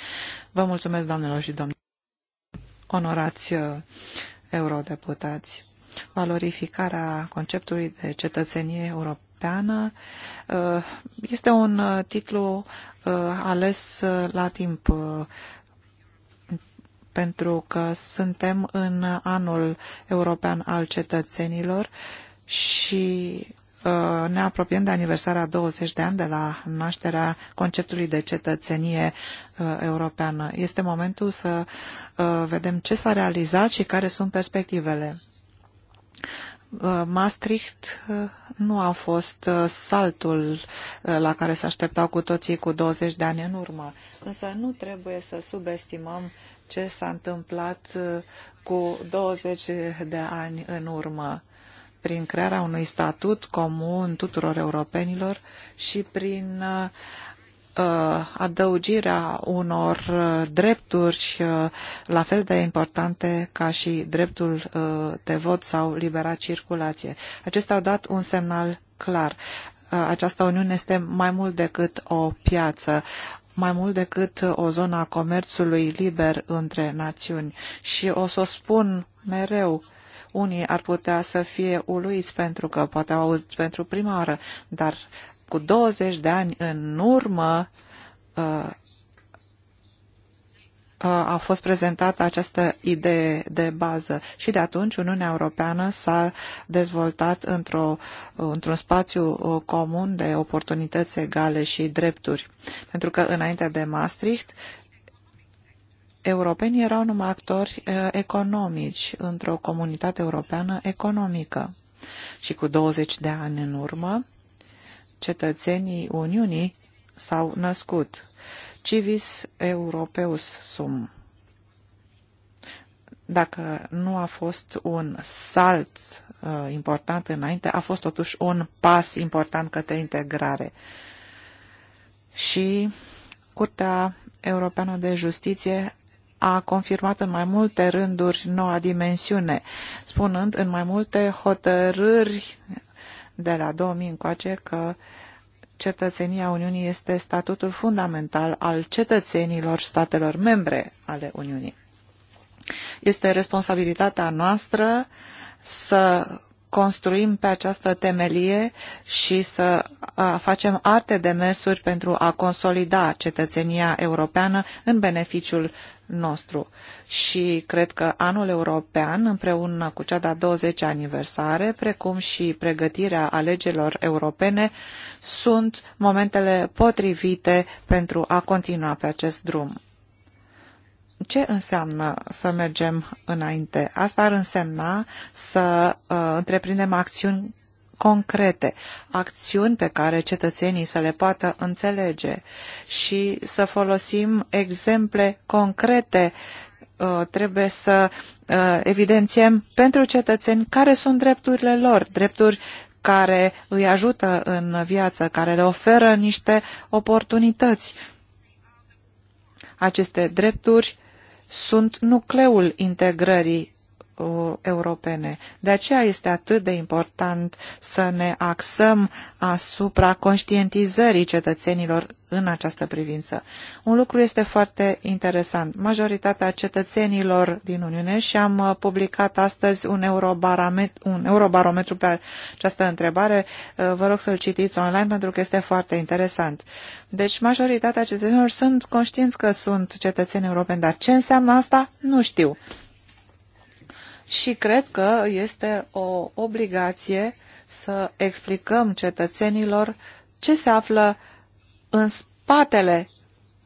Vă mulțumesc, doamnelor și domnilor, onorați uh, eurodeputați. Valorificarea conceptului de cetățenie europeană uh, este un titlu ales la timp pentru că suntem în anul european al cetățenilor și uh, ne apropiem de aniversarea 20 de ani de la nașterea conceptului de cetățenie uh, europeană. Este momentul să uh, vedem ce s-a realizat și care sunt perspectivele. Maastricht nu a fost saltul la care se așteptau cu toții cu 20 de ani în urmă, însă nu trebuie să subestimăm ce s-a întâmplat uh, cu 20 de ani în urmă prin crearea unui statut comun tuturor europenilor și prin uh, uh, adăugirea unor drepturi la fel de importante ca și dreptul de vot sau libera circulație. Acestea au dat un semnal clar această Uniune este mai mult decât o piață, mai mult decât o zonă a comerțului liber între națiuni. Și o să o spun mereu, unii ar putea să fie uluiți pentru că poate au auzit pentru prima oară, dar cu 20 de ani în urmă, uh, a fost prezentată această idee de bază și de atunci Uniunea Europeană s-a dezvoltat într-un într spațiu uh, comun de oportunități egale și drepturi. Pentru că înainte de Maastricht, europenii erau numai actori uh, economici într-o comunitate europeană economică. Și cu 20 de ani în urmă, cetățenii Uniunii s-au născut civis europeus sum. Dacă nu a fost un salt uh, important înainte, a fost totuși un pas important către integrare. Și Curtea Europeană de Justiție a confirmat în mai multe rânduri noua dimensiune, spunând în mai multe hotărâri de la 2000 încoace că uh, cetățenia Uniunii este statutul fundamental al cetățenilor statelor membre ale Uniunii. Este responsabilitatea noastră să construim pe această temelie și să facem arte de mesuri pentru a consolida cetățenia europeană în beneficiul nostru și cred că anul european împreună cu cea de-a 20 -a aniversare, precum și pregătirea alegerilor europene, sunt momentele potrivite pentru a continua pe acest drum. Ce înseamnă să mergem înainte? Asta ar însemna să uh, întreprindem acțiuni concrete, acțiuni pe care cetățenii să le poată înțelege și să folosim exemple concrete uh, trebuie să uh, evidențiem pentru cetățeni care sunt drepturile lor, drepturi care îi ajută în viață, care le oferă niște oportunități. Aceste drepturi sunt nucleul integrării Uh, europene. De aceea este atât de important să ne axăm asupra conștientizării cetățenilor în această privință. Un lucru este foarte interesant. Majoritatea cetățenilor din Uniune și am uh, publicat astăzi un eurobarometru, un eurobarometru pe această întrebare. Uh, vă rog să-l citiți online pentru că este foarte interesant. Deci majoritatea cetățenilor sunt conștienți că sunt cetățeni europeni, dar ce înseamnă asta? Nu știu și cred că este o obligație să explicăm cetățenilor ce se află în spatele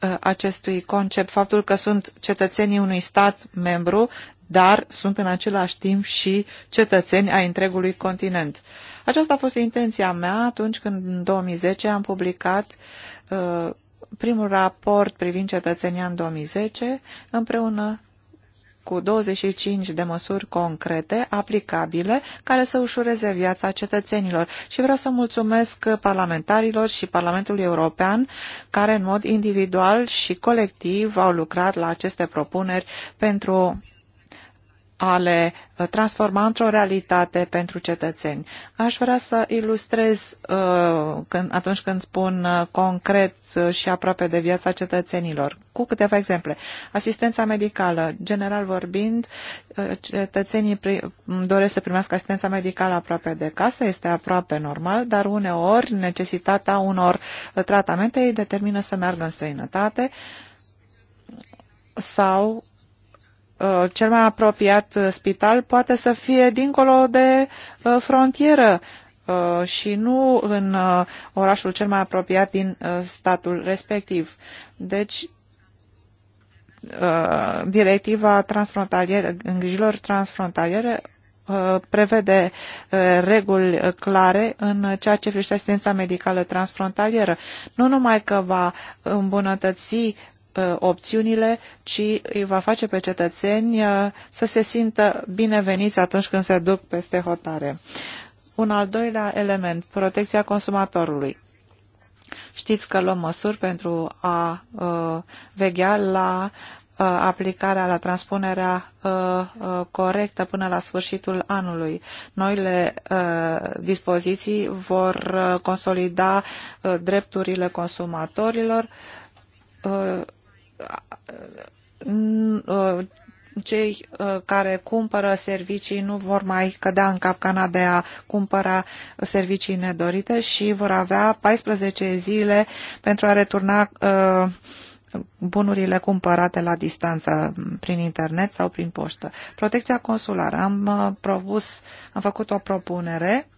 ă, acestui concept, faptul că sunt cetățenii unui stat membru, dar sunt în același timp și cetățeni ai întregului continent. Aceasta a fost intenția mea atunci când în 2010 am publicat uh, primul raport privind cetățenia în 2010 împreună cu 25 de măsuri concrete, aplicabile, care să ușureze viața cetățenilor. Și vreau să mulțumesc parlamentarilor și Parlamentului European, care în mod individual și colectiv au lucrat la aceste propuneri pentru a le uh, transforma într-o realitate pentru cetățeni. Aș vrea să ilustrez uh, când, atunci când spun uh, concret și aproape de viața cetățenilor, cu câteva exemple. Asistența medicală. General vorbind, cetățenii mm, doresc să primească asistența medicală aproape de casă, este aproape normal, dar uneori necesitatea unor tratamente îi determină să meargă în străinătate sau Uh, cel mai apropiat uh, spital poate să fie dincolo de uh, frontieră și nu în orașul cel mai apropiat din statul respectiv. Deci, directiva transfrontalieră, îngrijilor transfrontaliere prevede reguli clare în ceea ce privește asistența medicală transfrontalieră. Nu numai că va îmbunătăți Uh, opțiunile, ci îi va face pe cetățeni uh, să se simtă bineveniți atunci când se duc peste hotare. Un al doilea element, protecția consumatorului. Știți că luăm măsuri pentru a uh, veghea la uh, aplicarea, la transpunerea uh, uh, corectă până la sfârșitul anului. Noile uh, dispoziții vor uh, consolida uh, drepturile consumatorilor uh, Uh, cei uh, care cumpără servicii nu vor mai cădea în capcana de a cumpăra servicii nedorite și vor avea 14 zile pentru a returna uh, bunurile cumpărate la distanță prin internet sau prin poștă. Protecția consulară. Am propus, am făcut o propunere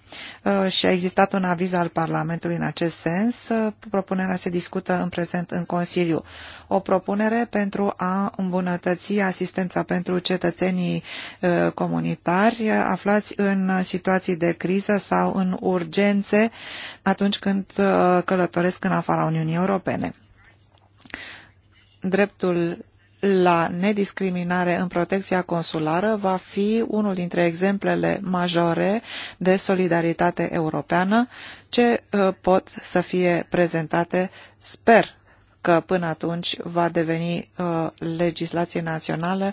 Uh, și a existat un aviz al Parlamentului în acest sens. Uh, propunerea se discută în prezent în Consiliu. O propunere pentru a îmbunătăți asistența pentru cetățenii uh, comunitari aflați în situații de criză sau în urgențe atunci când călătoresc în afara Uniunii Europene dreptul la nediscriminare în protecția consulară va fi unul dintre exemplele majore de solidaritate europeană ce uh, pot să fie prezentate, sper că până atunci va deveni uh, legislație națională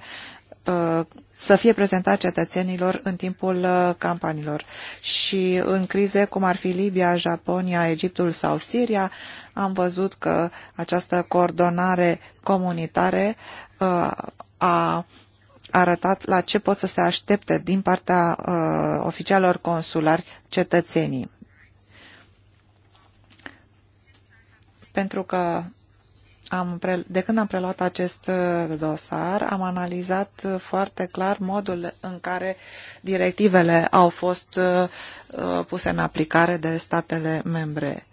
uh, să fie prezentat cetățenilor în timpul uh, campaniilor. Și în crize cum ar fi Libia, Japonia, Egiptul sau Siria, am văzut că această coordonare comunitare uh, a arătat la ce pot să se aștepte din partea uh, oficialilor consulari cetățenii. Pentru că am de când am preluat acest uh, dosar, am analizat uh, foarte clar modul în care directivele au fost uh, puse în aplicare de statele membre.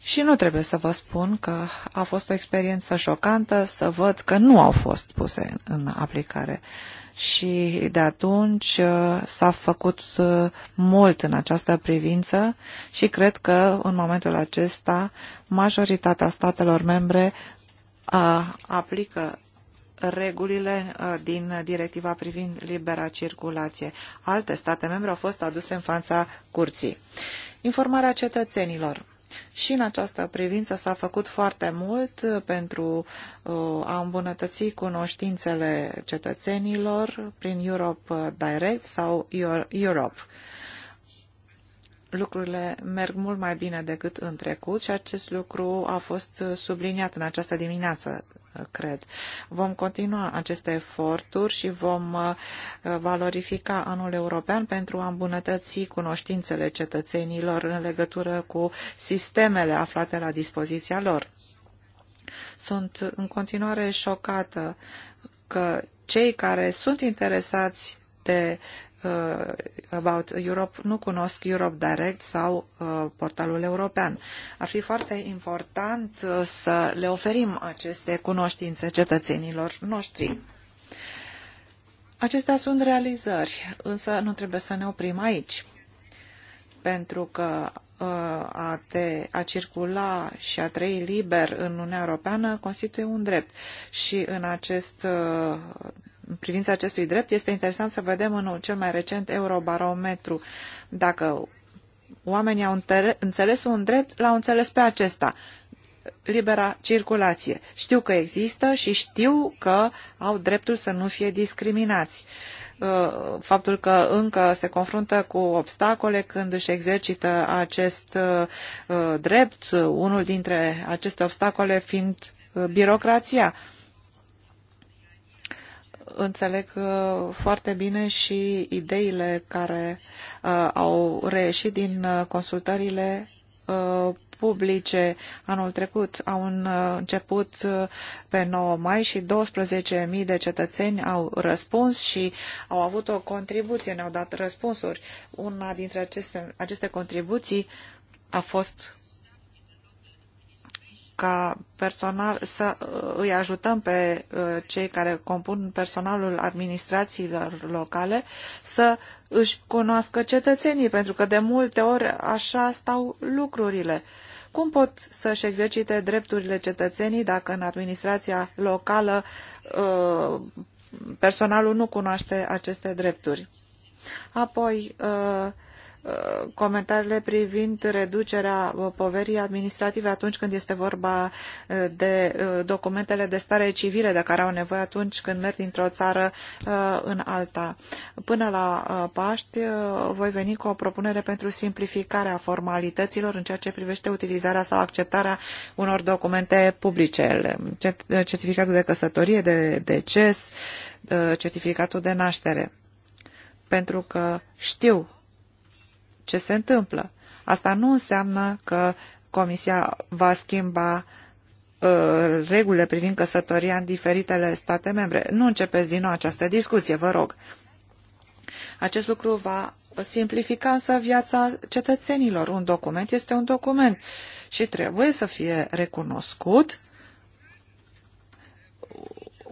Și nu trebuie să vă spun că a fost o experiență șocantă să văd că nu au fost puse în aplicare. Uh, și de atunci uh, s-a făcut uh, mult în această privință și cred că în momentul acesta majoritatea statelor membre uh, aplică regulile din directiva privind libera circulație. Alte state membre au fost aduse în fața curții. Informarea cetățenilor. Și în această privință s-a făcut foarte mult uh, pentru uh, a îmbunătăți cunoștințele cetățenilor prin Europe Direct sau Europe lucrurile merg mult mai bine decât în trecut și acest lucru a fost subliniat în această dimineață cred. Vom continua aceste eforturi și vom uh, valorifica anul european pentru a îmbunătăți cunoștințele cetățenilor în legătură cu sistemele aflate la dispoziția lor. Sunt în continuare șocată că cei care sunt interesați de uh, About Europe nu cunosc Europe Direct sau uh, portalul european. Ar fi foarte important uh, să le oferim aceste cunoștințe cetățenilor noștri. Acestea sunt realizări, însă nu trebuie să ne oprim aici, pentru că uh, a, te, a circula și a trăi liber în Uniunea Europeană constituie un drept. Și în acest uh, în privința acestui drept, este interesant să vedem în cel mai recent eurobarometru dacă oamenii au înțeles un drept, l-au înțeles pe acesta libera circulație. Știu că există și știu că au dreptul să nu fie discriminați. Uh, faptul că încă se confruntă cu obstacole când își exercită acest uh, drept, unul dintre aceste obstacole fiind uh, birocrația înțeleg uh, foarte bine și ideile care uh, au reieșit din uh, consultările publice anul trecut au început pe 9 mai și 12.000 de cetățeni au răspuns și au avut o contribuție, ne-au dat răspunsuri. Una dintre aceste, aceste contribuții a fost ca personal să uh, îi ajutăm pe uh, cei care compun personalul administrațiilor locale să își cunoască cetățenii, pentru că de multe ori așa stau lucrurile. Cum pot să-și exercite drepturile cetățenii dacă în administrația locală uh, personalul nu cunoaște aceste drepturi? Apoi, uh, comentariile privind reducerea poverii administrative atunci când este vorba de documentele de stare civile de care au nevoie atunci când merg dintr-o țară în alta. Până la Paști voi veni cu o propunere pentru simplificarea formalităților în ceea ce privește utilizarea sau acceptarea unor documente publice, certificatul de căsătorie, de deces, certificatul de naștere. Pentru că știu ce se întâmplă. Asta nu înseamnă că Comisia va schimba uh, regulile privind căsătoria în diferitele state membre. Nu începeți din nou această discuție, vă rog. Acest lucru va simplifica însă viața cetățenilor. Un document este un document și trebuie să fie recunoscut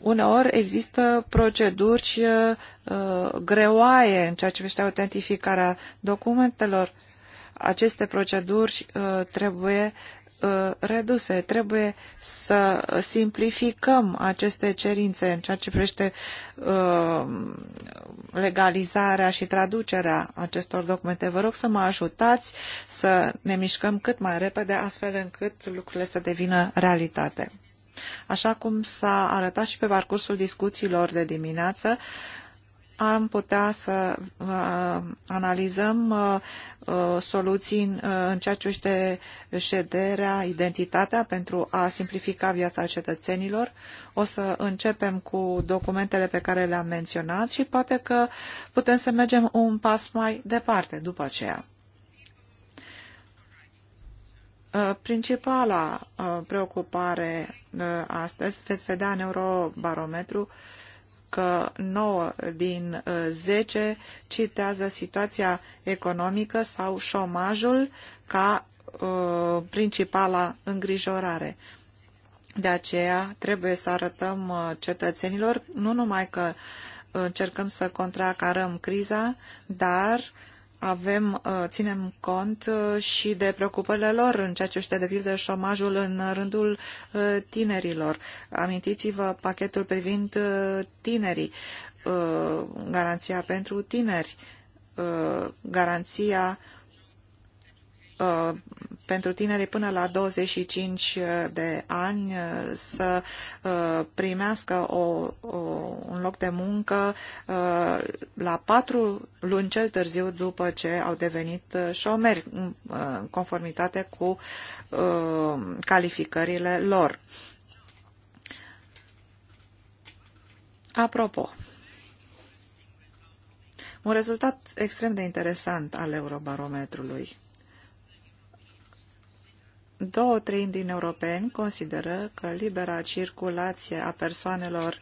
uneori există proceduri uh, uh, greoaie în ceea ce privește autentificarea documentelor. Aceste proceduri uh, trebuie uh, reduse, trebuie să simplificăm aceste cerințe în ceea ce privește uh, legalizarea și traducerea acestor documente. Vă rog să mă ajutați să ne mișcăm cât mai repede, astfel încât lucrurile să devină realitate. Așa cum s-a arătat și pe parcursul discuțiilor de dimineață, am putea să uh, analizăm uh, uh, soluții în, uh, în ceea ce privește șederea, identitatea pentru a simplifica viața cetățenilor. O să începem cu documentele pe care le-am menționat și poate că putem să mergem un pas mai departe după aceea. Uh, principala uh, preocupare uh, astăzi, veți vedea în Eurobarometru, că 9 din 10 citează situația economică sau șomajul ca principala îngrijorare. De aceea trebuie să arătăm cetățenilor nu numai că încercăm să contracarăm criza, dar avem, uh, ținem cont uh, și de preocupările lor în ceea ce este de pildă șomajul în rândul uh, tinerilor. Amintiți-vă pachetul privind tinerii, garanția pentru tineri, garanția Uh, pentru tinerii până la 25 de ani uh, să uh, primească o, o, un loc de muncă la patru luni cel târziu după ce au devenit șomeri, în conformitate cu calificările lor. Apropo, un rezultat extrem de interesant al Eurobarometrului două treimi din europeni consideră că libera circulație a persoanelor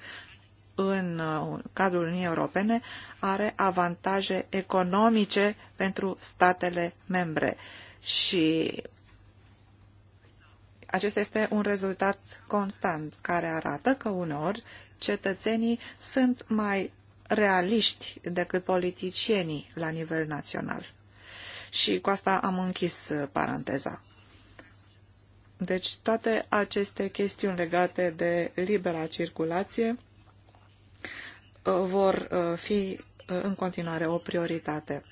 în uh, cadrul Uniunii Europene are avantaje economice pentru statele membre și acesta este un rezultat constant care arată că uneori cetățenii sunt mai realiști decât politicienii la nivel național. Și cu asta am închis uh, paranteza. Deci toate aceste chestiuni legate de libera circulație uh, vor uh, fi uh, în continuare o prioritate.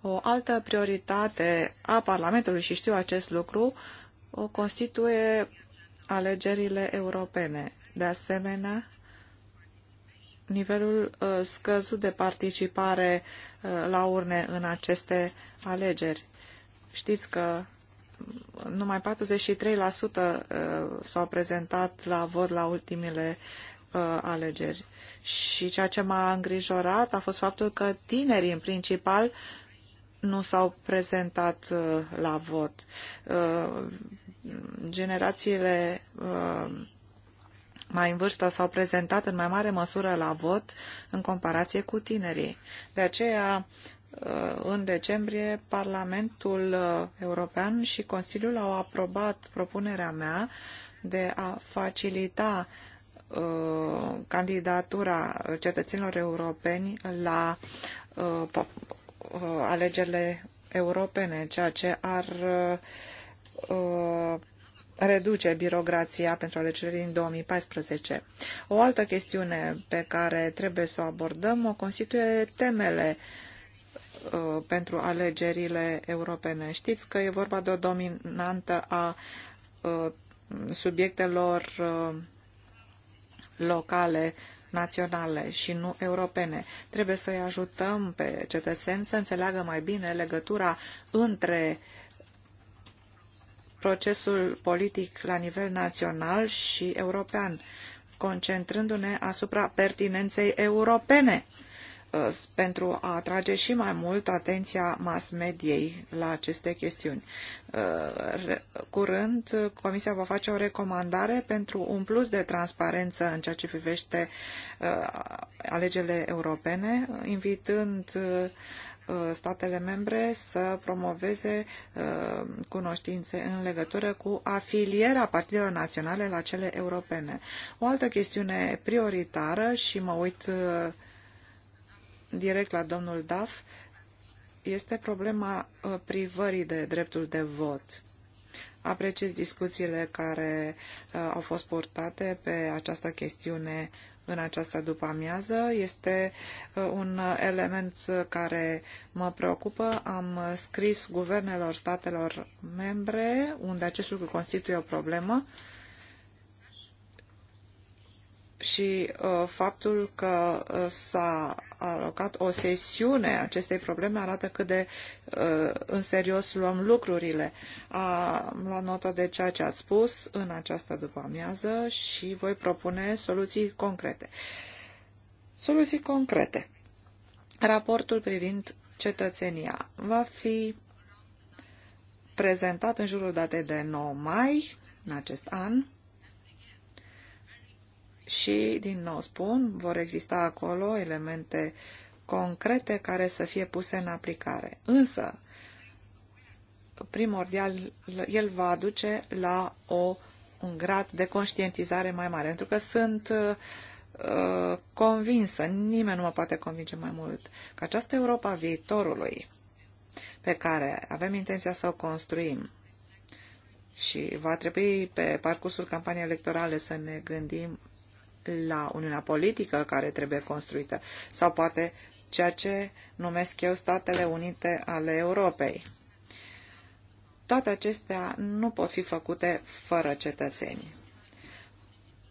O altă prioritate a Parlamentului, și știu acest lucru, o constituie alegerile europene. De asemenea, nivelul scăzut de participare la urne în aceste alegeri. Știți că numai 43% uh, s-au prezentat la vot la ultimile uh, alegeri. Și ceea ce m-a îngrijorat a fost faptul că tinerii, în principal, nu s-au prezentat uh, la vot. Generațiile mai în vârstă s-au prezentat în mai mare măsură la vot în comparație cu tinerii. De aceea Uh, în decembrie Parlamentul uh, European și Consiliul au aprobat propunerea mea de a facilita uh, candidatura cetățenilor europeni la alegerile europene, ceea ce ar reduce birocrația pentru alegerile din 2014. O altă chestiune pe care trebuie să o abordăm o constituie temele uh, Uh, pentru alegerile europene. Știți că e vorba de o dominantă a uh, subiectelor uh, locale naționale și nu europene. Trebuie să-i ajutăm pe cetățeni să înțeleagă mai bine legătura între procesul politic la nivel național și european, concentrându-ne asupra pertinenței europene Uh, pentru a atrage și mai mult atenția mass mediei la aceste chestiuni. Uh, curând, Comisia va face o recomandare pentru un plus de transparență în ceea ce privește uh, alegerile europene, invitând statele membre să promoveze cunoștințe în legătură cu afilierea partidelor naționale la cele europene. O altă chestiune prioritară și mă uit direct la domnul Daf este problema uh, privării de dreptul de vot. Apreciez discuțiile care uh, au fost portate pe această chestiune în această după-amiază. Este uh, un element care mă preocupă. Am scris guvernelor statelor membre, unde acest lucru constituie o problemă, și uh, faptul că uh, s-a alocat o sesiune acestei probleme arată cât de uh, în serios luăm lucrurile. Am luat notă de ceea ce ați spus în această după-amiază și voi propune soluții concrete. Soluții concrete. Raportul privind cetățenia va fi prezentat în jurul datei de 9 mai în acest an și, din nou spun, vor exista acolo elemente concrete care să fie puse în aplicare. Însă, primordial, el va aduce la o, un grad de conștientizare mai mare, pentru că sunt uh, convinsă, nimeni nu mă poate convinge mai mult, că această Europa viitorului pe care avem intenția să o construim și va trebui pe parcursul campaniei electorale să ne gândim la Uniunea Politică care trebuie construită sau poate ceea ce numesc eu Statele Unite ale Europei. Toate acestea nu pot fi făcute fără cetățeni.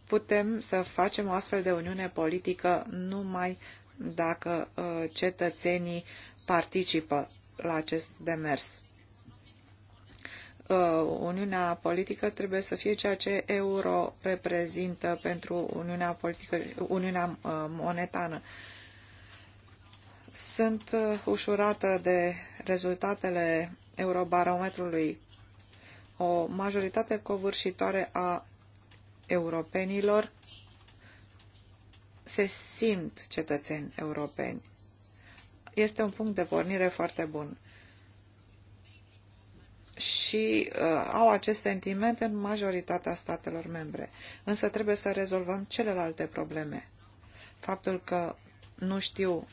Putem să facem o astfel de uniune politică numai dacă uh, cetățenii participă la acest demers. Uh, Uniunea politică trebuie să fie ceea ce euro reprezintă pentru Uniunea, politică, Uniunea uh, monetară. Sunt uh, ușurată de rezultatele eurobarometrului. O majoritate covârșitoare a europenilor se simt cetățeni europeni. Este un punct de pornire foarte bun și uh, au acest sentiment în majoritatea statelor membre. Însă trebuie să rezolvăm celelalte probleme. Faptul că nu știu,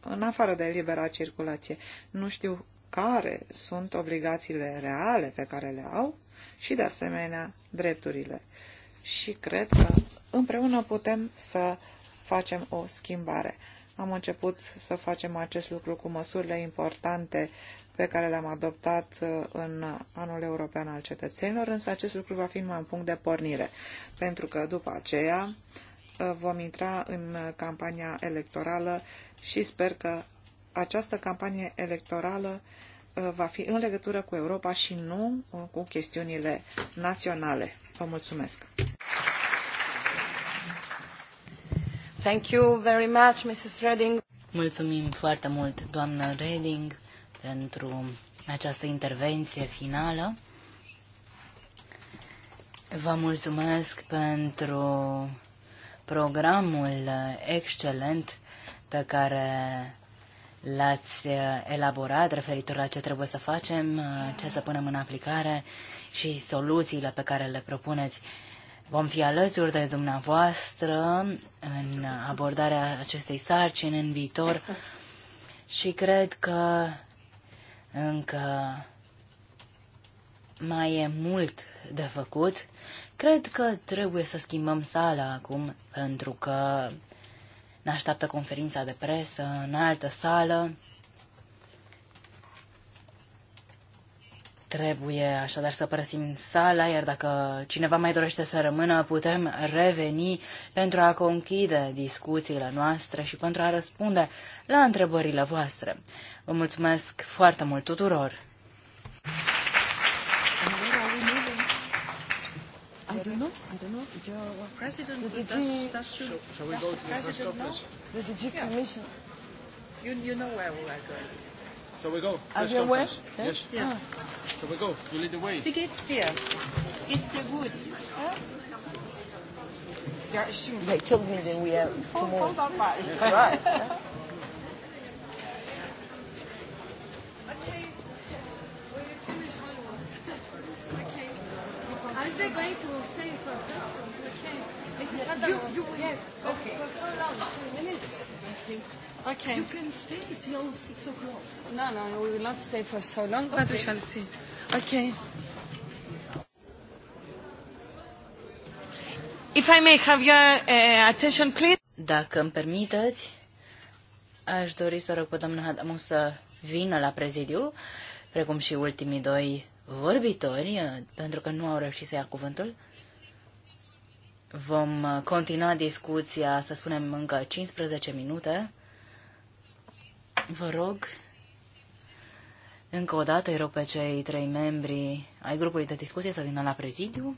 în afară de libera circulație, nu știu care sunt obligațiile reale pe care le au și, de asemenea, drepturile. Și cred că împreună putem să facem o schimbare. Am început să facem acest lucru cu măsurile importante pe care le-am adoptat uh, în anul european al cetățenilor, însă acest lucru va fi numai un punct de pornire, pentru că după aceea uh, vom intra în campania electorală și sper că această campanie electorală uh, va fi în legătură cu Europa și nu cu chestiunile naționale. Vă mulțumesc! Thank you very much, Mrs. Reding. Mulțumim foarte mult, doamnă Reding pentru această intervenție finală. Vă mulțumesc pentru programul excelent pe care l-ați elaborat referitor la ce trebuie să facem, ce să punem în aplicare și soluțiile pe care le propuneți. Vom fi alături de dumneavoastră în abordarea acestei sarcini în viitor și cred că încă mai e mult de făcut. Cred că trebuie să schimbăm sala acum, pentru că ne așteaptă conferința de presă în altă sală. Trebuie așadar să părăsim sala, iar dacă cineva mai dorește să rămână, putem reveni pentru a conchide discuțiile noastre și pentru a răspunde la întrebările voastre. Vă mulțumesc foarte mult tuturor! I don't know. I don't know. president, the DG, shall we go to the president The DG yeah. commission. You, you know where we are going. Shall we go? Are you aware? Yes. yes. Yeah. Ah. Shall we go? You lead the way. The gate's there. It's the wood. Huh? Yeah, they told me that we have four. Four, four, five. That's right. they're going to stay for you, you yes, okay. for ah, two minutes, Okay. You can stay till six o'clock. No, no, we will not stay for so long, okay. but we shall see. Okay. If I may have your uh, attention, please. Dacă îmi permiteți, aș dori să rog pe doamna Hadamu să vină la prezidiu, precum și ultimii doi vorbitori, uh, pentru că nu au reușit să ia cuvântul. Vom uh, continua discuția, să spunem, încă 15 minute. Vă rog, încă o dată îi rog pe cei trei membri ai grupului de discuție să vină la prezidiu.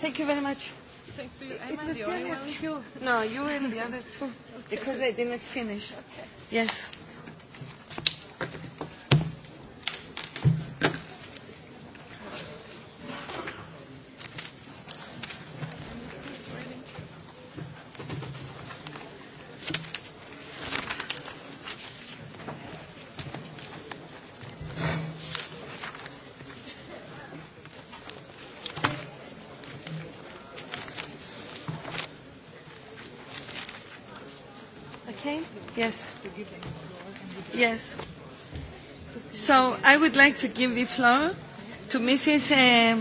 Thank you very much. Thanks for you. It was the only one? You. No, you and the other two. Okay. Because I didn't finish. Okay. Yes. I would like to give the floor to Mrs. Eh,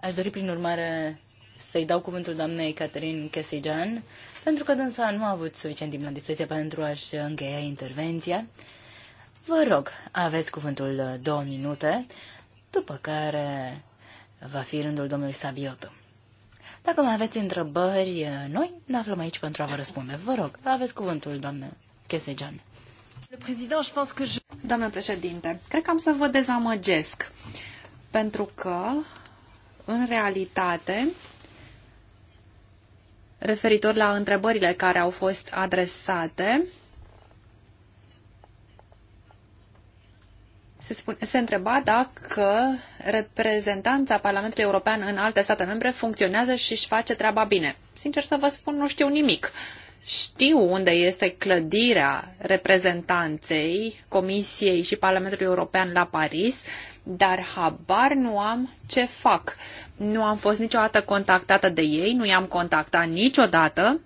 Aș dori, prin urmare, să-i dau cuvântul doamnei Catherine Kesejan, pentru că dânsa nu a avut suficient timp la discuție pentru a-și încheia intervenția. Vă rog, aveți cuvântul eh, două minute, după care va fi rândul domnului Sabiotu. Dacă mai aveți întrebări, eh, noi ne aflăm aici pentru a vă răspunde. Vă rog, aveți cuvântul, doamnă Kesejan. Doamnă președinte, cred că am să vă dezamăgesc, pentru că, în realitate, referitor la întrebările care au fost adresate, se, spune, se întreba dacă reprezentanța Parlamentului European în alte state membre funcționează și își face treaba bine. Sincer să vă spun, nu știu nimic. Uh, știu unde este clădirea reprezentanței Comisiei și Parlamentului European la Paris, dar habar nu am ce fac. Nu am fost niciodată contactată de ei, nu i-am contactat niciodată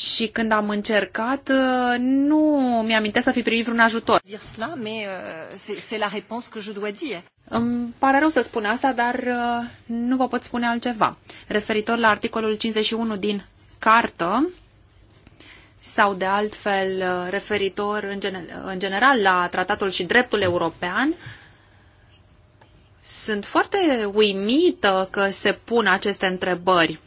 și când am încercat, uh, nu mi-amintesc să fi primit vreun ajutor. Euh, Îmi pare rău să spun asta, dar uh, nu vă pot spune altceva. Referitor la articolul 51 din cartă, sau de altfel uh, referitor în, gen- în general la tratatul și dreptul european, sunt foarte uimită că se pun aceste întrebări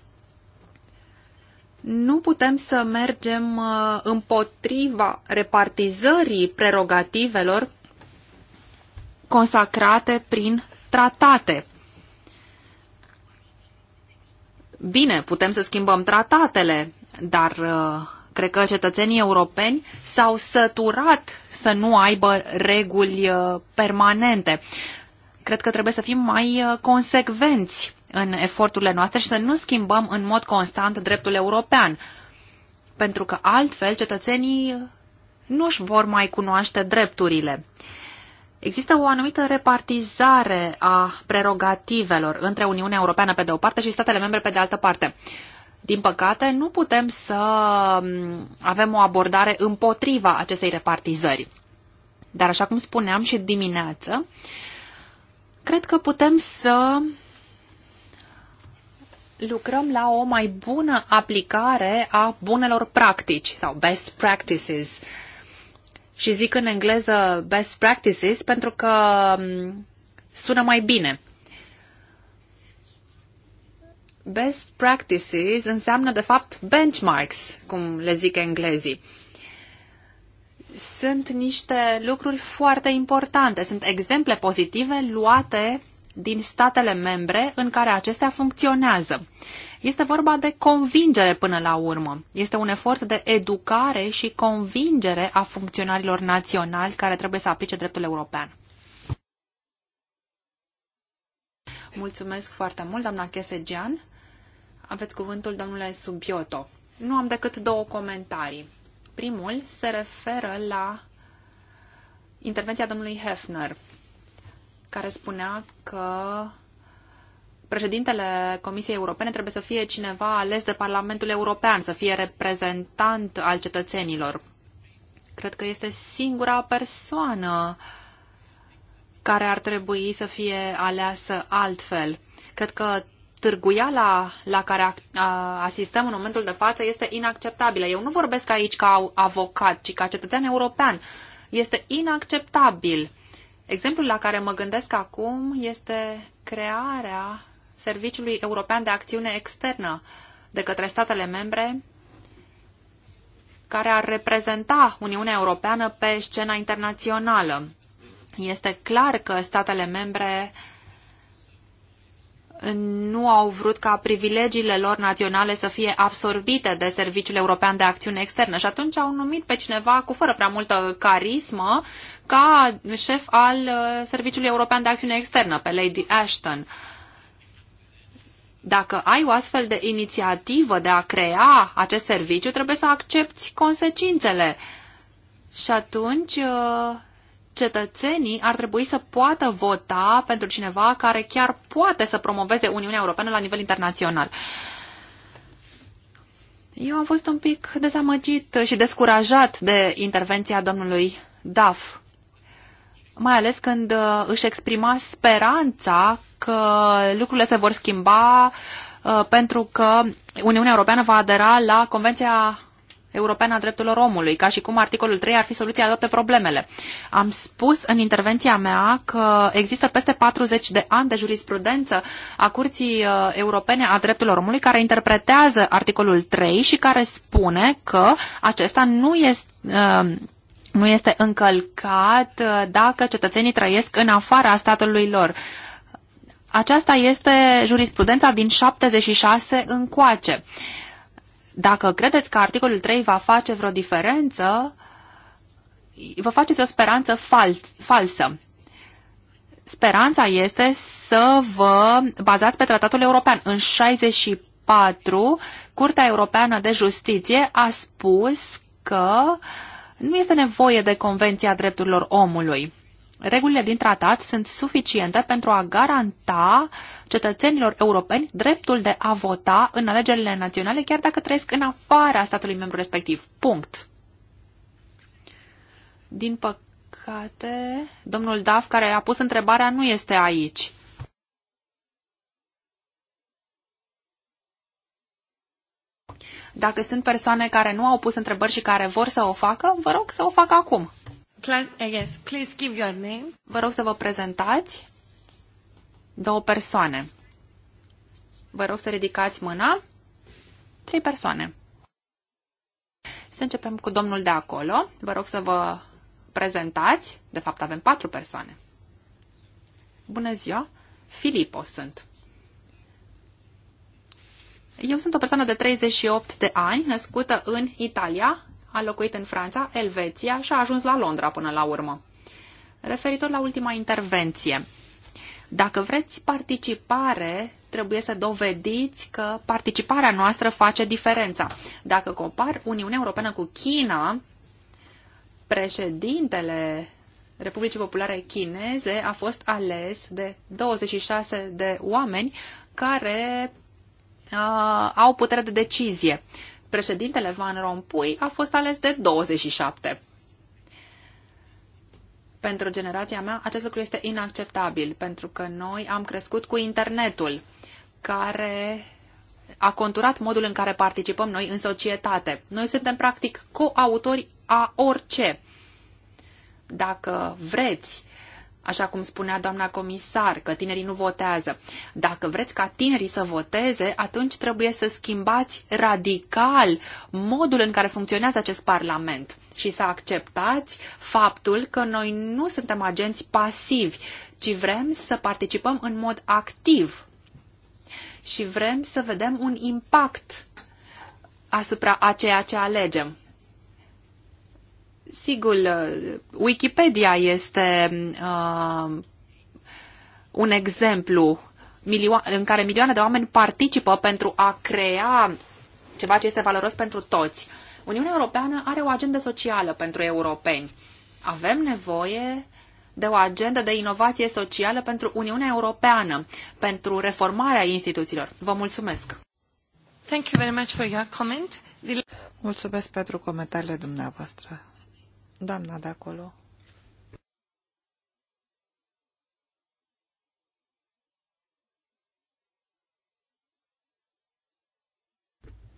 nu putem să mergem uh, împotriva repartizării prerogativelor consacrate prin tratate. Bine, putem să schimbăm tratatele, dar uh, cred că cetățenii europeni s-au săturat să nu aibă reguli uh, permanente. Cred că trebuie să fim mai consecvenți în eforturile noastre și să nu schimbăm în mod constant dreptul european, pentru că altfel cetățenii nu își vor mai cunoaște drepturile. Există o anumită repartizare a prerogativelor între Uniunea Europeană pe de o parte și statele membre pe de altă parte. Din păcate, nu putem să avem o abordare împotriva acestei repartizări. Dar, așa cum spuneam și dimineață, cred că putem să lucrăm la o mai bună aplicare a bunelor practici sau best practices. Și zic în engleză best practices pentru că mm, sună mai bine. Best practices înseamnă, de fapt, benchmarks, cum le zic englezii. Sunt niște lucruri foarte importante, sunt exemple pozitive luate din statele membre în care acestea funcționează. Este vorba de convingere până la urmă. Este un efort de educare și convingere a funcționarilor naționali care trebuie să aplice dreptul european. Mulțumesc foarte mult, doamna Chesegean. Aveți cuvântul, domnule Subioto. Nu am decât două comentarii. Primul se referă la intervenția domnului Hefner care spunea că președintele Comisiei Europene trebuie să fie cineva ales de Parlamentul European, să fie reprezentant al cetățenilor. Cred că este singura persoană care ar trebui să fie aleasă altfel. Cred că târguiala la care asistăm în momentul de față este inacceptabilă. Eu nu vorbesc aici ca avocat, ci ca cetățean european. Este inacceptabil Exemplul la care mă gândesc acum este crearea Serviciului European de Acțiune Externă de către statele membre care ar reprezenta Uniunea Europeană pe scena internațională. Este clar că statele membre nu au vrut ca privilegiile lor naționale să fie absorbite de Serviciul European de Acțiune Externă și atunci au numit pe cineva cu fără prea multă carismă ca șef al uh, Serviciului European de Acțiune Externă, pe Lady Ashton. Dacă ai o astfel de inițiativă de a crea acest serviciu, trebuie să accepti consecințele. Și atunci uh, cetățenii ar trebui să poată vota pentru cineva care chiar poate să promoveze Uniunea Europeană la nivel internațional. Eu am fost un pic dezamăgit și descurajat de intervenția domnului Duff, mai ales când uh, își exprima speranța că lucrurile se vor schimba uh, pentru că Uniunea Europeană va adera la Convenția Europeană a Drepturilor Omului, ca și cum articolul 3 ar fi soluția la toate problemele. Am spus în intervenția mea că există peste 40 de ani de jurisprudență a Curții uh, Europene a Drepturilor Omului care interpretează articolul 3 și care spune că acesta nu este uh, nu este încălcat uh, dacă cetățenii trăiesc în afara statului lor. Aceasta este jurisprudența din 76 încoace. Dacă credeți că articolul 3 va face vreo diferență, vă faceți o speranță fal falsă. Speranța este să vă bazați pe tratatul european. În 64, Curtea Europeană de Justiție a spus că nu este nevoie de Convenția Drepturilor Omului. Regulile din tratat sunt suficiente pentru a garanta cetățenilor europeni dreptul de a vota în alegerile naționale, chiar dacă trăiesc în afara statului membru respectiv. Punct. Din păcate, domnul Daf, care a pus întrebarea, nu este aici. Dacă sunt persoane care nu au pus întrebări și care vor să o facă, vă rog să o facă acum. Eh, yes, please give your name. Vă rog să vă prezentați două persoane. Vă rog să ridicați mâna. Trei persoane. Să începem cu domnul de acolo. Vă rog să vă prezentați. De fapt, avem patru persoane. Bună ziua! Filipo sunt. Eu sunt o persoană de 38 de ani, născută în Italia, a locuit în Franța, Elveția și a ajuns la Londra până la urmă. Referitor la ultima intervenție, dacă vreți participare, trebuie să dovediți că participarea noastră face diferența. Dacă compar Uniunea Europeană cu China, președintele Republicii Populare Chineze a fost ales de 26 de oameni care uh, au putere de decizie președintele Van Rompuy a fost ales de 27. Pentru generația mea, acest lucru este inacceptabil, pentru că noi am crescut cu internetul, care a conturat modul în care participăm noi în societate. Noi suntem, practic, coautori a orice. Dacă vreți așa cum spunea doamna comisar, că tinerii nu votează. Dacă vreți ca tinerii să voteze, atunci trebuie să schimbați radical modul în care funcționează acest Parlament și să acceptați faptul că noi nu suntem agenți pasivi, ci vrem să participăm în mod activ și vrem să vedem un impact asupra a ceea ce alegem. Sigur, uh, Wikipedia este uh, un exemplu în care milioane de oameni participă pentru a crea ceva ce este valoros pentru toți. Uniunea Europeană are o agendă socială pentru europeni. Avem nevoie de o agendă de inovație socială pentru Uniunea Europeană, pentru reformarea instituțiilor. Vă mulțumesc! Thank you very much for your comment. Mulțumesc pentru comentariile dumneavoastră. Doamna de acolo.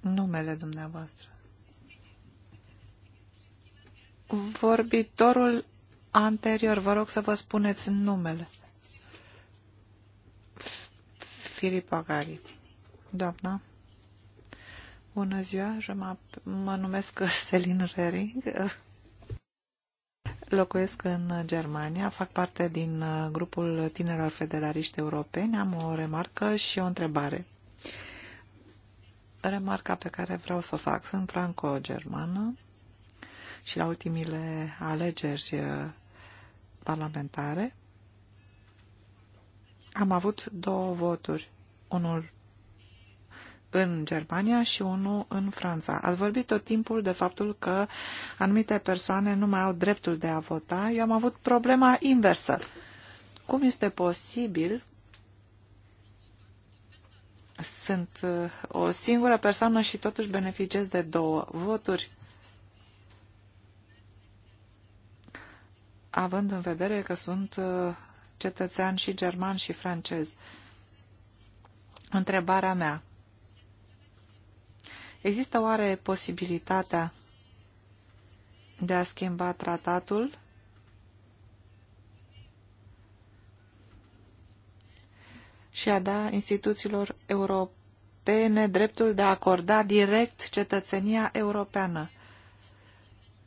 Numele dumneavoastră. Vorbitorul anterior, vă rog să vă spuneți numele. Filip Agari. Doamna. Bună ziua, mă numesc Selin Rering locuiesc în Germania, fac parte din uh, grupul tinerilor federaliști europeni. Am o remarcă și o întrebare. Remarca pe care vreau să o fac, sunt franco-germană și la ultimile alegeri uh, parlamentare am avut două voturi, unul în Germania și unul în Franța. Ați vorbit tot timpul de faptul că anumite persoane nu mai au dreptul de a vota. Eu am avut problema inversă. Cum este posibil sunt uh, o singură persoană și totuși beneficiez de două voturi? având în vedere că sunt uh, cetățean și german și francez. Întrebarea mea. Există oare posibilitatea de a schimba tratatul? și a da instituțiilor europene dreptul de a acorda direct cetățenia europeană.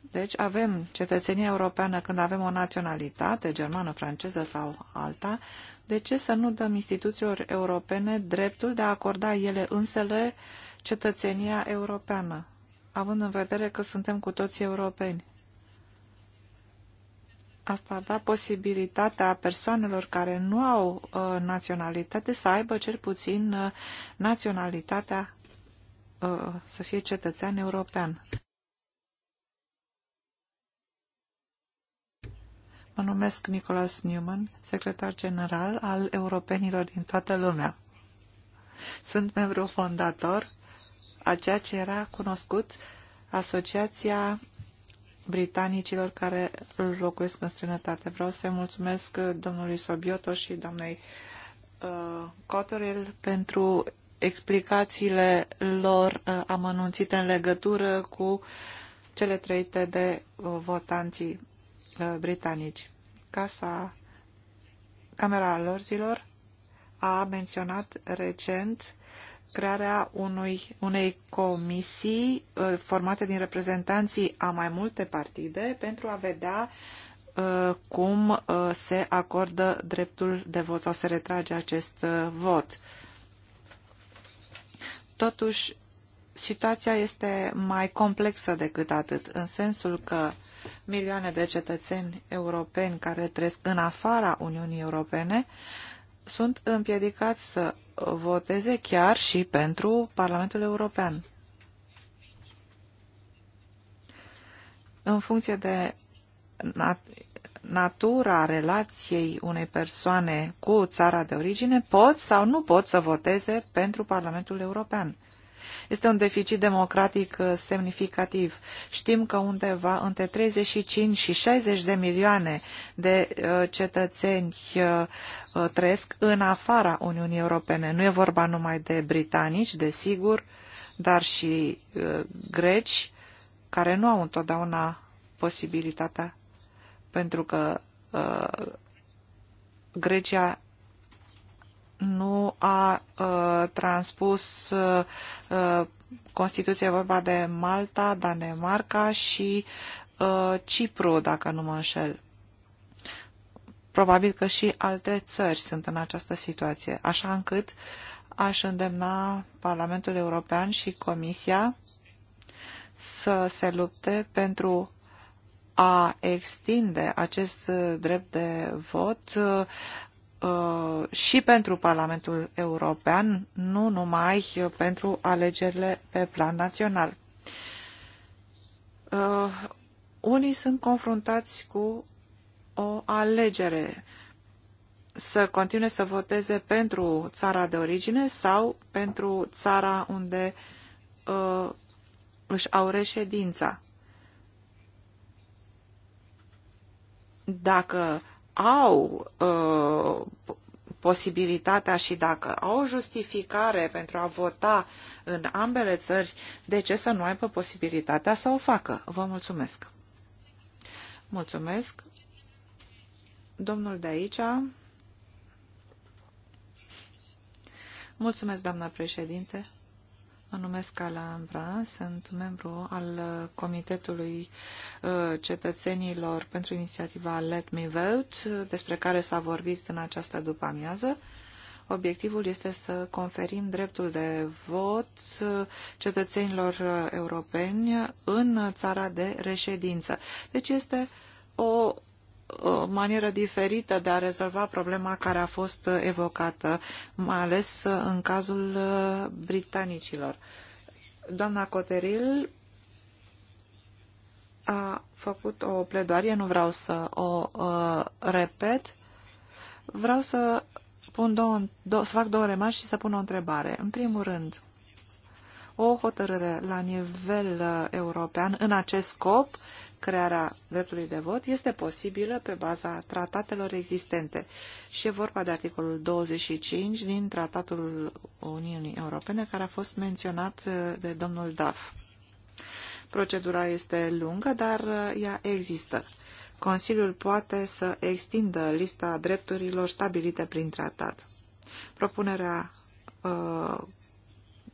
Deci avem cetățenia europeană când avem o naționalitate, germană, franceză sau alta, de ce să nu dăm instituțiilor europene dreptul de a acorda ele însele uh, cetățenia europeană, având în vedere că suntem cu toții europeni. Asta da posibilitatea persoanelor care nu au uh, naționalitate să aibă cel puțin uh, naționalitatea uh, să fie cetățean european. Mă numesc Nicolas Newman, secretar general al europenilor din toată lumea. Sunt membru fondator a ceea ce era cunoscut Asociația britanicilor care îl locuiesc în străinătate. Vreau să mulțumesc domnului Sobioto și doamnei uh, Cotterell pentru explicațiile lor uh, amănunțite în legătură cu cele trăite de uh, votanții uh, britanici. Casa Camera Lorzilor a menționat recent crearea unui, unei comisii uh, formate din reprezentanții a mai multe partide pentru a vedea uh, cum uh, se acordă dreptul de vot sau se retrage acest vot. Totuși, situația este mai complexă decât atât, în sensul că milioane de cetățeni europeni care trăiesc în afara Uniunii Europene sunt împiedicați să voteze chiar și pentru Parlamentul European. În funcție de nat- natura relației unei persoane cu țara de origine, pot sau nu pot să voteze pentru Parlamentul European. Este un deficit democratic uh, semnificativ. Știm că undeva între 35 și 60 de milioane de uh, cetățeni uh, trăiesc în afara Uniunii Europene. Nu e vorba numai de britanici, desigur, dar și greci, care nu au întotdeauna posibilitatea, pentru că Grecia nu a uh, transpus uh, uh Constituție vorba de Malta, Danemarca și uh, Cipru, dacă nu mă înșel. Probabil că și alte țări sunt în această situație, așa încât aș îndemna Parlamentul European și Comisia să se lupte pentru a extinde acest drept de vot uh, Uh, și pentru Parlamentul European, nu numai pentru alegerile pe plan național. Uh, unii sunt confruntați cu o alegere să continue să voteze pentru țara de origine sau pentru țara unde uh, își au reședința. Dacă au uh, posibilitatea și dacă au justificare pentru a vota în ambele țări, de ce să nu aibă posibilitatea să o facă? Vă mulțumesc! Mulțumesc! Domnul de aici... Mulțumesc, doamna președinte. Mă numesc Alambra, sunt membru al Comitetului uh, Cetățenilor pentru inițiativa Let Me Vote, despre care s-a vorbit în această după-amiază. Obiectivul este să conferim dreptul de vot uh, cetățenilor europeni în țara de reședință. Deci este o o manieră diferită de a rezolva problema care a fost evocată, mai ales în cazul uh, britanicilor. Doamna Coteril a făcut o pledoarie, nu vreau să o uh, repet. Vreau să, pun două, două, să fac două remarci și să pun o întrebare. În primul rând, o hotărâre la nivel uh, european în acest scop crearea dreptului de vot este posibilă pe baza tratatelor existente și e vorba de articolul 25 din Tratatul Uniunii Europene care a fost menționat uh, de domnul Duff. Procedura este lungă, dar uh, ea există. Consiliul poate să extindă lista drepturilor stabilite prin tratat. Propunerea uh,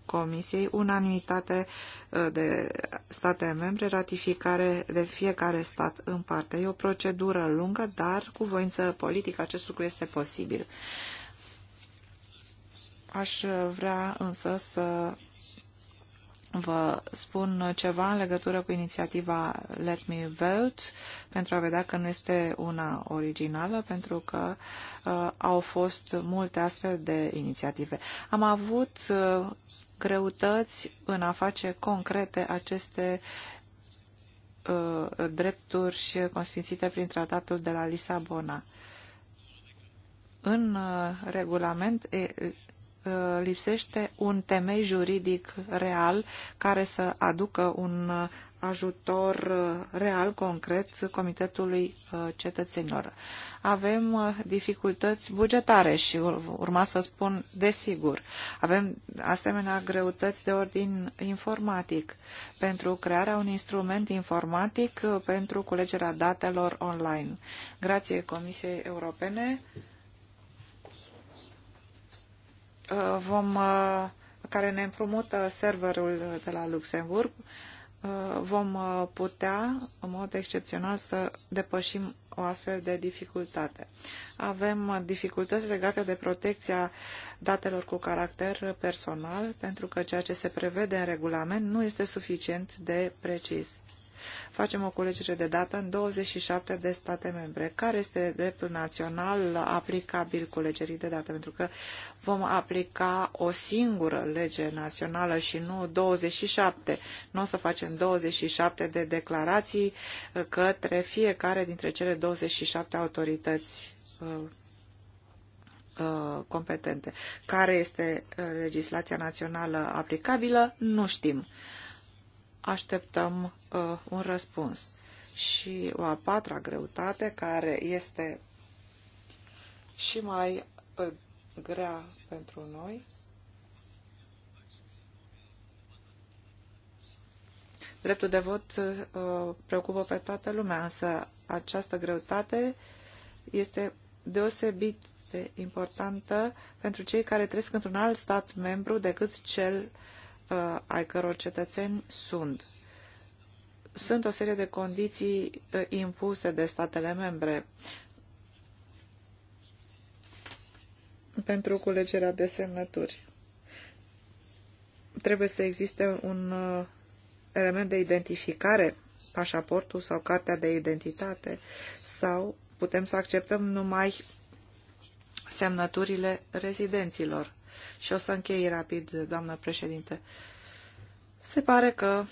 Comisiei, unanimitate uh, de state membre, ratificare de fiecare stat în parte. E o procedură lungă, dar cu voință politică acest lucru este posibil. Aș vrea însă să vă spun ceva în legătură cu inițiativa Let Me Vote pentru a vedea că nu este una originală, pentru că uh, au fost multe astfel de inițiative. Am avut uh, greutăți în a face concrete aceste uh, drepturi și consfințite prin tratatul de la Lisabona. În uh, regulament, e, Uh, lipsește un temei juridic real care să aducă un uh, ajutor uh, real, concret, Comitetului Cetățenilor. Avem dificultăți bugetare și urma să spun desigur. Avem asemenea greutăți de ordin informatic pentru crearea unui instrument informatic pentru culegerea datelor online. Grație Comisiei Europene, Uh, vom, uh, care ne împrumută serverul de la Luxemburg, uh, vom putea, în mod excepțional, să depășim o astfel de dificultate. Avem dificultăți legate de protecția datelor cu caracter personal, pentru că ceea ce se prevede în regulament nu este suficient de precis. Facem o culegere de dată în 27 de state membre. Care este dreptul național aplicabil culegerii de dată? Pentru că vom aplica o singură lege națională și nu 27. Nu o să facem 27 de declarații uh, către fiecare dintre cele 27 autorități uh, uh, competente. Care este legislația națională aplicabilă, nu știm așteptăm uh, un răspuns. Și o a patra greutate, care este și mai uh, grea pentru noi, Dreptul de vot uh, preocupă pe toată lumea, însă această greutate este deosebit de importantă pentru cei care trăiesc într-un alt stat membru decât cel uh, Uh, ai căror cetățeni sunt. Sunt o serie de condiții uh, impuse de statele membre pentru culegerea de semnături. Trebuie să existe un uh, element de identificare, pașaportul sau cartea de identitate, sau putem să acceptăm numai semnăturile rezidenților. Și o să închei rapid, doamnă președinte. Se pare că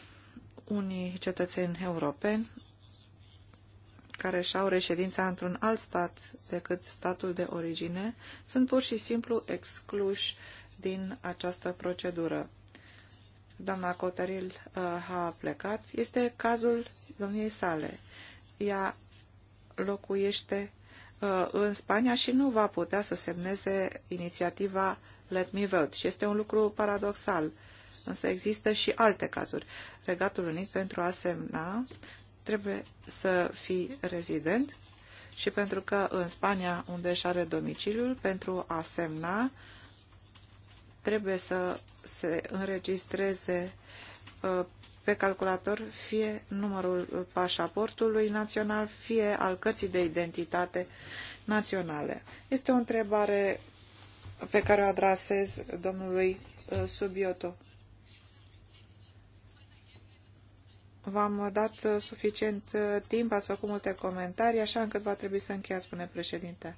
unii cetățeni europeni care și-au reședința într-un alt stat decât statul de origine sunt pur și simplu excluși din această procedură. Doamna Cotaril uh, a plecat. Este cazul domniei sale. Ea locuiește uh, în Spania și nu va putea să semneze inițiativa let me vote. Și este un lucru paradoxal. Însă există și alte cazuri. Regatul Unit pentru a semna trebuie să fii rezident și pentru că în Spania, unde își are domiciliul, pentru a semna trebuie să se înregistreze uh, pe calculator fie numărul pașaportului național, fie al cărții de identitate naționale. Este o întrebare pe care o adresez domnului uh, Subioto. V-am dat uh, suficient uh, timp, ați făcut multe comentarii, așa încât va trebui să încheiați, spune președinte.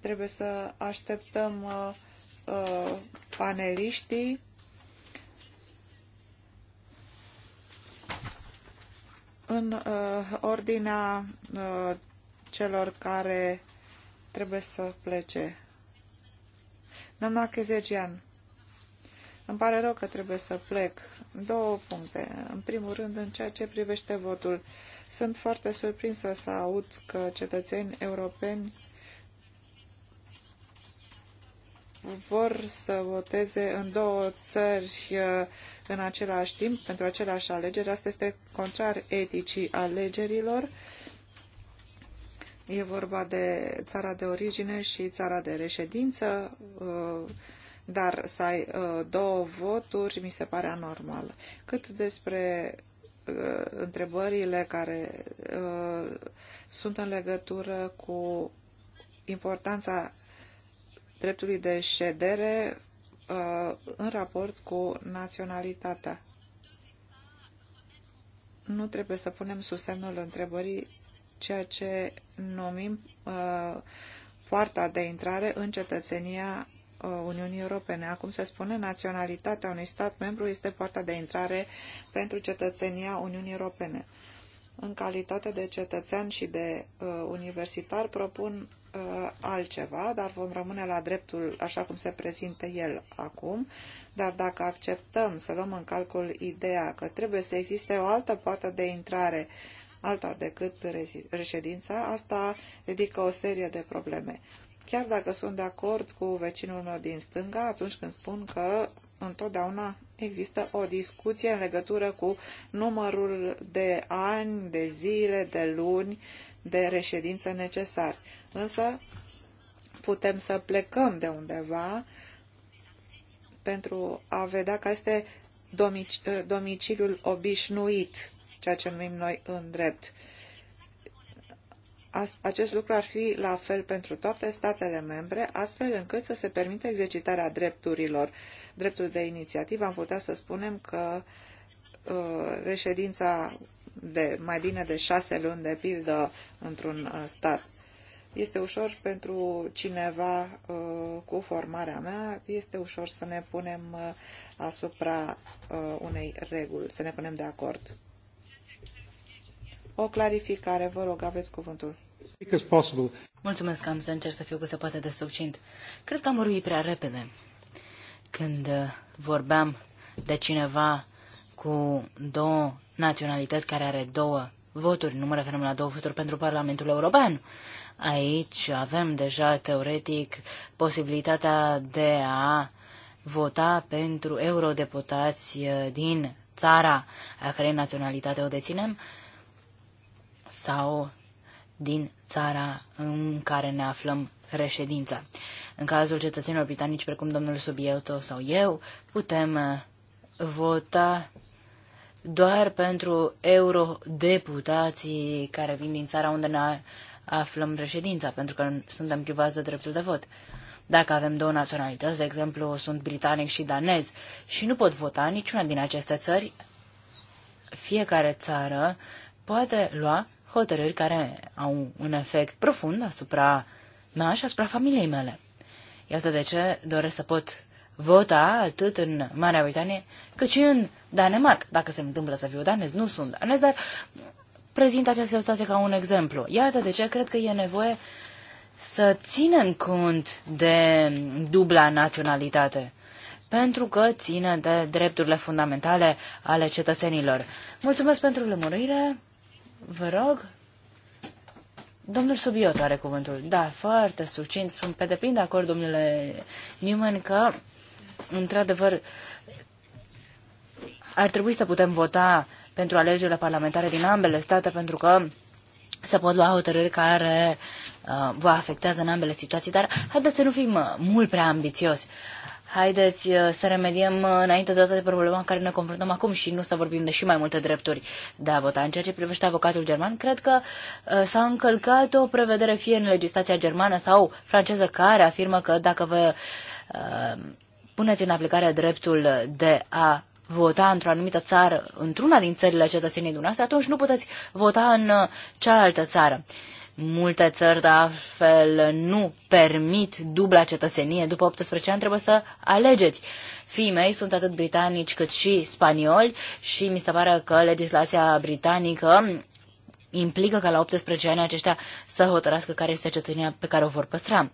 Trebuie să așteptăm uh, uh, paneliștii. În uh, ordinea uh, celor care trebuie să plece. Doamna Chezegian, îmi pare rău că trebuie să plec. Două puncte. În primul rând, în ceea ce privește votul, sunt foarte surprinsă să aud că cetățeni europeni vor să voteze în două țări uh, în același timp pentru același alegeri. Asta este contrar eticii alegerilor E vorba de țara de origine și țara de reședință, uh, dar să ai uh, două voturi mi se pare anormal. Cât despre uh, întrebările care sunt în legătură cu importanța dreptului de ședere în raport cu naționalitatea. Nu trebuie să punem sub semnul întrebării ceea ce numim uh, poarta de intrare în cetățenia uh, Uniunii Europene. Acum se spune naționalitatea unui stat membru este poarta de intrare pentru cetățenia Uniunii Europene. În calitate de cetățean și de uh, universitar propun uh, altceva, dar vom rămâne la dreptul așa cum se prezintă el acum. Dar dacă acceptăm să luăm în calcul ideea că trebuie să existe o altă poartă de intrare uh, alta decât reședința, asta ridică o serie de probleme. Chiar dacă sunt de acord cu vecinul meu din stânga atunci când spun că întotdeauna există o discuție în legătură cu numărul de ani, de zile, de luni de reședință necesari. Însă putem să plecăm de undeva pentru a vedea că este domiciliul obișnuit ceea ce numim noi în drept. Acest lucru ar fi la fel pentru toate statele membre, astfel încât să se permită exercitarea drepturilor. Dreptul de inițiativă, am putea să spunem că uh, reședința de mai bine de șase luni, de pildă, într-un uh, stat. Este ușor pentru cineva uh, cu formarea mea, este ușor să ne punem asupra unei reguli, să ne punem de acord o clarificare. Vă rog, aveți cuvântul. Mulțumesc, că am să încerc să fiu cât se poate de succint. Cred că am vorbit prea repede. Când uh, vorbeam de cineva cu două naționalități care are două voturi, nu mă referăm la două voturi pentru Parlamentul European. Aici avem deja, teoretic, posibilitatea de a vota pentru eurodeputați uh, din țara a cărei naționalitate o deținem, sau din țara în care ne aflăm reședința. În cazul cetățenilor britanici, precum domnul Subieto sau eu, putem uh, vota doar pentru eurodeputații care vin din țara unde ne aflăm reședința, pentru că suntem privați de dreptul de vot. Dacă avem două naționalități, de exemplu, sunt britanic și danez și nu pot vota niciuna din aceste țări, fiecare țară poate lua hotărâri care au un efect profund asupra mea și asupra familiei mele. Iată de ce doresc să pot vota atât în Marea Britanie cât și în Danemarca. Dacă se întâmplă să fiu danez, nu sunt danez, dar prezint această situație ca un exemplu. Iată de ce cred că e nevoie să ținem cont de dubla naționalitate pentru că ține de drepturile fundamentale ale cetățenilor. Mulțumesc pentru lămurire. Vă rog. Domnul Subiot are cuvântul. Da, foarte succint. Sunt pe deplin de acord, domnule Newman, că, într-adevăr, ar trebui să putem vota pentru alegerile parlamentare din ambele state, pentru că se pot lua hotărâri care uh, vă afectează în ambele situații, dar haideți să nu fim uh, mult prea ambițios. Uh, haideți uh, să remediem uh, înainte de toate problema care ne confruntăm acum și nu să vorbim de și mai multe drepturi de vota. În ceea ce privește avocatul german, cred că uh, s-a încălcat o prevedere fie în legislația germană sau franceză care afirmă că dacă vă puneți în aplicare dreptul de a vota într-o anumită țară, într-una din țările cetățenii dumneavoastră, atunci nu puteți vota în cealaltă țară. Uh, Multe țări, de altfel, nu permit dubla cetățenie. După 18 ani trebuie să alegeți. Fii mei sunt atât britanici cât și spanioli și mi se pare că legislația britanică implică ca la 18 ani aceștia să hotărască care este cetățenia pe care o vor păstra.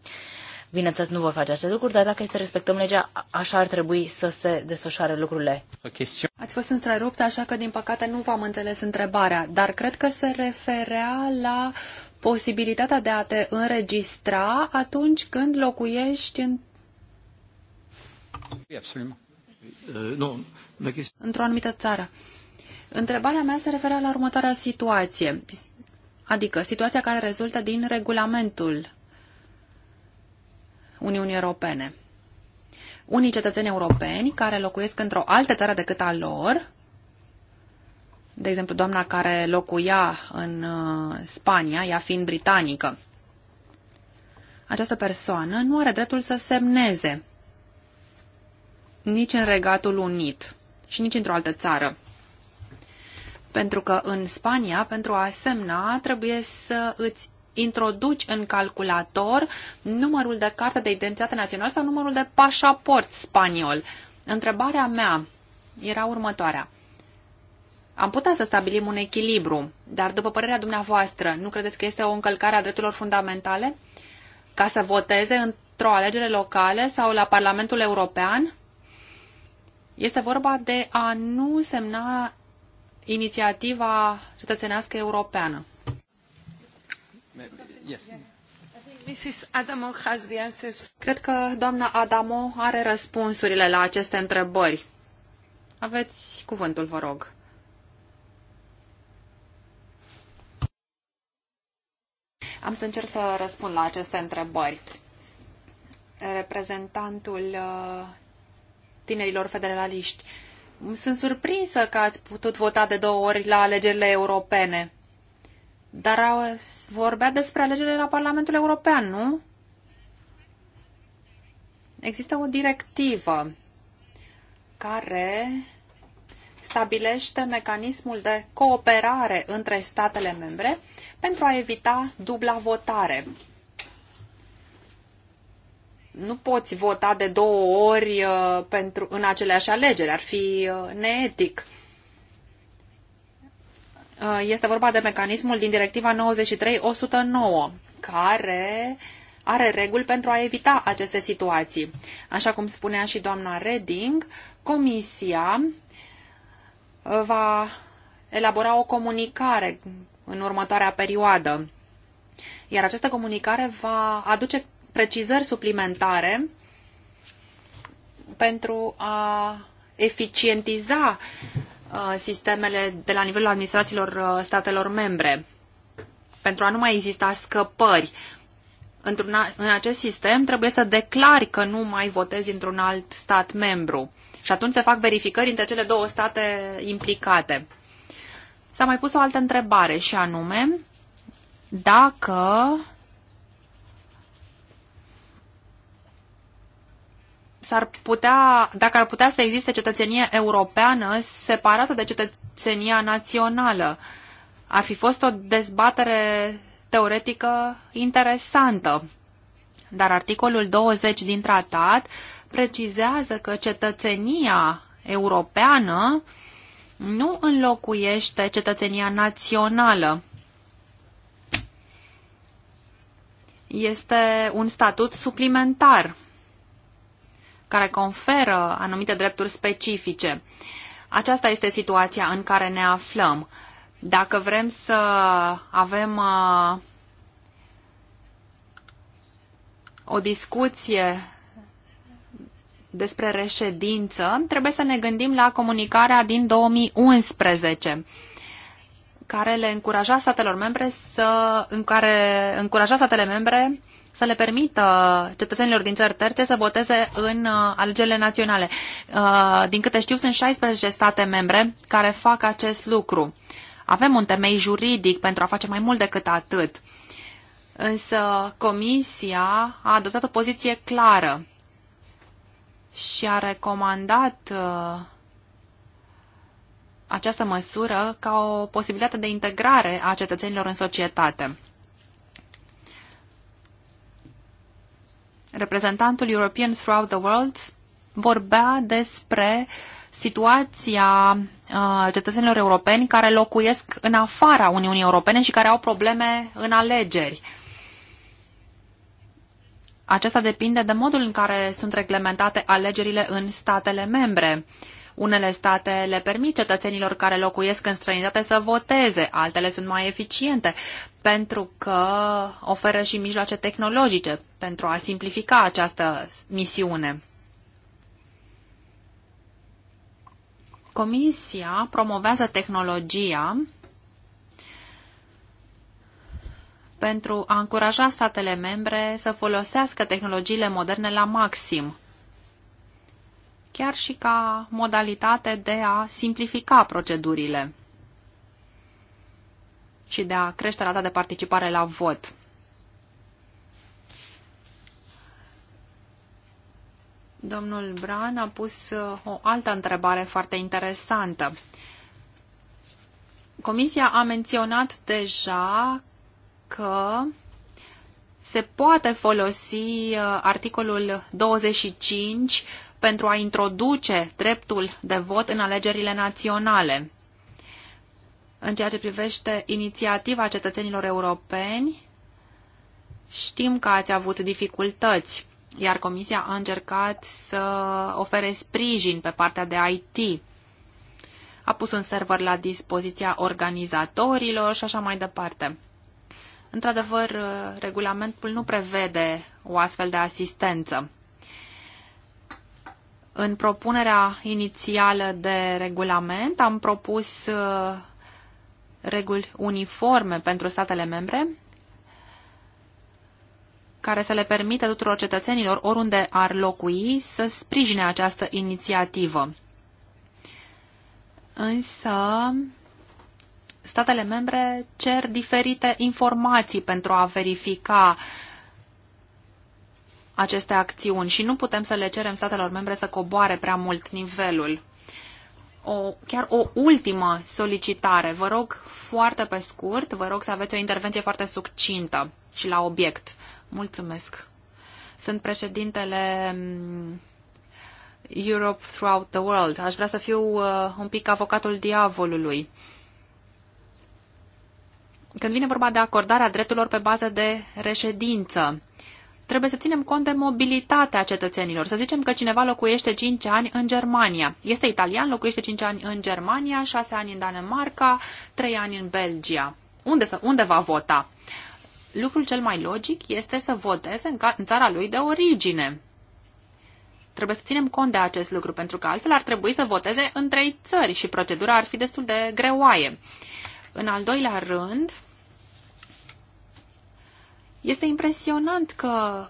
Bineînțeles, nu vor face aceste lucruri, dar dacă e să respectăm legea, așa ar trebui să se desfășoare lucrurile. Ați fost întrerupt, așa că, din păcate, nu v-am înțeles întrebarea, dar cred că se referea la posibilitatea de a te înregistra atunci când locuiești în... Eh, într-o anumită țară. Întrebarea mea se referă la următoarea situație, adică situația care rezultă din regulamentul Uniunii Europene. Unii cetățeni europeni care locuiesc într-o altă țară decât a lor de exemplu, doamna care locuia în uh, Spania, ea fiind britanică. Această persoană nu are dreptul să semneze nici în Regatul Unit și nici într-o altă țară. Pentru că în Spania, pentru a semna, trebuie să îți introduci în calculator numărul de carte de identitate națională sau numărul de pașaport spaniol. Întrebarea mea era următoarea am putea să stabilim un echilibru, dar după părerea dumneavoastră, nu credeți că este o încălcare a drepturilor fundamentale? Ca să voteze într-o alegere locală sau la Parlamentul European? Este vorba de a nu semna inițiativa cetățenească europeană. Cred că doamna Adamo are răspunsurile la aceste întrebări. Aveți cuvântul, vă rog. Am să încerc să răspund la aceste întrebări. Reprezentantul uh, tinerilor federaliști. Sunt surprinsă că ați putut vota de două ori la alegerile europene. Dar vorbea despre alegerile la Parlamentul European, nu? Există o directivă care stabilește mecanismul de cooperare între statele membre pentru a evita dubla votare. Nu poți vota de două ori uh, pentru, în aceleași alegeri, ar fi uh, neetic. Uh, este vorba de mecanismul din directiva 93-109, care are reguli pentru a evita aceste situații. Așa cum spunea și doamna Reding, Comisia va elabora o comunicare în următoarea perioadă. Iar această comunicare va aduce precizări suplimentare pentru a eficientiza uh, sistemele de la nivelul administrațiilor uh, statelor membre, pentru a nu mai exista scăpări. Într-un, în acest sistem trebuie să declari că nu mai votezi într-un alt stat membru. Și atunci se fac verificări între cele două state implicate. S-a mai pus o altă întrebare și anume dacă s-ar putea, dacă ar putea să existe cetățenie europeană separată de cetățenia națională. Ar fi fost o dezbatere teoretică interesantă. Dar articolul 20 din tratat precizează că cetățenia europeană nu înlocuiește cetățenia națională. Este un statut suplimentar care conferă anumite drepturi specifice. Aceasta este situația în care ne aflăm. Dacă vrem să avem uh, o discuție despre reședință, trebuie să ne gândim la comunicarea din 2011 care le încuraja statelor membre să, în care încuraja statele membre să le permită cetățenilor din țări terțe să voteze în uh, alegerile naționale. Uh, din câte știu, sunt 16 state membre care fac acest lucru. Avem un temei juridic pentru a face mai mult decât atât. Însă Comisia a adoptat o poziție clară și a recomandat uh, această măsură ca o posibilitate de integrare a cetățenilor în societate. Reprezentantul European Throughout the World vorbea despre situația uh, cetățenilor europeni care locuiesc în afara Uniunii Europene și care au probleme în alegeri. Acesta depinde de modul în care sunt reglementate alegerile în statele membre. Unele state le permit cetățenilor care locuiesc în străinătate să voteze, altele sunt mai eficiente, pentru că oferă și mijloace tehnologice pentru a simplifica această misiune. Comisia promovează tehnologia pentru a încuraja statele membre să folosească tehnologiile moderne la maxim, chiar și ca modalitate de a simplifica procedurile și de a crește rata de participare la vot. Domnul Bran a pus uh, o altă întrebare foarte interesantă. Comisia a menționat deja că se poate folosi uh, articolul 25 pentru a introduce dreptul de vot în alegerile naționale. În ceea ce privește inițiativa cetățenilor europeni, știm că ați avut dificultăți, iar Comisia a încercat să ofere sprijin pe partea de IT. A pus un server la dispoziția organizatorilor și așa mai departe. Într-adevăr, uh, regulamentul nu prevede o astfel de asistență. În propunerea inițială de regulament am propus uh, reguli uniforme pentru statele membre care să le permită tuturor cetățenilor, oriunde ar locui, să sprijine această inițiativă. Însă, statele membre cer diferite informații pentru a verifica aceste acțiuni și nu putem să le cerem statelor membre să coboare prea mult nivelul. O, chiar o ultimă solicitare. Vă rog foarte pe scurt, vă rog să aveți o intervenție foarte succintă și la obiect. Mulțumesc. Sunt președintele mm, Europe Throughout the World. Aș vrea să fiu uh, un pic avocatul diavolului. Uh, când vine vorba de acordarea drepturilor pe bază de reședință, trebuie să ținem cont de mobilitatea cetățenilor. Să zicem că cineva locuiește 5 ani în Germania. Este italian, locuiește 5 ani în Germania, 6 ani în Danemarca, 3 ani în Belgia. Unde, să, unde va vota? Lucrul cel mai logic este să voteze în, ca, în țara lui de origine. Trebuie să ținem cont de acest lucru, pentru că altfel ar trebui să voteze în trei țări și procedura ar fi destul de greoaie. În al doilea rând, este impresionant că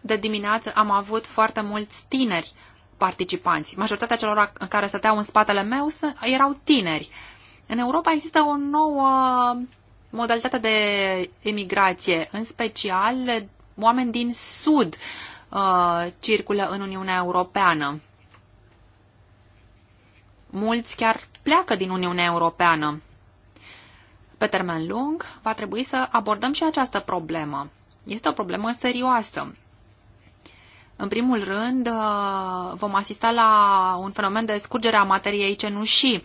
de dimineață am avut foarte mulți tineri participanți. Majoritatea celor care stăteau în spatele meu erau tineri. În Europa există o nouă modalitate de emigrație, în special oameni din Sud uh, circulă în Uniunea Europeană. Mulți chiar pleacă din Uniunea Europeană pe termen lung, va trebui să abordăm și această problemă. Este o problemă serioasă. În primul rând, uh, vom asista la un fenomen de scurgere a materiei cenușii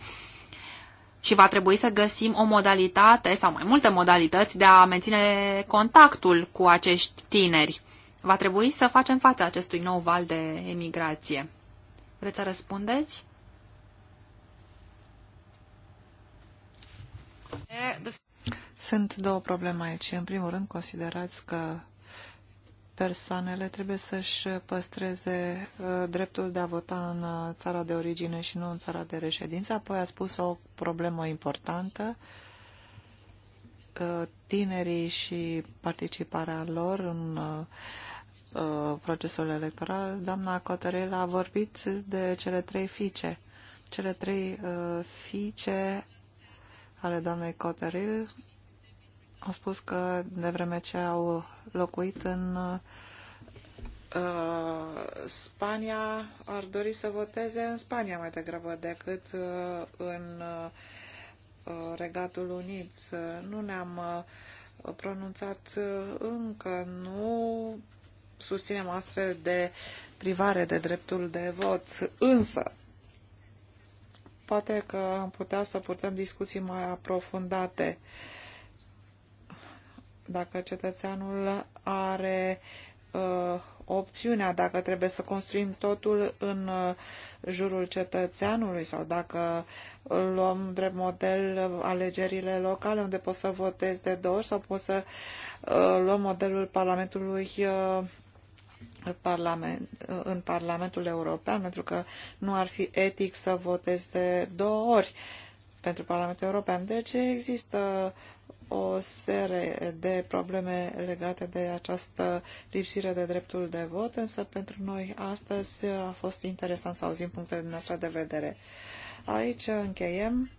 și va trebui să găsim o modalitate sau mai multe modalități de a menține contactul cu acești tineri. Va trebui să facem față acestui nou val de emigrație. Vreți să răspundeți? Sunt două probleme aici. În primul rând, considerați că persoanele trebuie să-și păstreze uh, dreptul de a vota în uh, țara de origine și nu în țara de reședință. Apoi a spus o problemă importantă, uh, tinerii și participarea lor în procesul electoral. Doamna Cotărel a vorbit de cele trei fiice. Cele trei fiice ale doamnei Coteril au spus că de vreme ce au locuit în uh, Spania, ar dori să voteze în Spania mai degrabă decât uh, în uh, Regatul Unit. Nu ne-am uh, pronunțat uh, încă, nu susținem astfel de privare de dreptul de vot, însă poate că am putea să purtăm discuții mai aprofundate. Dacă cetățeanul are uh, opțiunea, dacă trebuie să construim totul în uh, jurul cetățeanului sau dacă luăm drept model alegerile locale unde poți să votezi de două ori sau poți să uh, luăm modelul Parlamentului uh, Parlament, în Parlamentul European, pentru că nu ar fi etic să votez de două ori pentru Parlamentul European. Deci există o serie de probleme legate de această lipsire de dreptul de vot, însă pentru noi astăzi a fost interesant să auzim punctele noastre de vedere. Aici încheiem.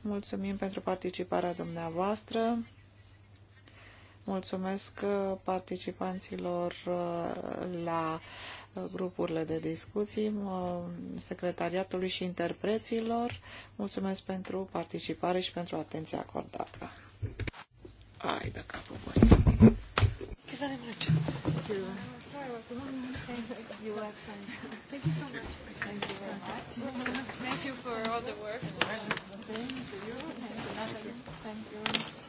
Mulțumim pentru participarea dumneavoastră. Mulțumesc uh, participanților uh, la uh, grupurile de discuții, secretariatului și interpreților. Mulțumesc pentru participare și pentru atenția acordată. Ai de capul vostru. very much. Thank you. you Thank you Thank you Thank you for all the work. Thank you. Thank you. Thank you.